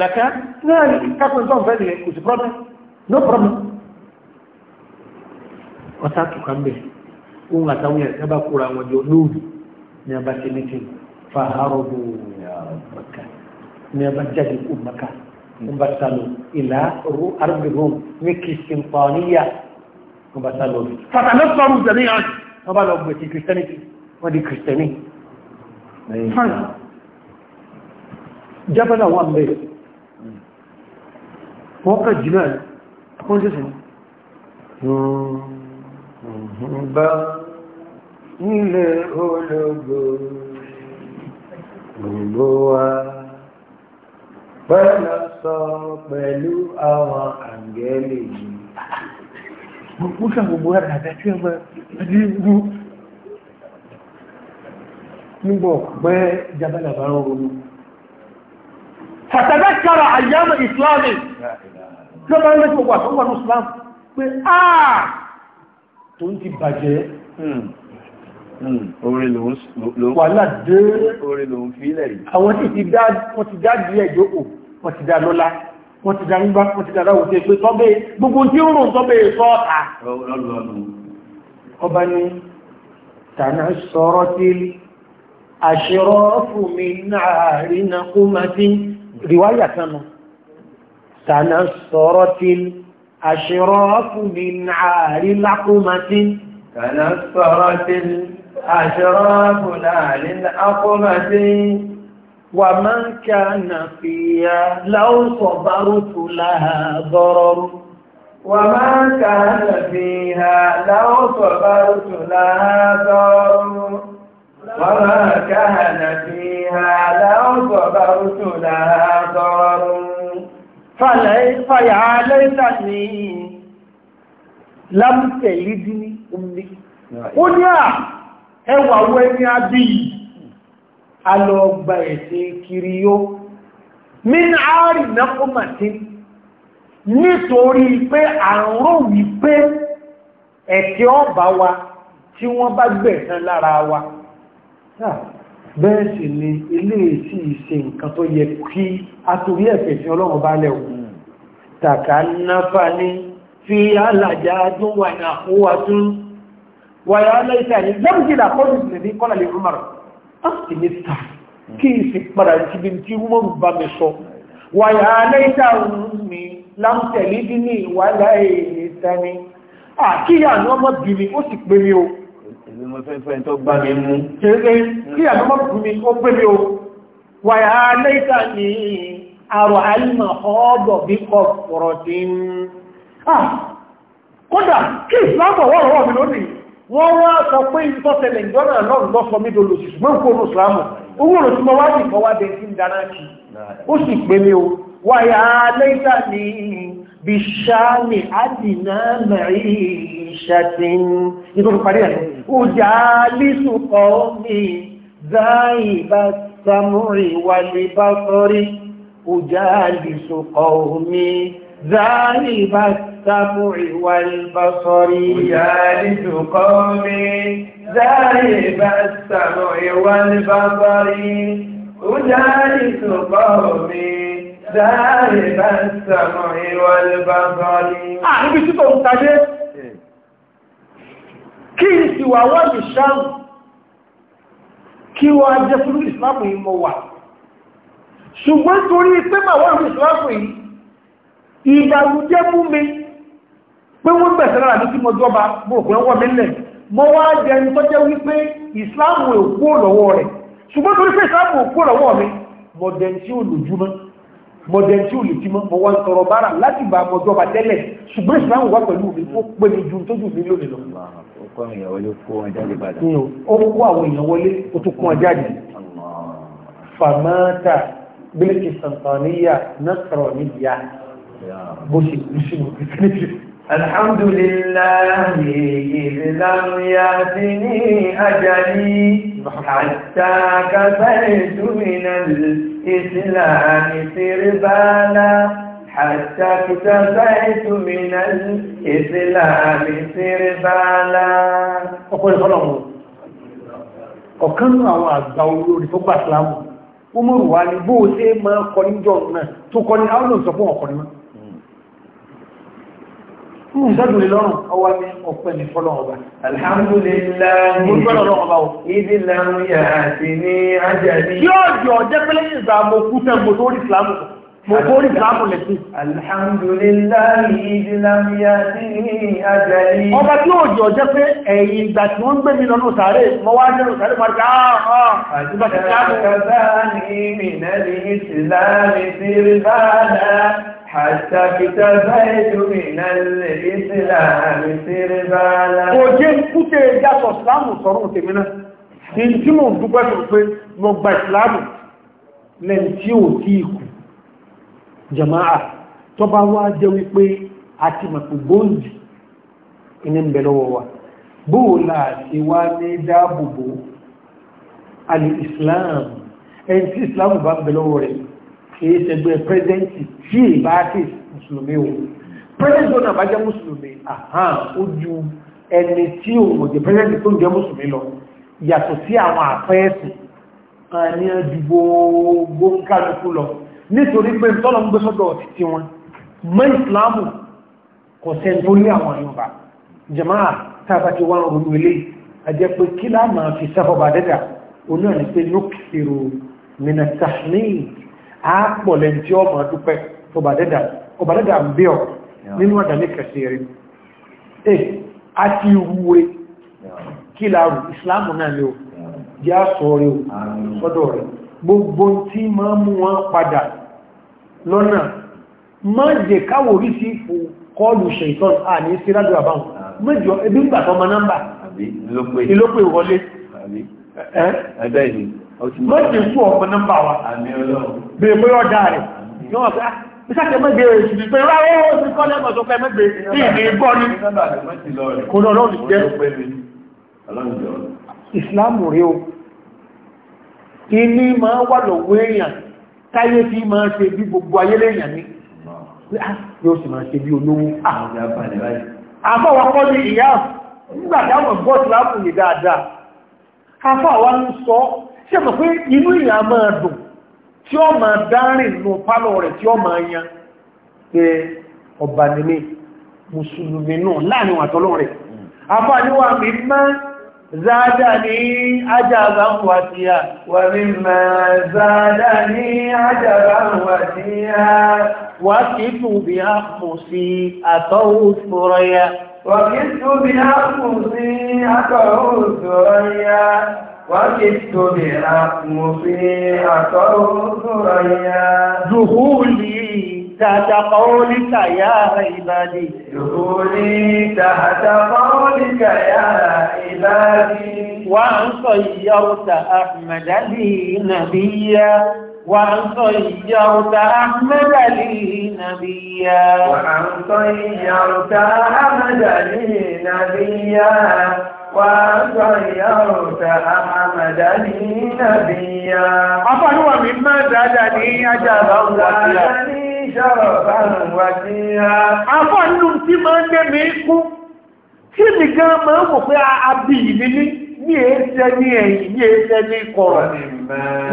C: lẹ́kẹ́ náà ní kápẹ́ tó ń fẹ́ nìyẹn kò sí problem no problem. ọ̀sá àtùkà ń bẹ̀ ohun àtàwọn yẹn sábà kóra wọn jọ lóòrù ní abá ti ní ti fàhárọ̀bù maka ní abá jáde kó maka ń bá sálọ ìlà ru arúgbìhùn ní kìsìn pàníyà ń bá sálọ rí. fàtàlẹ́ sọ̀rọ̀ ìjẹ̀lẹ̀ yẹn wọ́n bá lọ gbèsè kìrìsìtẹ́nì wọ́n di wọ́n kàn jìnà àpọ́n jẹ́ sí
A: bá nílẹ̀ ológo òyìnbó wa pẹ́lá sọ pẹ̀lú àwọn àǹgẹ́lì yìí
C: mú ṣàgbogbo àdàdà tí ọmọ ìdígbù nígbọ̀ pẹ́ jabalà ronú fàtàdà kára àyàmù ìsìláàmì tó bá ń lẹ́sí gbogbo àtọ́gbà ní islam pé àà
B: tó ń ti bàjẹ́ hmm. hmm. orí ló ń
C: wà ládé orí ló ń fi ilẹ̀ yìí àwọn tí ti dá díẹ̀ jókò wọ́n ti dá lọ́lá wọ́n ti dá nígbà wọ́n ti dá ráwọ̀ pé tọ́bẹ̀ gbogbo tí ó rùn tọ́bẹ̀ sọ́ọ̀tà تنصرت الأشراف من عال
A: العقمة تنصرت الأشراف نار الأقمة ومن كان فيها لو صبرت لها ضرر وما كان فيها لو صبرت لها ضرر وما كان فيها لو صبرت لها ضرر
C: fàyà lẹ́yìnlá ní lámùtẹ̀lì dí ní omi ó ní à ẹwà owó ẹni abíyì alọ́gbà ẹ̀sẹ̀ kiri yóò min ari na kọmàtí nítorí pé àrùn wípé ẹ̀kẹ́ ọba wa tí wọ́n bá gbẹ̀ẹ̀sán lára wa bẹ́ẹ̀ sì ni ilé ìsí ìṣe nǹkan tó yẹ kí a torí ẹ̀fẹ̀ sí ọlọ́run bá lẹ̀ wù hmm. tàkà náfà ní fi alàjá dún wà ní àkówà tún wàyà aláìsà ní lẹ́mùsílà kọ́lù ìsìnlẹ̀ ní kọ́lá lè rúmọ̀rọ̀ áàkì ní ta kí ìsì padà ti bí tí rúmọ̀rù bá mi sọ wàyà aláìsà mi láǹtẹ̀lídínì wàyà èyí sẹ́ni àkíyà ní ọmọ bìnrin ó sì pé mi o
A: mo fẹ́ fẹ́ tó gbá mi mú. kèrè
C: kí àdúgbò kù mi ó pé mi o wàyà aláìka ni àrò àìmọ̀ ọ̀bọ̀ bí kọ̀ fọ̀rọ̀ tí ń. kódà kí ìsìlámù wọ́n rọ̀ mi lónìí wọ́n wá sọ pé ìtọ́sẹ̀lẹ̀ ìjọ́nà náà lọ́sọ mi dolo ṣùgbọ́n kó ní ìsìlámù owó rẹ̀ tí mo wá ní ìfọwádẹ́ sí ń ó sì pé mi o wàyà بالشام عدنا معيشة يقول قريبا أجالس قومي ذايب السمع والبصر أجالس قومي ذايب السمع والبصر
A: أجالس قومي ذايب السمع والبصر أجالس قومي Dáàrìbá sàmọ̀ ìwọlé bá bọ́ ní. À níbi tí tó ń tàdé,
C: kí n sì wà wọ́n ní ṣáàmù, kí wọ́n jẹ́ fún ìsìláàmù yìí mọ̀ wà. Ṣùgbọ́n torí pé mà wọ́n ní ìsìláàmù yìí, ìdàrújẹ́ mú mi pé wọ́n gbẹ̀sẹ̀ lára ní tí mo jọba gbòkùnrin wọ́n mi lẹ̀. Mo wá jẹ́ ní tọ́jẹ́ wípé ìsìláàmù èkó lọ́wọ́ rẹ̀. Ṣùgbọ́n torí pé ìsìláàmù èkó lọ́wọ́ mi, mo dẹ̀ tí ó mọ̀dẹ̀ntí ò lè ti mọ́ wọ́n sọ̀rọ̀ bára láti bá mọ́jọ́ bá tẹ́lẹ̀ ṣùgbọ́n ìsìláàmù wá pẹ̀lú mi ó pé mi ju tójú mi lónìí lọ.
A: ó kó àwọn èèyàn wọlé ó kó wọn jáde padà.
C: ó kó àwọn èèyàn wọlé ó tún kó wọn jáde. fàmáta bílíkì sàǹtàníyà nàkàrọ̀ níyà bó ṣe kú sínú kìtìkìtì.
A: alhamdulillahi ìlànà yàtí ní àjálí àtàkàbẹ̀ẹ́dùmínà lè الإسلام سربالا حتى اكتفيت من الإسلام سربالا ọkùnrin fọ́lọ̀mù ọ̀kan àwọn
C: àgbà olórí tó gbà sílámù ó mọ̀rùn wá ní bóò ṣe máa kọ ní jọ náà tó kọ ní àwọn olóòsọ fún ọkùnrin náà Hmm. ìjọ́dún lọ́rùn ọwá ní ọ̀pẹ́ ní fọ́lọ́ ọba. alhamdulillahi
A: ìdí lámúyà àti ní ajáde. yóò
C: jọ jẹ́ pẹ́lẹ́ ìgbà mo kú tẹ́ mo tó rí ìsìlámù mo kó rí ìsìlámù lẹ́sìn. alhamdulillahi ìdí lámúyà àti ní ajáde. ọba tí yóò jọ jẹ́ pé ẹ̀yìn ìgbà tí wọ́n gbé mi lọ lóòsàárè mo wá jẹ́ lóòsàárè mo rí ah, ah,
A: ààrùn àti Àṣà kìtà báyìí mi náà lè ìsìlá àmì sí rí bá lá. Kò jẹ́
C: kúkẹ́ yàtọ̀ sáàmù sọ̀rọ̀ tèmi náà. Ní tí mò ń dúpẹ́ tó pé mo gba ìsìláàmù lẹ́ni tí ò tí ìkù. Jàmáà tó bá wá jẹ́ wípé a ti mọ̀ pé kìí ṣẹgbẹ́ pẹ́sẹ́ntì tí ìbá sí mùsùlùmí o pẹ́sẹ́ntì ọ̀nà bá jẹ́ mùsùlùmí àhán ó ju ẹni tí òun jẹ́ pẹ́sẹ́ntì tó ń jẹ́ mùsùlùmí lọ yàtọ̀ sí àwọn àfẹ́ẹ̀sì ní ẹdùgbò gbóǹkálukú lọ nítorí pé tọ́lọ ń gbé sọ́dọ̀ ọ̀tí tí wọn mọ́ ìsìláàmù kò sẹ́ntó àwọn yorùbá jàmáà tàbá ti wá ilé ajẹ́ pé kí láàmà fi sáfọ́bà dẹ́dà onú ẹ̀ ní pé lókèrò mìnàtàmíì àápọ̀ lẹ́yìn tí ọmọ dúpẹ́ ọbàdẹ́dà ń bí ọ̀ nínú àdàní kẹsì rí ẹ̀ àti ìwúwe kí láàrù ìsìláàmù náà lè o jẹ́ àṣọ rẹ̀ o sọ́dọ̀ rẹ̀ gbogbo tí ma mú wọn padà lọ́nà má jẹ káwò rí sí ìfò kọlù ṣẹ̀tọ́n à ní sí rádù àbáhùn mẹ́jọ ebí mọ́tì ń fún ọ̀pọ̀ nọ́mbà wa bèèrè pé ọ̀dà rẹ̀ yọ́n ọ̀gá ìsáṣẹ́ mẹ́gbẹ̀ ìṣùgbì pé ah, ráwọ́ oṣù kọ́ lẹ́gbọ̀n tó fẹ́ mẹ́gbẹ̀ ìrìn ìbọ́ ní kò lọ lọ́nà jẹ́ ìsìláàmù rí o iní máa wà lọ́wọ́ èèyàn táyé tí máa ṣe bí gbogbo ayé lẹ́yìn ní ah, yóò sì máa ṣe bí olówó ah, àfọwọ́kọ́ ní ìyá nígbàdáwọn bọ́ọ̀sì láàpù yìí dáadáa afọ́ àwọn ń sọ ṣe mọ̀ pé inú ìyá máa dùn tí ó máa dárìn nù pálọ̀ rẹ̀ tí ó máa yan pé ọba nìmi mùsùlùmí náà láàrin wà tọ́lọ́ rẹ̀
A: afáàníwà mi máa záádà ní ajára ń wà tí a wà mí máa záádà ní ajára ń wà sí tún wà وكدت بأقمصي أطوف ريا دخولي تحت قولك يا عبادي دخولي تحت
C: قولك يا عبادي وأن صيرت أحمد
A: لي نبيا وأن صيرت أحمد لي نبيا وأن صيرت أحمد لي نبيا وَصَيَّرْتَ أَحْمَدًا نَبِيًّا أَفَنُوَ مِمَّا
C: زَادَنِي أَجَبًا وَزَادَنِي شَرَفًا
A: وَزِيًّا
C: Afọ́nù tí máa ń dẹ́mi kú, tí nìkan máa ń wò pé àbí ìlú ní ní èéṣẹ́ ní ẹ̀yìn ní èéṣẹ́ ní kọ̀rọ̀.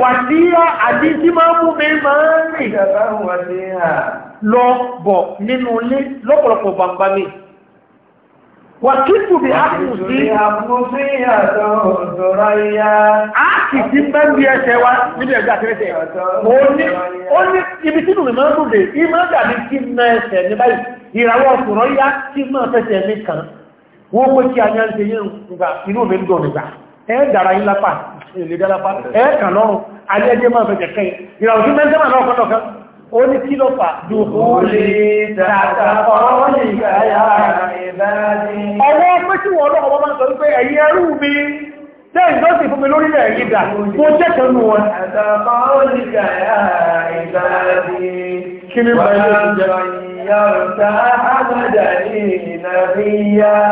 C: Wàdíyà àti tí máa ń mú mi máa ń rìn lọ bọ̀ nínú ilé lọ́pọ̀lọpọ̀ bàbá mi wàkìtù bí a kù sí ákìtì bẹ́ẹ̀bí ẹsẹ̀ wa níbi ẹ̀gbẹ́ àtẹ́rẹ́sẹ̀ ó ní ibi tínú mi máa ń dùn dé ìmọ̀ dàbí kí n na ẹsẹ̀ ní báyìí ìràwọ̀ ọ̀sùnrọ̀ yá kí máa fẹsẹ̀ mi kàn wọ́n pé kí anya ń ṣe yín nígbà inú mi ń dùn nígbà ẹ dára yín lápá èlé dára pa ẹ kàn lọ́rùn alẹ́ ẹjẹ́ máa fẹsẹ̀ kẹ́yìn ìràwọ̀ sí mẹ́ńtẹ́mà náà ó ní kí ló fà dùkúlé
A: tàtàkọ́ọ̀lì ìgbàyà ìbáàdì ọwọ́
C: pé tí wọ́n lọ́wọ́ máa sọ wípé ẹ̀yí ẹrú mi tẹ́ ìjọ́sì fún mi lórílẹ̀ ìgbà tó
A: jẹ́ kanú wọn tàtàkọ́ọ̀lì ìgbàyà ìbáàdì kí
C: ní
D: bẹ̀rẹ̀
A: ìjọ́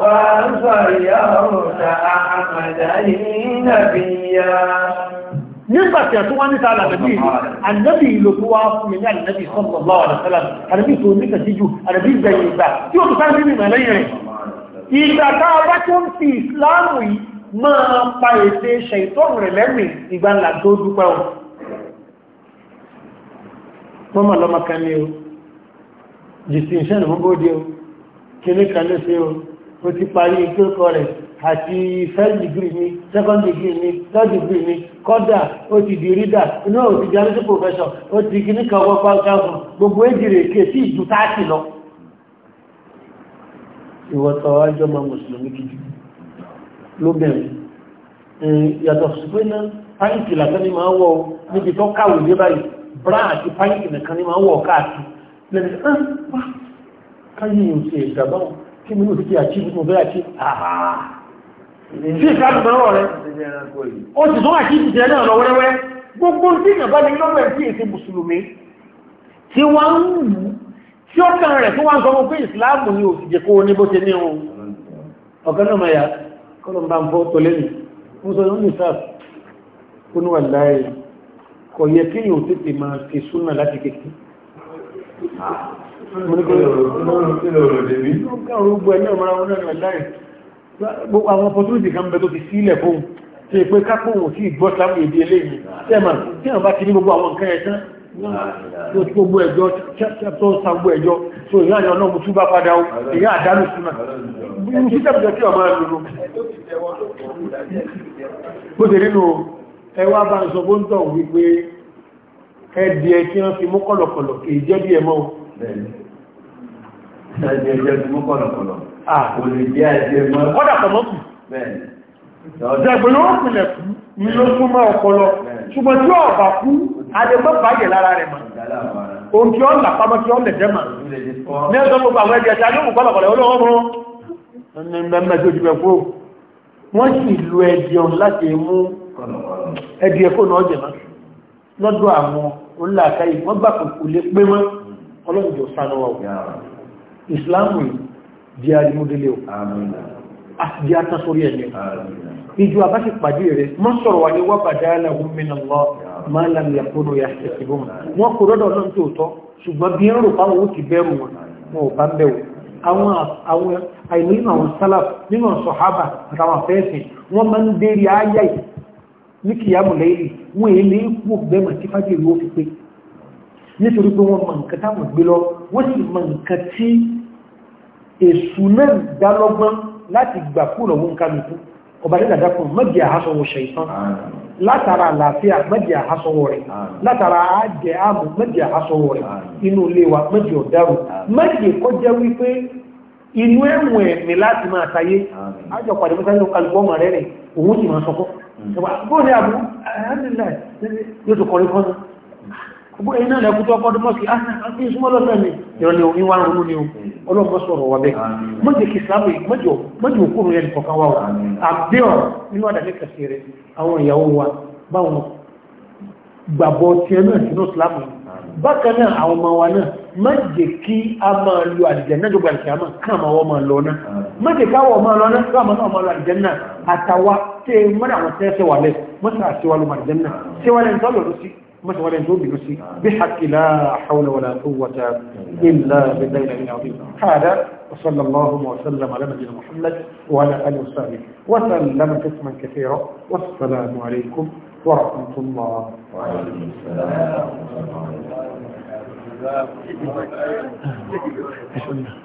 A: وأن صيرت أحمد نبيا
C: nígbàtí àti wọ́n níta alàbẹ̀bí ànábì ìlò tó wá fún mi ní ànábì sallallahu alaihi wasallam ànábì tó níta jíjù ànábì ìgbẹ̀yìn ìgbà tí ó tọ́ta nínú ìmọ̀lẹ́ yẹn ìgbà tá a bá tó ń fi ìsìláàmù yìí àti first degree ni second degree ni third degree ni kọ́dà ó ti di reader inú ò ti di analytic professor ó ti kíní kan wọ́n pa káàkùn gbogbo èjìrè ké sí ìjú táàkì lọ. ìwọ̀tọ̀ ajọ́ ma mùsùlùmí gidi ló bẹ̀rẹ̀ yàtọ̀ sípé náà pàǹtì làtọ́ ni máa wọ̀ níbi tó kàwé dé báyìí bra àti pàǹtì nìkan ni máa wọ̀ káàkiri lẹ́nu ẹ̀ ah, wá káyé ìhùn sí ìgbàgbọ́n kí mi ò ti àchíbi mo fẹ́ àchíbi àhàhà
A: sí ìsáàbù náà
C: rẹ̀ ó sì tún àti ìtìjẹ náà lọ wẹ́rẹ́wẹ́ gbogbo tí ìjọba ní lọ́wọ́ tí èsì mùsùlùmí tí wọ́n ń wù tí ó kàn rẹ̀ tí wọ́n ń sọ fún pé ìsìláàmù ni òfìjẹ́ kó ní bó ṣe ní ohun ọ̀kan náà máa yà kọ́lọ̀ bá ń bọ́ tó lẹ́nu ní kí yóò tètè máa fi ah, ó kàn rúgbọ ẹni ọmọ wọn náà láyé gbogbo àwọn opportunity kan bẹ tó ti sílẹ̀ fún tí pé kápòhùn sí ìgbọ́sàmù èdè eléyìí tẹ́mà tí wọ́n bá ti ní gbogbo àwọn nǹkan ẹ̀tán tó ti gbogbo ẹjọ́ tó ń sa gbogbo ẹjọ́ tó ìyá àyàn náà mú tú bá padà ó ìyá àdánù súnmà inú sí tẹ́bùjọ tí ọmọ ẹlùmú bó ti nínú ẹwà bá ń sọ bó ń tàn wípé ẹdì ẹ tí wọ́n fi mú kọ̀lọ̀kọ̀lọ̀ kì í jẹ́ bí ẹmọ́
B: àkòlèdé
C: àjẹmọ́ kọ́dà
B: kọ̀mọ́kù jẹ̀gbẹ̀lọ́
C: òpìlẹ̀ kú ní ló fún mọ́ ọpọlọ ṣùgbọ́n tí ó bà kú adẹ́gbọ́ báyẹ̀ lára rẹ̀ mọ̀ ohun tí ó ń là pamọ́ tí ó ń lẹ̀ jẹ́mà ní ẹjọ́ gbogbo àwọn ẹgbẹ̀ ẹ̀ṣẹ́ alóhùn kọ́lọ̀kọ̀lẹ̀ olóòrùn wọ́n sì lu ẹ̀dìọ̀n láti mú ẹ̀dì ẹ̀kọ́ náà jẹ̀má lọ́dọ̀ àwọn onílàákàyè wọ́n gbà kò lè pé mọ́ hmm. ọlọ́run jọ sánúwà ìsìláàmù yìí di alimudele o di ata sórí ẹni ìjọ àbáṣe pàdé rẹ̀ mọ́ sọ̀rọ̀ wà ní wábàdá aláhùn mìíràn lọ máa ń lámì àkóónú ya ṣẹ̀kìbó wọn kò rọ́dọ̀ náà tó tọ́ ṣùgbọ́n bí ń rò páwọn ó ti bẹ̀rù wọn wọn ò bá ń bẹ̀rù àwọn àìlú àwọn sálàf nínú sọ̀hábà àtàwọn afẹ́ẹ̀sìn wọ́n èṣù náà dálọ́gbọ́n láti gbà kúrò wọn kálukú ọba ní àdákùn mọ́jì àhásọwọ́ ṣẹ̀tán látara àlàáfíà mọ́jì àhásọwọ́ rẹ̀ látara àájẹ ààbò mọ́jì àhásọwọ́ rẹ̀ inú ilé wa mọ́jì ọ̀dáwò mọ́jì kọ́ jẹ́ wípé inú ẹ̀wọ̀n ẹ̀mí láti máa tayé àjọ pàdé mọ́sálẹ́ kalùbọ́mà rẹ̀ rẹ̀ òun sì máa sọkọ́ gbogbo ẹ̀yìn náà lẹ́kùtọ́ ọkọ̀dún mọ́sí àti ah, ìsúnmọ́lọ́ ni ìrọ̀lẹ̀ òní wà rúrú ni ọlọ́gbọ́ sọ̀rọ̀ wà bẹ́ẹ̀ mọ́jẹ̀ kì sáàmù mọ́jẹ̀ òkúrò yẹn kọ̀kan wà wà àbíọ̀ nínú àdàmì kẹsì rẹ̀ àwọn ìyàwó wa báwọn gbàgbọ́ ti ẹ̀ náà sínú ìsìlámù bákan náà àwọn ọmọ wa náà mọ́jẹ̀ kí a máa lo àdìjẹ́nà jọba ìṣàmà káàmà wọ́n máa lọ náà mọ́jẹ̀ káwọ̀ máa lọ náà káàmà máa lọ àdìjẹ́nà àtàwà tẹ́ mọ́nà àwọn tẹ́ẹ̀ṣẹ́ lẹ́ mọ́sàá síwálùmọ̀ àdìjẹ́nà lọ sí مش ولا ينجوب بنفسي بحق لا حول ولا قوة إلا بالله العظيم هذا وصلى الله وسلم على نبينا محمد وعلى آله وصحبه وسلم قسما كثيرا والسلام عليكم ورحمة الله وعليكم السلام
B: ورحمة الله